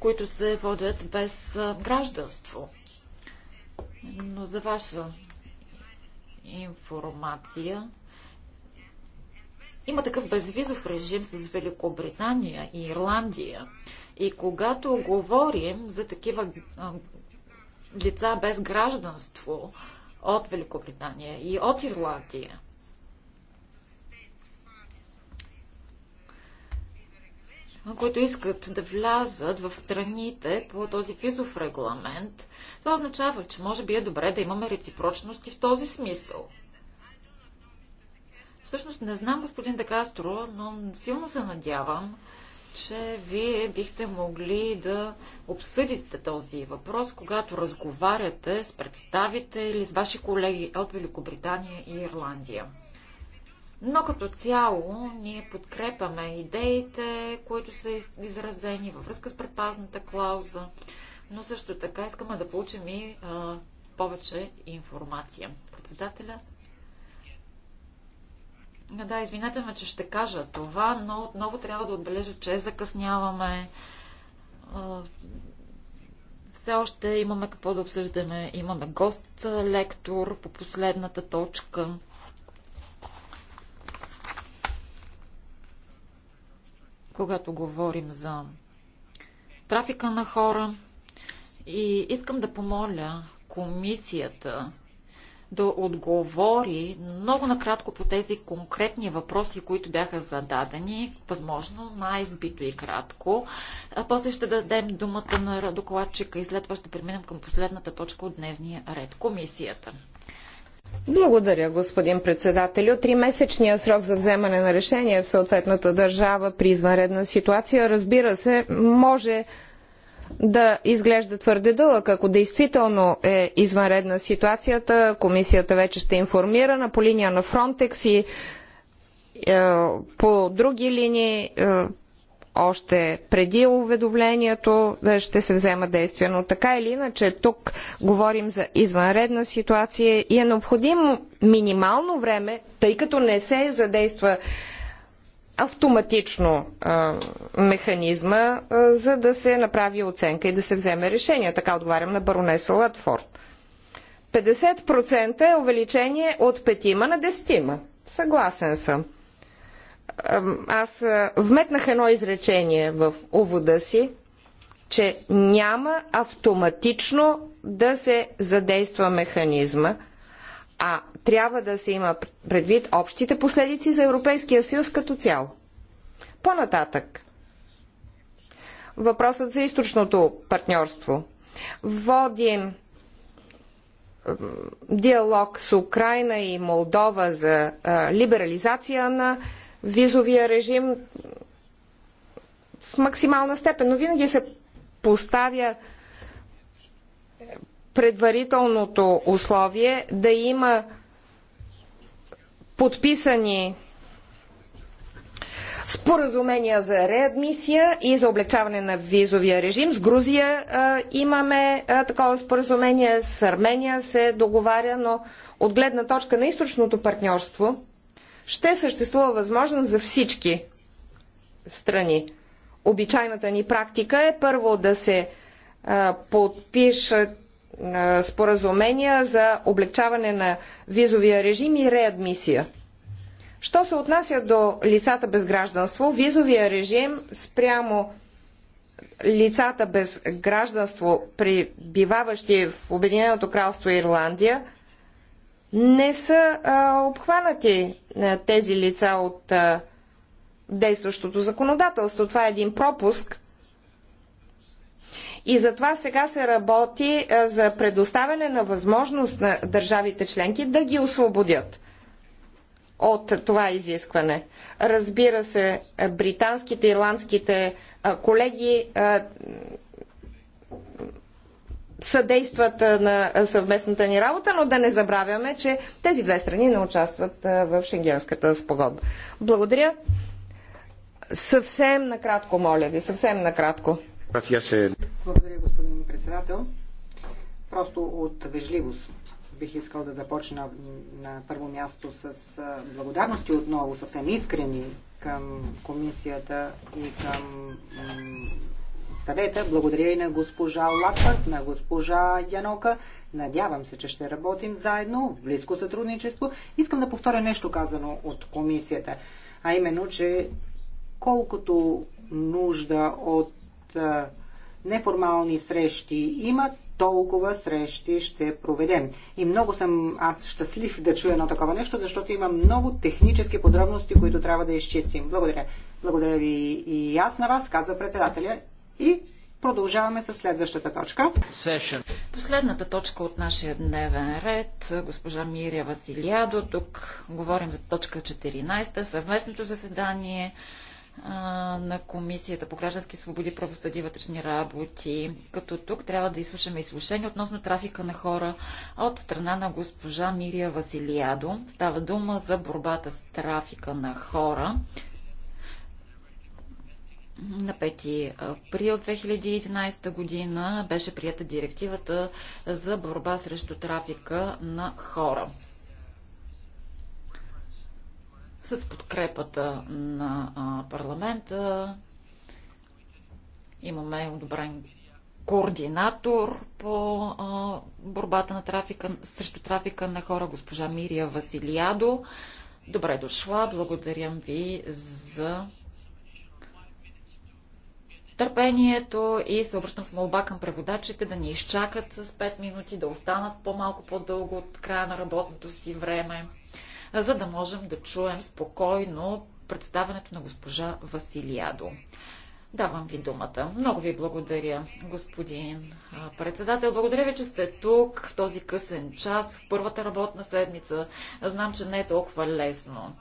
Speaker 2: които се водят без гражданство. Но за ваша информация, има такъв безвизов режим с Великобритания и Ирландия. И когато говорим за такива лица без гражданство от Великобритания и от Ирландия, които искат да влязат в страните по този физов регламент, това означава, че може би е добре да имаме реципрочност и в този смисъл. Всъщност не знам, господин Декастро, но силно се надявам, че вие бихте могли да обсъдите този въпрос, когато разговаряте с представители, с ваши колеги от Великобритания и Ирландия. Но като цяло ние подкрепяме идеите, които са изразени във връзка с предпазната клауза, но също така искаме да получим и а, повече информация. Председателя. Да, извинете ме, че ще кажа това, но отново трябва да отбележа, че закъсняваме. А, все още имаме какво да обсъждаме. Имаме гост лектор по последната точка. когато говорим за трафика на хора. И искам да помоля комисията да отговори много накратко по тези конкретни въпроси, които бяха зададени, възможно най-избито и кратко. А после ще дадем думата на докладчика и след това ще преминем към последната точка от дневния ред. Комисията.
Speaker 1: Благодаря, господин председател. три Тримесечния срок за вземане на решение в съответната държава при извънредна ситуация, разбира се, може да изглежда твърде дълъг. Ако действително е извънредна ситуацията, комисията вече ще информира информирана по линия на Фронтекс и е, по други линии. Е, още преди уведомлението е, ще се взема действие. Но така или иначе, тук говорим за извънредна ситуация и е необходимо минимално време, тъй като не се задейства автоматично а, механизма, а, за да се направи оценка и да се вземе решение. Така отговарям на баронеса Латфорд. 50% е увеличение от петима на десетима. Съгласен съм аз вметнах едно изречение в увода си, че няма автоматично да се задейства механизма, а трябва да се има предвид общите последици за Европейския съюз като цяло. По-нататък. Въпросът за източното партньорство. Водим диалог с Украина и Молдова за либерализация на визовия режим в максимална степен, но винаги се поставя предварителното условие да има подписани споразумения за реадмисия и за облегчаване на визовия режим. С Грузия а, имаме а, такова споразумение, с Армения се договаря, но от гледна точка на източното партньорство ще съществува възможност за всички страни. Обичайната ни практика е първо да се а, подпишат а, споразумения за облегчаване на визовия режим и реадмисия. Що се отнася до лицата без гражданство, визовия режим спрямо лицата без гражданство, прибиваващи в Обединеното кралство Ирландия – не са а, обхванати а, тези лица от а, действащото законодателство. Това е един пропуск. И затова сега се работи а, за предоставяне на възможност на държавите членки да ги освободят от това изискване. Разбира се, британските, ирландските а, колеги а, съдействат на съвместната ни работа, но да не забравяме, че тези две страни не участват в Шенгенската спогодба. Благодаря. Съвсем накратко, моля ви, съвсем накратко.
Speaker 4: Е.
Speaker 3: Благодаря, господин председател. Просто от вежливост бих искал да започна на първо място с благодарности отново, съвсем искрени към комисията и към съвета. Благодаря и на госпожа Латвард, на госпожа Янока. Надявам се, че ще работим заедно в близко сътрудничество. Искам да повторя нещо казано от комисията, а именно, че колкото нужда от неформални срещи има, толкова срещи ще проведем. И много съм аз щастлив да чуя едно такова нещо, защото има много технически подробности, които трябва да изчистим. Благодаря. Благодаря ви и аз на вас, каза председателя. И продължаваме с следващата точка.
Speaker 2: Последната точка от нашия дневен ред, госпожа Мирия Василиадо. Тук говорим за точка 14, съвместното заседание на Комисията по граждански свободи, правосъди вътрешни работи. Като тук трябва да изслушаме изслушение относно трафика на хора от страна на госпожа Мирия Василиадо. Става дума за борбата с трафика на хора на 5 април 2011 година беше прията директивата за борба срещу трафика на хора. С подкрепата на парламента имаме одобрен координатор по а, борбата на трафика, срещу трафика на хора, госпожа Мирия Василиадо. Добре дошла, благодарям ви за търпението и се обръщам с молба към преводачите да ни изчакат с 5 минути, да останат по-малко по-дълго от края на работното си време, за да можем да чуем спокойно представенето на госпожа Василиадо. Давам ви думата. Много ви благодаря, господин председател. Благодаря ви, че сте тук в този късен час, в първата работна седмица. Знам, че не е толкова лесно.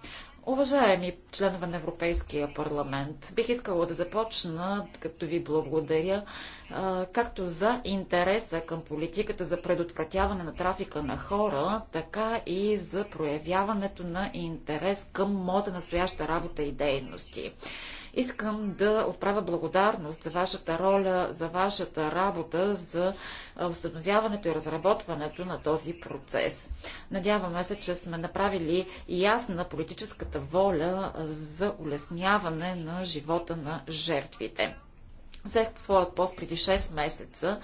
Speaker 2: Уважаеми членове на Европейския парламент, бих искала да започна, като ви благодаря, както за интереса към политиката за предотвратяване на трафика на хора, така и за проявяването на интерес към моята настояща работа и дейности. Искам да отправя благодарност за вашата роля, за вашата работа, за установяването и разработването на този процес. Надяваме се, че сме направили ясна политическата воля за улесняване на живота на жертвите. Взех своят пост преди 6 месеца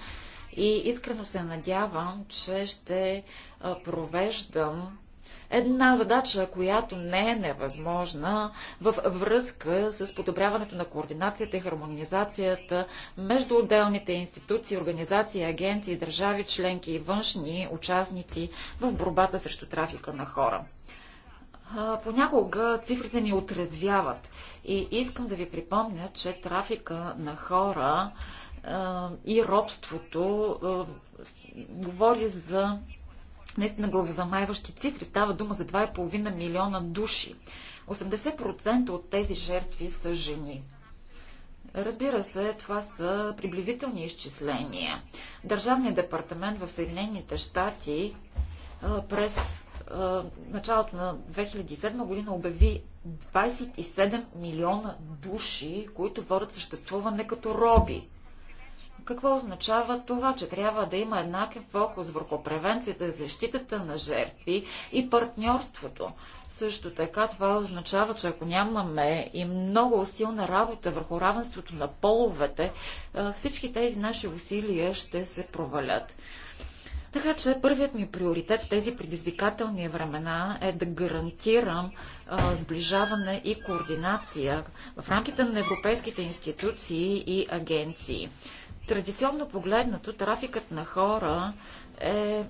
Speaker 2: и искрено се надявам, че ще провеждам Една задача, която не е невъзможна в връзка с подобряването на координацията и хармонизацията между отделните институции, организации, агенции, държави, членки и външни участници в борбата срещу трафика на хора. Понякога цифрите ни отрезвяват и искам да ви припомня, че трафика на хора и робството говори за наистина главозамайващи цифри. Става дума за 2,5 милиона души. 80% от тези жертви са жени. Разбира се, това са приблизителни изчисления. Държавният департамент в Съединените щати през началото на 2007 година обяви 27 милиона души, които водят съществуване като роби. Какво означава това, че трябва да има еднакъв фокус върху превенцията, защитата на жертви и партньорството? Също така това означава, че ако нямаме и много силна работа върху равенството на половете, всички тези наши усилия ще се провалят. Така че първият ми приоритет в тези предизвикателни времена е да гарантирам а, сближаване и координация в рамките на европейските институции и агенции. Традиционно погледнато, трафикът на хора е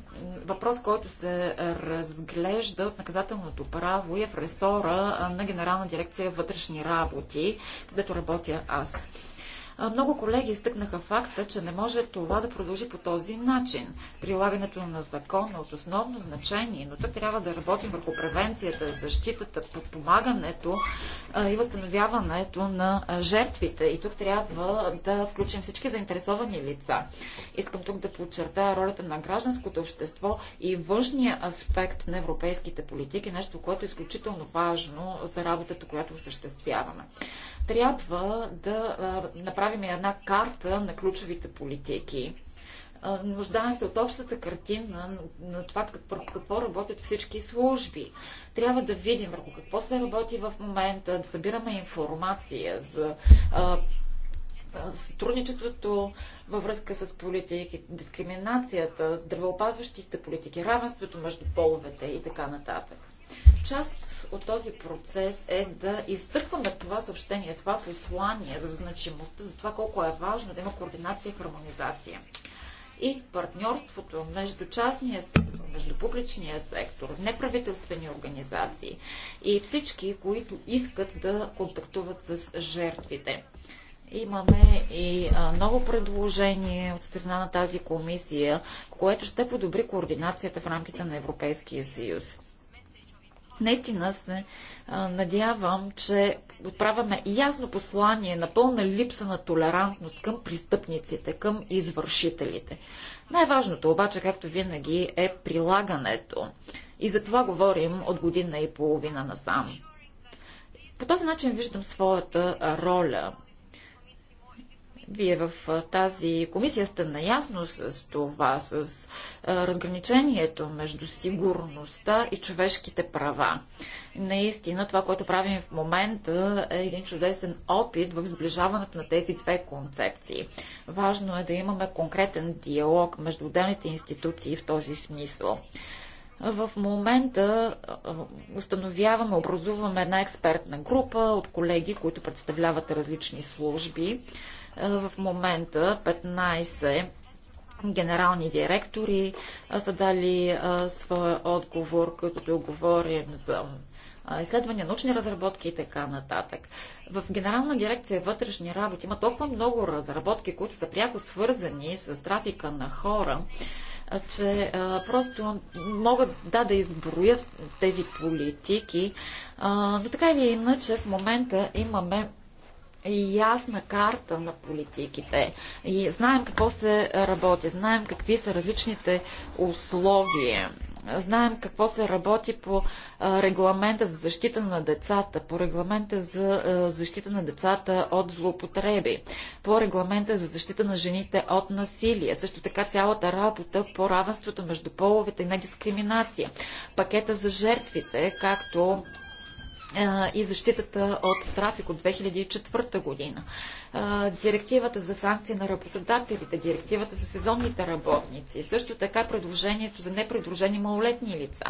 Speaker 2: въпрос, който се разглежда от наказателното право и е в ресора на Генерална дирекция вътрешни работи, където работя аз. Много колеги изтъкнаха факта, че не може това да продължи по този начин. Прилагането на закон е от основно значение, но тук трябва да работим върху превенцията, защитата, подпомагането и възстановяването на жертвите. И тук трябва да включим всички заинтересовани лица. Искам тук да подчертая ролята на гражданското общество и външния аспект на европейските политики, нещо, което е изключително важно за работата, която осъществяваме. Трябва да направим една карта на ключовите политики. Нуждаем се от общата картина на това върху какво работят всички служби. Трябва да видим върху какво се работи в момента, да събираме информация за сътрудничеството във връзка с политики, дискриминацията, здравеопазващите политики, равенството между половете и така нататък. Част от този процес е да изтъкваме това съобщение, това послание за значимостта, за това колко е важно да има координация и хармонизация. И партньорството между частния сектор, между публичния сектор, неправителствени организации и всички, които искат да контактуват с жертвите. Имаме и ново предложение от страна на тази комисия, което ще подобри координацията в рамките на Европейския съюз. Наистина се надявам, че отправяме ясно послание на пълна липса на толерантност към престъпниците, към извършителите. Най-важното обаче, както винаги, е прилагането. И за това говорим от година и половина насам. По този начин виждам своята роля вие в тази комисия сте наясно с това, с разграничението между сигурността и човешките права. Наистина, това, което правим в момента е един чудесен опит в сближаването на тези две концепции. Важно е да имаме конкретен диалог между отделните институции в този смисъл. В момента установяваме, образуваме една експертна група от колеги, които представляват различни служби. В момента 15 генерални директори са дали своя отговор, като говорим за изследвания, научни разработки и така нататък. В Генерална дирекция вътрешни работи има толкова много разработки, които са пряко свързани с трафика на хора че а, просто могат да, да изброят тези политики, а, но така или иначе в момента имаме ясна карта на политиките и знаем какво се работи, знаем какви са различните условия знаем какво се работи по регламента за защита на децата, по регламента за защита на децата от злоупотреби, по регламента за защита на жените от насилие, също така цялата работа по равенството между половете и на дискриминация, пакета за жертвите, както и защитата от трафик от 2004 година директивата за санкции на работодателите, директивата за сезонните работници, също така предложението за непредружени малолетни лица,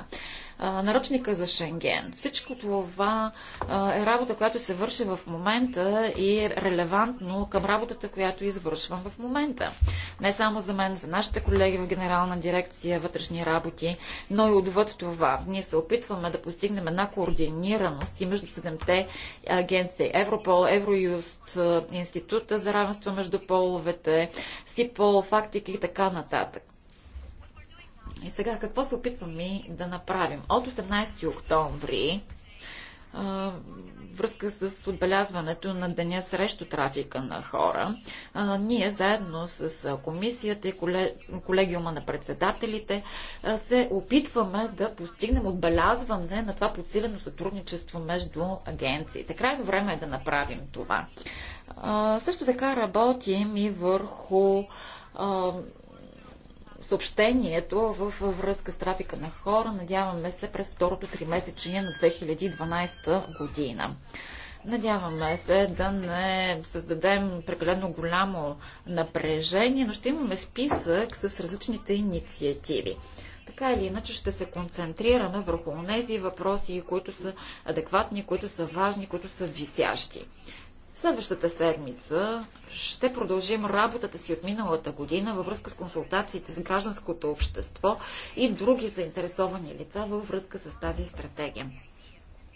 Speaker 2: наръчника за Шенген. Всичко това е работа, която се върши в момента и е релевантно към работата, която извършвам в момента. Не само за мен, за нашите колеги в Генерална дирекция вътрешни работи, но и отвъд това. Ние се опитваме да постигнем една координираност и между седемте агенции Европол, Евроюст, институт Института за равенство между половете, СИПОЛ, фактики и така нататък. И сега какво се опитваме да направим? От 18 октомври връзка с отбелязването на деня срещу трафика на хора. ние заедно с комисията и колегиума на председателите се опитваме да постигнем отбелязване на това подсилено сътрудничество между агенциите. Крайно време е да направим това. също така работим и върху съобщението във връзка с трафика на хора. Надяваме се през второто три месече на 2012 година. Надяваме се да не създадем прекалено голямо напрежение, но ще имаме списък с различните инициативи. Така или иначе ще се концентрираме върху тези въпроси, които са адекватни, които са важни, които са висящи. Следващата седмица ще продължим работата си от миналата година във връзка с консултациите с гражданското общество и други заинтересовани лица във връзка с тази стратегия.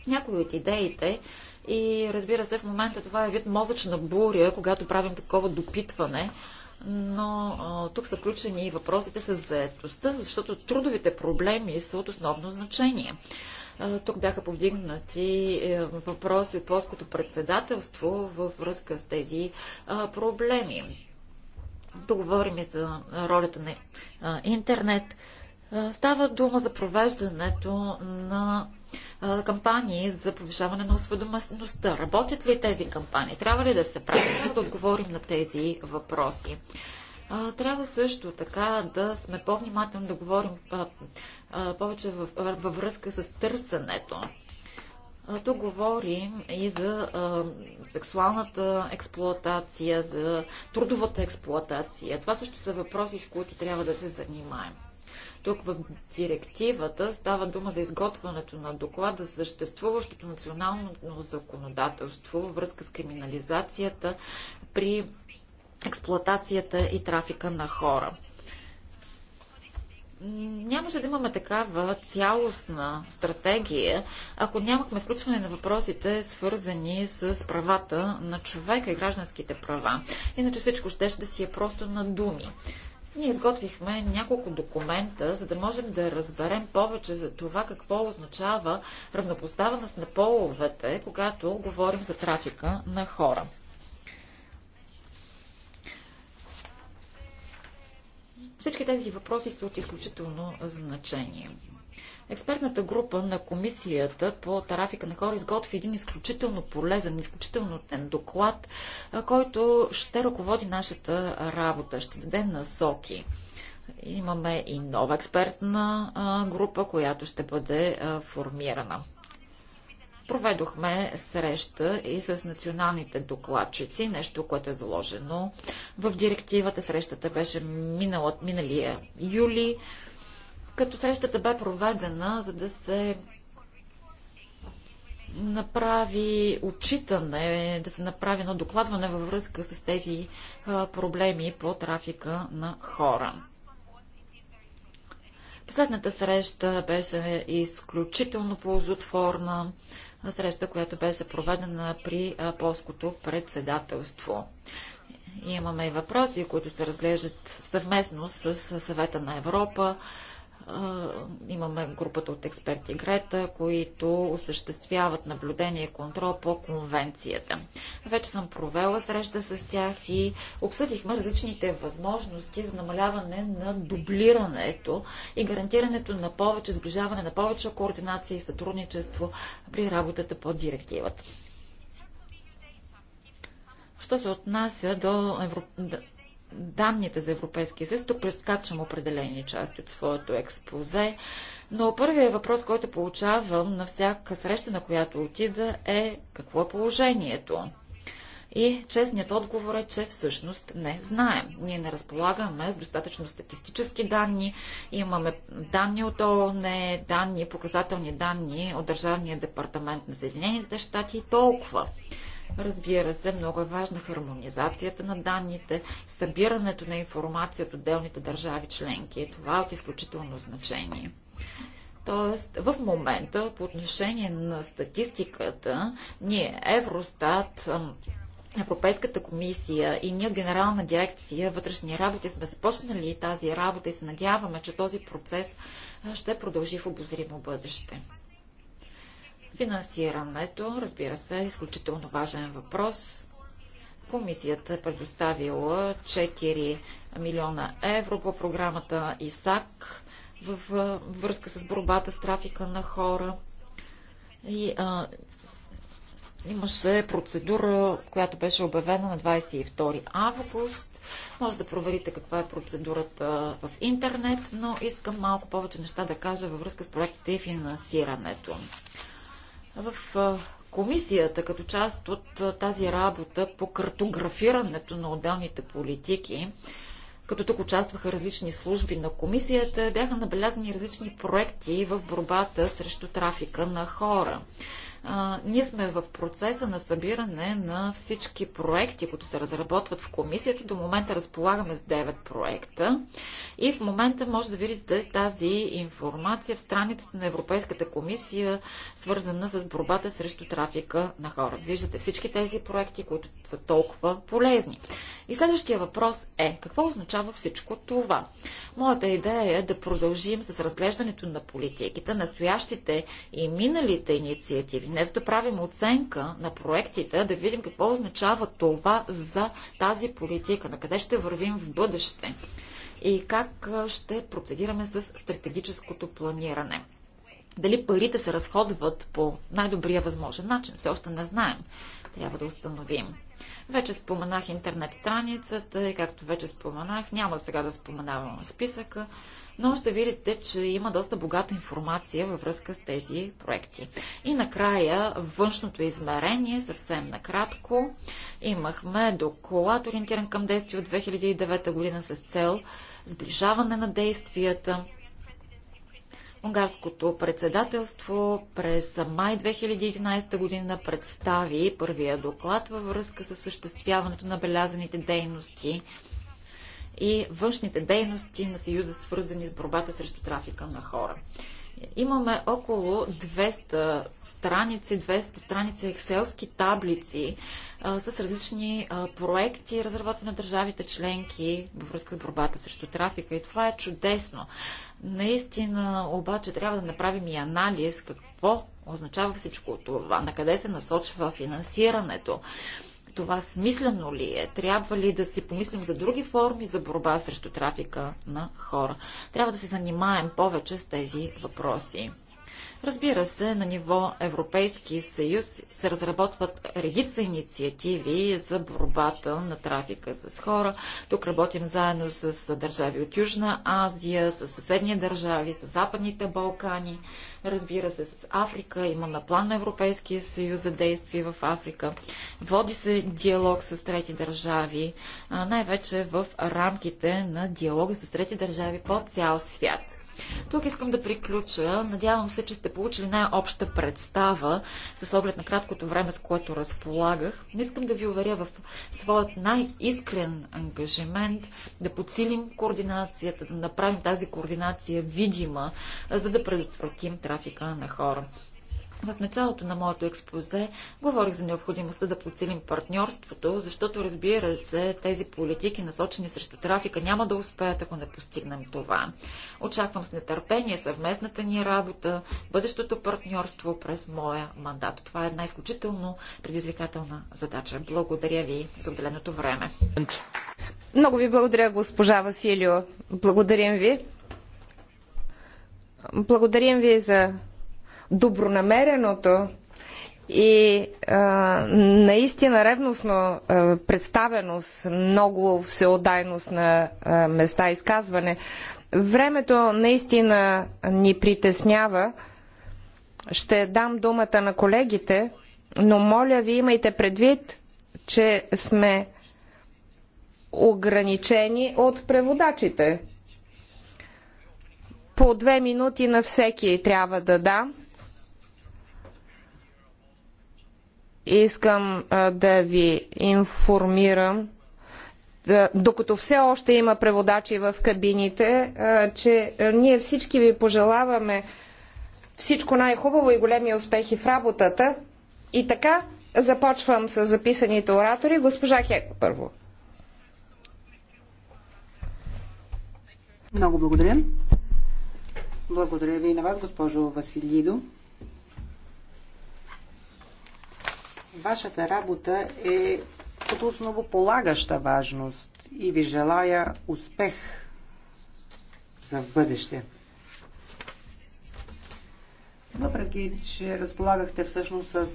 Speaker 2: Някои от идеите и разбира се, в момента това е вид мозъчна буря, когато правим такова допитване, но а, тук са включени и въпросите с заедостта, защото трудовите проблеми са от основно значение. Тук бяха повдигнати е, въпроси от плоското председателство във връзка с тези проблеми. Тук говорим и за ролята на интернет. Става дума за провеждането на кампании за повишаване на осведомеността. Работят ли тези кампании? Трябва ли да се правят? Да отговорим на тези въпроси трябва също така да сме по-внимателни да говорим повече във, във връзка с търсенето. Тук говорим и за а, сексуалната експлоатация, за трудовата експлоатация. Това също са въпроси, с които трябва да се занимаем. Тук в директивата става дума за изготвянето на доклад за съществуващото национално законодателство във връзка с криминализацията при експлоатацията и трафика на хора. Нямаше да имаме такава цялостна стратегия, ако нямахме включване на въпросите, свързани с правата на човека и гражданските права. Иначе всичко ще ще си е просто на думи. Ние изготвихме няколко документа, за да можем да разберем повече за това какво означава равнопоставеност на половете, когато говорим за трафика на хора. Всички тези въпроси са от изключително значение. Експертната група на комисията по тарафика на хора изготви един изключително полезен, изключително тен доклад, който ще ръководи нашата работа, ще даде насоки. Имаме и нова експертна група, която ще бъде формирана проведохме среща и с националните докладчици, нещо, което е заложено в директивата. Срещата беше минала, миналия юли, като срещата бе проведена, за да се направи отчитане, да се направи едно докладване във връзка с тези проблеми по трафика на хора. Последната среща беше изключително ползотворна среща, която беше проведена при полското председателство. Имаме и въпроси, които се разглеждат съвместно с съвета на Европа, Имаме групата от експерти Грета, които осъществяват наблюдение и контрол по конвенцията. Вече съм провела среща с тях и обсъдихме различните възможности за намаляване на дублирането и гарантирането на повече сближаване, на повече координация и сътрудничество при работата по директивата. Що се отнася до, Европа? данните за Европейския съюз. Тук прескачам определени части от своето експозе. Но първият въпрос, който получавам на всяка среща, на която отида, е какво е положението. И честният отговор е, че всъщност не знаем. Ние не разполагаме с достатъчно статистически данни, имаме данни от ООН, данни, показателни данни от Държавния департамент на Съединените щати и толкова. Разбира се, много е важна хармонизацията на данните, събирането на информация от отделните държави членки. Това е от изключително значение. Тоест, в момента, по отношение на статистиката, ние, Евростат, Европейската комисия и ние от Генерална дирекция вътрешни работи сме започнали тази работа и се надяваме, че този процес ще продължи в обозримо бъдеще. Финансирането, разбира се, е изключително важен въпрос. Комисията е предоставила 4 милиона евро по програмата ИСАК в връзка с борбата с трафика на хора. И а, имаше процедура, която беше обявена на 22 август. Може да проверите каква е процедурата в интернет, но искам малко повече неща да кажа във връзка с проектите и финансирането в комисията, като част от тази работа по картографирането на отделните политики, като тук участваха различни служби на комисията, бяха набелязани различни проекти в борбата срещу трафика на хора. А, ние сме в процеса на събиране на всички проекти, които се разработват в комисията. До момента разполагаме с 9 проекта и в момента може да видите тази информация в страницата на Европейската комисия, свързана с борбата срещу трафика на хора. Виждате всички тези проекти, които са толкова полезни. И следващия въпрос е, какво означава всичко това? Моята идея е да продължим с разглеждането на политиките, настоящите и миналите инициативи. Днес да правим оценка на проектите, да видим какво означава това за тази политика, на къде ще вървим в бъдеще и как ще процедираме с стратегическото планиране. Дали парите се разходват по най-добрия възможен начин, все още не знаем. Трябва да установим. Вече споменах интернет страницата и както вече споменах, няма сега да споменавам списъка, но ще видите, че има доста богата информация във връзка с тези проекти. И накрая, външното измерение, съвсем накратко, имахме доклад, ориентиран към действие от 2009 година с цел сближаване на действията, Унгарското председателство през май 2011 година представи първия доклад във връзка с осъществяването на белязаните дейности и външните дейности на Съюза, свързани с борбата срещу трафика на хора. Имаме около 200 страници, 200 страници екселски таблици а, с различни а, проекти, разработване на държавите членки във връзка с борбата срещу трафика. И това е чудесно. Наистина обаче трябва да направим и анализ какво означава всичко това, на къде се насочва финансирането. Това смислено ли е? Трябва ли да си помислим за други форми за борба срещу трафика на хора? Трябва да се занимаем повече с тези въпроси. Разбира се, на ниво Европейски съюз се разработват редица инициативи за борбата на трафика с хора. Тук работим заедно с държави от Южна Азия, с съседни държави, с Западните Балкани, разбира се, с Африка. Имаме план на Европейския съюз за действие в Африка. Води се диалог с трети държави, най-вече в рамките на диалога с трети държави по цял свят. Тук искам да приключа. Надявам се, че сте получили най-обща представа с оглед на краткото време, с което разполагах. Но искам да ви уверя в своят най-искрен ангажимент да подсилим координацията, да направим тази координация видима, за да предотвратим трафика на хора. В началото на моето експозе говорих за необходимостта да подсилим партньорството, защото разбира се, тези политики насочени срещу трафика няма да успеят, ако не постигнем това. Очаквам с нетърпение съвместната ни работа, бъдещото партньорство през моя мандат. Това е една изключително предизвикателна задача. Благодаря ви за отделеното време.
Speaker 1: Много ви благодаря, госпожа Василио. Благодарим ви. Благодарим ви за добронамереното и а, наистина ревностно а, представеност, много всеодайност на а, места изказване. Времето наистина ни притеснява. Ще дам думата на колегите, но моля ви имайте предвид, че сме ограничени от преводачите. По две минути на всеки трябва да дам Искам да ви информирам, докато все още има преводачи в кабините, че ние всички ви пожелаваме всичко най-хубаво и големи успехи в работата. И така, започвам с записаните оратори. Госпожа Хек първо. Много
Speaker 3: благодаря. Благодаря ви и на вас, госпожо Василидо. Вашата работа е като основополагаща важност и ви желая успех за в бъдеще. Въпреки, че разполагахте всъщност с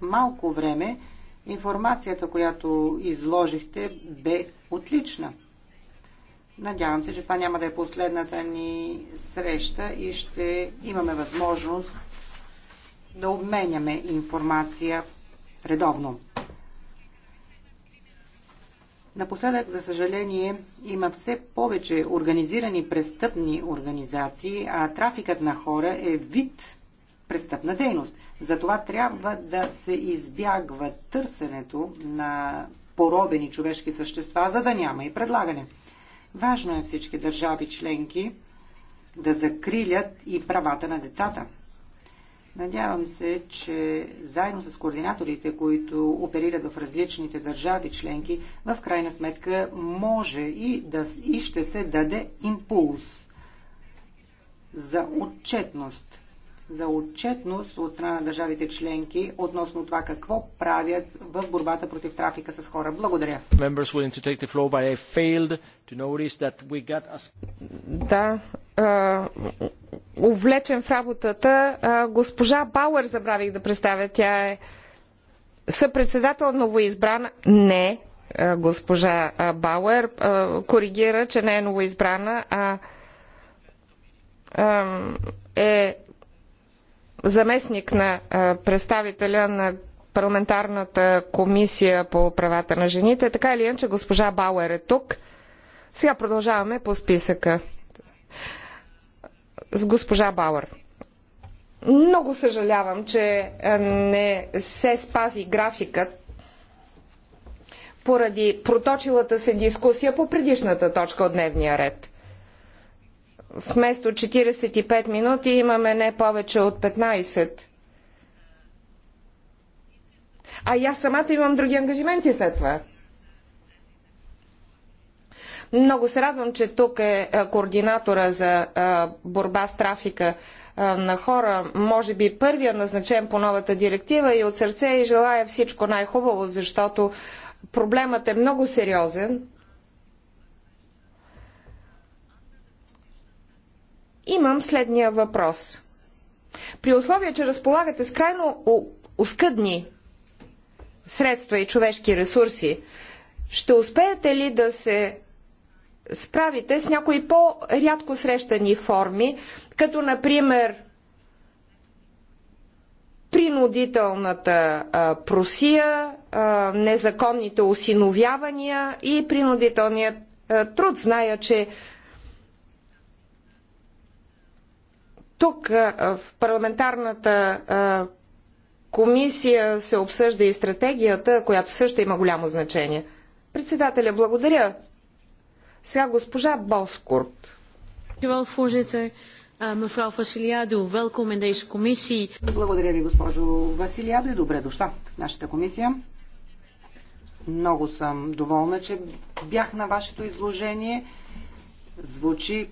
Speaker 3: малко време, информацията, която изложихте, бе отлична. Надявам се, че това няма да е последната ни среща и ще имаме възможност да обменяме информация редовно. Напоследък, за съжаление, има все повече организирани престъпни организации, а трафикът на хора е вид престъпна дейност. Затова трябва да се избягва търсенето на поробени човешки същества, за да няма и предлагане. Важно е всички държави членки да закрилят и правата на децата. Надявам се, че заедно с координаторите, които оперират в различните държави членки, в крайна сметка може и, да, и ще се даде импулс за отчетност. За отчетност от страна на държавите членки относно това какво правят в борбата против трафика с хора.
Speaker 1: Благодаря. Да, увлечен в работата. Госпожа Бауер забравих да представя. Тя е съпредседател новоизбрана. Не, госпожа Бауер коригира, че не е новоизбрана, а е заместник на представителя на парламентарната комисия по правата на жените. Така или иначе, госпожа Бауер е тук. Сега продължаваме по списъка с госпожа Бауър. Много съжалявам, че е, не се спази графикът поради проточилата се дискусия по предишната точка от дневния ред. Вместо 45 минути имаме не повече от 15. А и аз самата имам други ангажименти след това. Много се радвам, че тук е, е координатора за е, борба с трафика е, на хора, може би първия назначен по новата директива и от сърце и желая всичко най-хубаво, защото проблемът е много сериозен. Имам следния въпрос. При условие, че разполагате с крайно оскъдни средства и човешки ресурси, ще успеете ли да се справите с някои по-рядко срещани форми, като например принудителната а, просия, а, незаконните осиновявания и принудителният а, труд. Зная, че тук а, в парламентарната а, комисия се обсъжда и стратегията, която също има голямо значение. Председателя, благодаря. Сега госпожа Боскорт. Василиадо, eh, in deze комисии. Благодаря ви,
Speaker 3: госпожо Василиадо и добре дошла в нашата комисия. Много съм доволна, че бях на вашето изложение. Звучи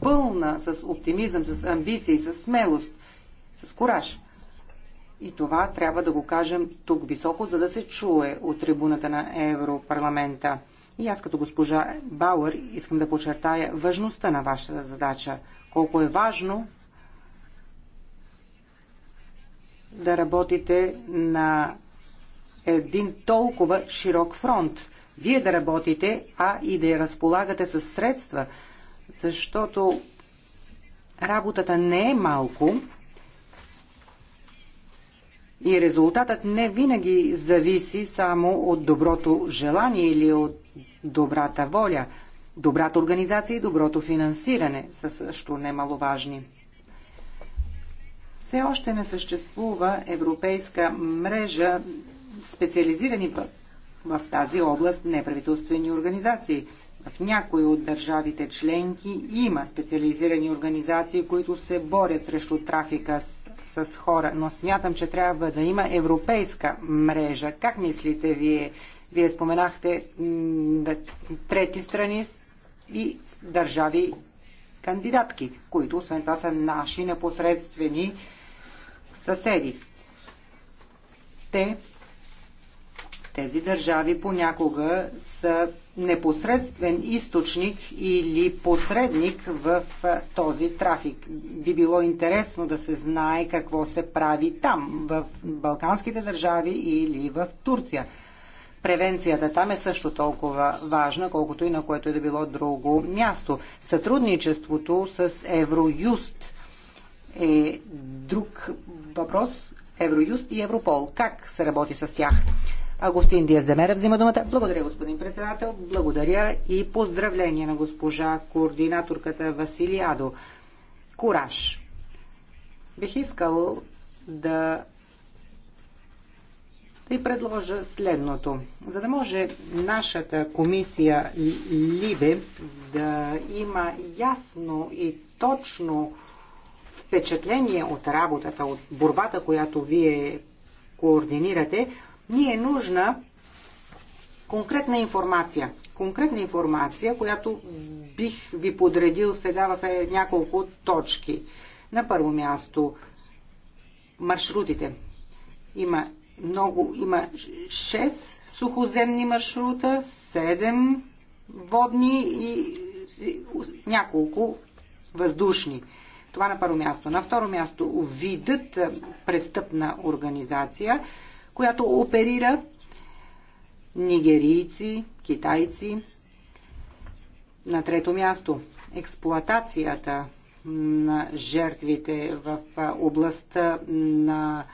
Speaker 3: пълна с оптимизъм, с амбиции, с смелост, с кураж. И това трябва да го кажем тук високо, за да се чуе от трибуната на Европарламента. И аз като госпожа Бауър искам да подчертая важността на вашата задача. Колко е важно да работите на един толкова широк фронт. Вие да работите, а и да я разполагате с средства, защото работата не е малко и резултатът не винаги зависи само от доброто желание или от добрата воля. Добрата организация и доброто финансиране са също немаловажни. Все още не съществува европейска мрежа специализирани в, в тази област неправителствени организации. В някои от държавите членки има специализирани организации, които се борят срещу трафика с, с хора, но смятам, че трябва да има европейска мрежа. Как мислите вие? Вие споменахте трети страни и държави кандидатки, които освен това са наши непосредствени съседи. Те, тези държави понякога са непосредствен източник или посредник в този трафик. Би било интересно да се знае какво се прави там, в балканските държави или в Турция. Превенцията там е също толкова важна, колкото и на което е да било друго място. Сътрудничеството с Евроюст е друг въпрос. Евроюст и Европол. Как се работи с тях? Агустин Диаз Демера взима думата. Благодаря, господин председател. Благодаря и поздравление на госпожа координаторката Василиадо. Кураж! Бих искал да ви предложа следното. За да може нашата комисия Либе да има ясно и точно впечатление от работата, от борбата, която вие координирате, ни е нужна конкретна информация. Конкретна информация, която бих ви подредил сега в е, няколко точки. На първо място маршрутите. Има много, има 6 сухоземни маршрута, 7 водни и няколко въздушни. Това на първо място. На второ място видът е, престъпна организация, която оперира нигерийци, китайци. На трето място експлоатацията на жертвите в е, областта на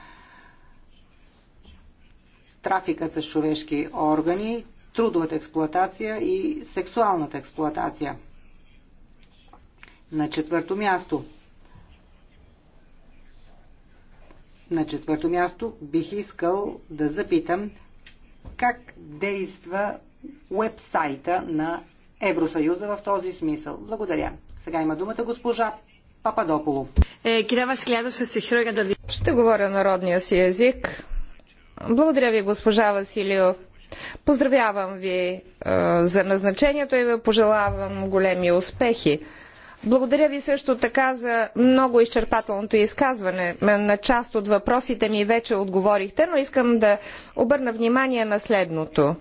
Speaker 3: трафикът с човешки органи, трудовата експлоатация и сексуалната експлоатация. На четвърто място. На четвърто място бих искал да запитам как действа уебсайта на Евросъюза в този смисъл. Благодаря. Сега
Speaker 1: има думата госпожа Пападополо. Е, ще говоря народния си език. Благодаря ви, госпожа Василио. Поздравявам ви е, за назначението и ви пожелавам големи успехи. Благодаря ви също така за много изчерпателното изказване. На част от въпросите ми вече отговорихте, но искам да обърна внимание на следното.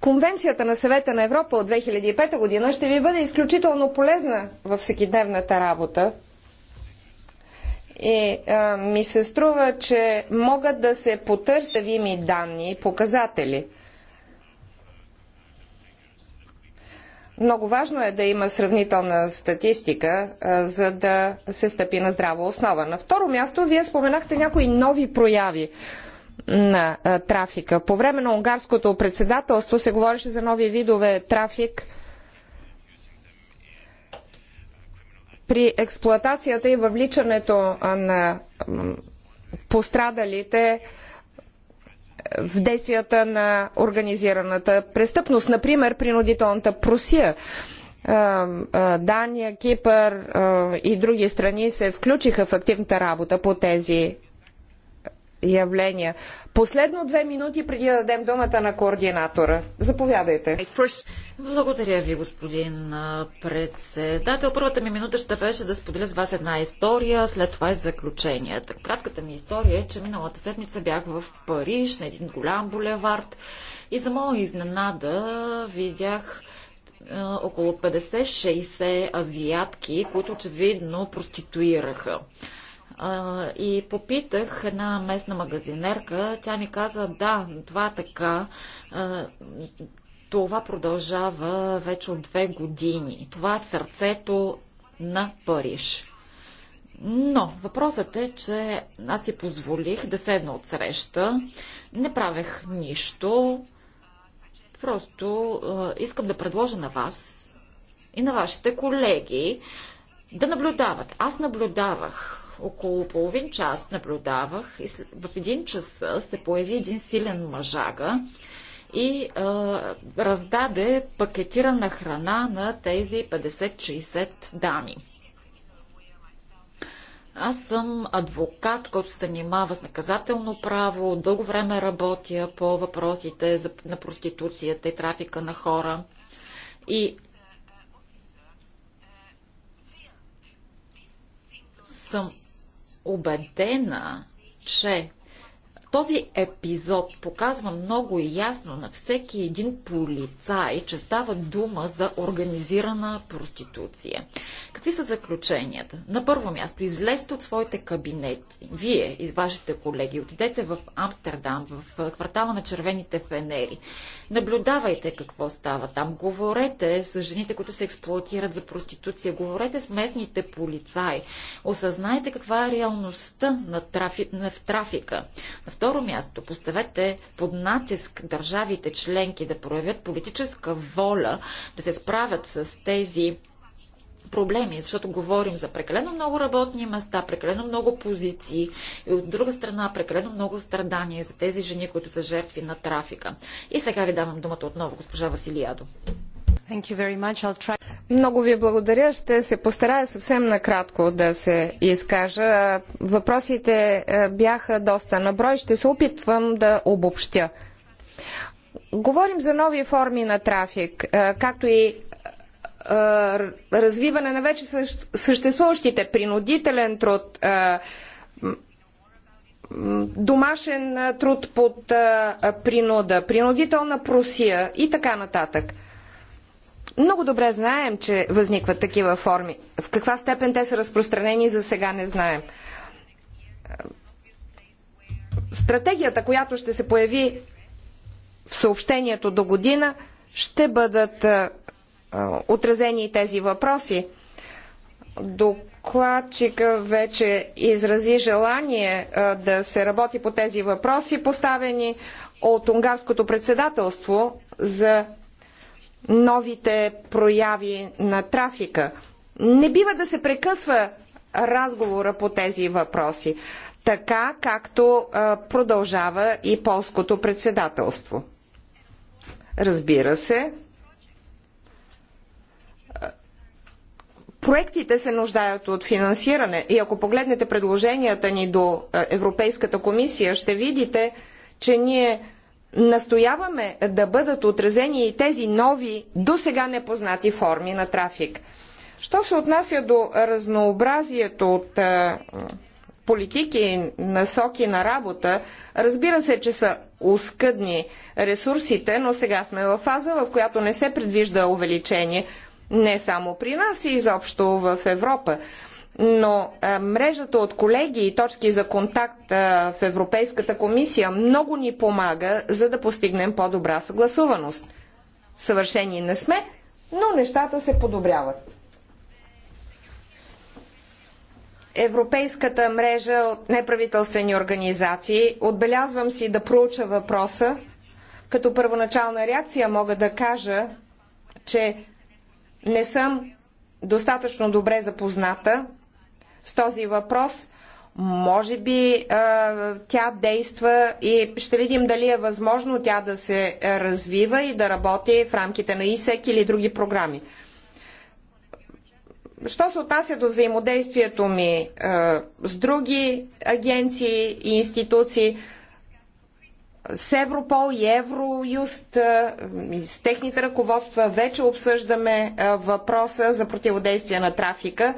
Speaker 1: Конвенцията на съвета на Европа от 2005 година ще ви бъде изключително полезна във всекидневната работа, и а, ми се струва, че могат да се потърсят вими данни и показатели. Много важно е да има сравнителна статистика, а, за да се стъпи на здрава основа. На второ място, вие споменахте някои нови прояви на а, трафика. По време на унгарското председателство се говореше за нови видове трафик – при експлоатацията и въвличането на пострадалите е, в действията на организираната престъпност, например принудителната Прусия. Е, е, Дания, Кипър и други страни се включиха в активната работа по тези явления. Последно две минути преди да дадем думата на координатора. Заповядайте. Благодаря ви, господин
Speaker 2: председател. Първата ми минута ще беше да споделя с вас една история, след това и заключенията. Кратката ми история е, че миналата седмица бях в Париж на един голям булевард и за моя изненада видях около 50-60 азиатки, които очевидно проституираха и попитах една местна магазинерка. Тя ми каза, да, това е така. Това продължава вече от две години. Това е в сърцето на Париж. Но въпросът е, че аз си позволих да седна от среща, не правех нищо, просто искам да предложа на вас и на вашите колеги да наблюдават. Аз наблюдавах около половин час наблюдавах и в един час се появи един силен мъжага и а, раздаде пакетирана храна на тези 50-60 дами. Аз съм адвокат, който се занимава с наказателно право, дълго време работя по въпросите за, на проституцията и трафика на хора. И съм убедена, че този епизод показва много ясно на всеки един полицай, че става дума за организирана проституция. Какви са заключенията? На първо място, излезте от своите кабинети. Вие и вашите колеги, отидете в Амстердам, в е, квартала на червените фенери. Наблюдавайте какво става там. Говорете с жените, които се експлуатират за проституция. Говорете с местните полицаи. Осъзнайте каква е реалността на, трафи... на трафика. В второ място, поставете под натиск държавите членки да проявят политическа воля да се справят с тези проблеми, защото говорим за прекалено много работни места, прекалено много позиции и от друга страна прекалено много страдания за тези жени, които са жертви на трафика. И сега ви давам думата отново, госпожа Василиадо.
Speaker 1: Много ви благодаря. Ще се постарая съвсем накратко да се изкажа. Въпросите е, бяха доста наброй. Ще се опитвам да обобщя. Говорим за нови форми на трафик, е, както и е, развиване на вече съществуващите принудителен труд, домашен труд под принуда, принудителна просия и така нататък. Много добре знаем, че възникват такива форми. В каква степен те са разпространени, за сега не знаем. Стратегията, която ще се появи в съобщението до година, ще бъдат отразени тези въпроси. Докладчика вече изрази желание да се работи по тези въпроси, поставени от унгарското председателство за новите прояви на трафика. Не бива да се прекъсва разговора по тези въпроси, така както продължава и полското председателство. Разбира се, проектите се нуждаят от финансиране и ако погледнете предложенията ни до Европейската комисия, ще видите, че ние настояваме да бъдат отразени и тези нови, до сега непознати форми на трафик. Що се отнася до разнообразието от е, политики, и насоки на работа, разбира се, че са оскъдни ресурсите, но сега сме в фаза, в която не се предвижда увеличение не само при нас и изобщо в Европа но а, мрежата от колеги и точки за контакт а, в Европейската комисия много ни помага, за да постигнем по-добра съгласуваност. Съвършени не сме, но нещата се подобряват. Европейската мрежа от неправителствени организации. Отбелязвам си да проуча въпроса. Като първоначална реакция мога да кажа, че не съм достатъчно добре запозната с този въпрос. Може би тя действа и ще видим дали е възможно тя да се развива и да работи в рамките на ИСЕК или други програми. Що се отнася до взаимодействието ми с други агенции и институции, с Европол и Евроюст, с техните ръководства вече обсъждаме въпроса за противодействие на трафика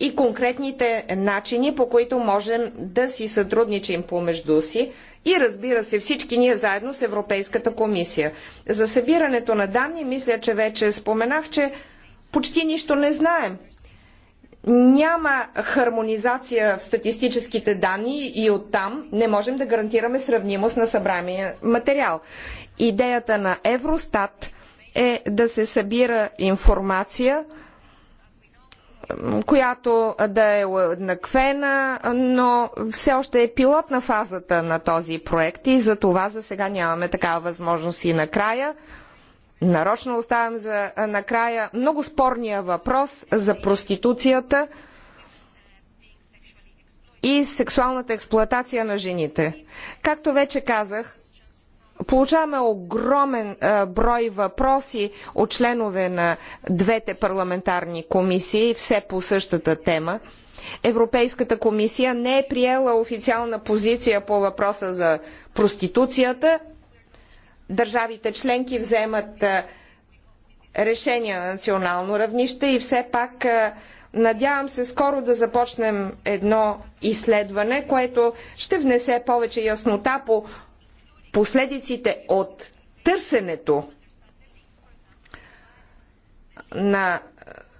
Speaker 1: и конкретните начини, по които можем да си сътрудничим помежду си и разбира се всички ние заедно с Европейската комисия. За събирането на данни, мисля, че вече споменах, че почти нищо не знаем. Няма хармонизация в статистическите данни и оттам не можем да гарантираме сравнимост на събрания материал. Идеята на Евростат е да се събира информация – която да е уеднаквена, но все още е пилотна фазата на този проект и за това за сега нямаме такава възможност и накрая. Нарочно оставям за накрая много спорния въпрос за проституцията и сексуалната експлоатация на жените. Както вече казах, Получаваме огромен а, брой въпроси от членове на двете парламентарни комисии, все по същата тема. Европейската комисия не е приела официална позиция по въпроса за проституцията. Държавите членки вземат а, решения на национално равнище и все пак а, Надявам се скоро да започнем едно изследване, което ще внесе повече яснота по последиците от търсенето на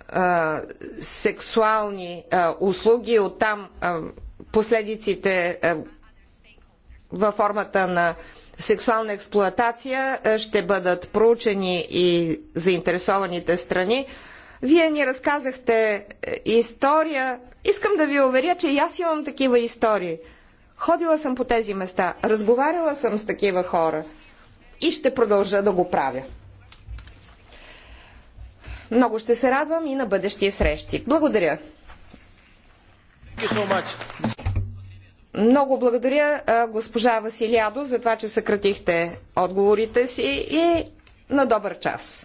Speaker 1: а, сексуални а, услуги, оттам а, последиците а, във формата на сексуална експлоатация ще бъдат проучени и заинтересованите страни. Вие ни разказахте е, история. Искам да ви уверя, че и аз имам такива истории – Ходила съм по тези места, разговаряла съм с такива хора и ще продължа да го правя. Много ще се радвам и на бъдещи срещи. Благодаря. Много благодаря, госпожа Василиадо, за това, че съкратихте отговорите си и на добър час.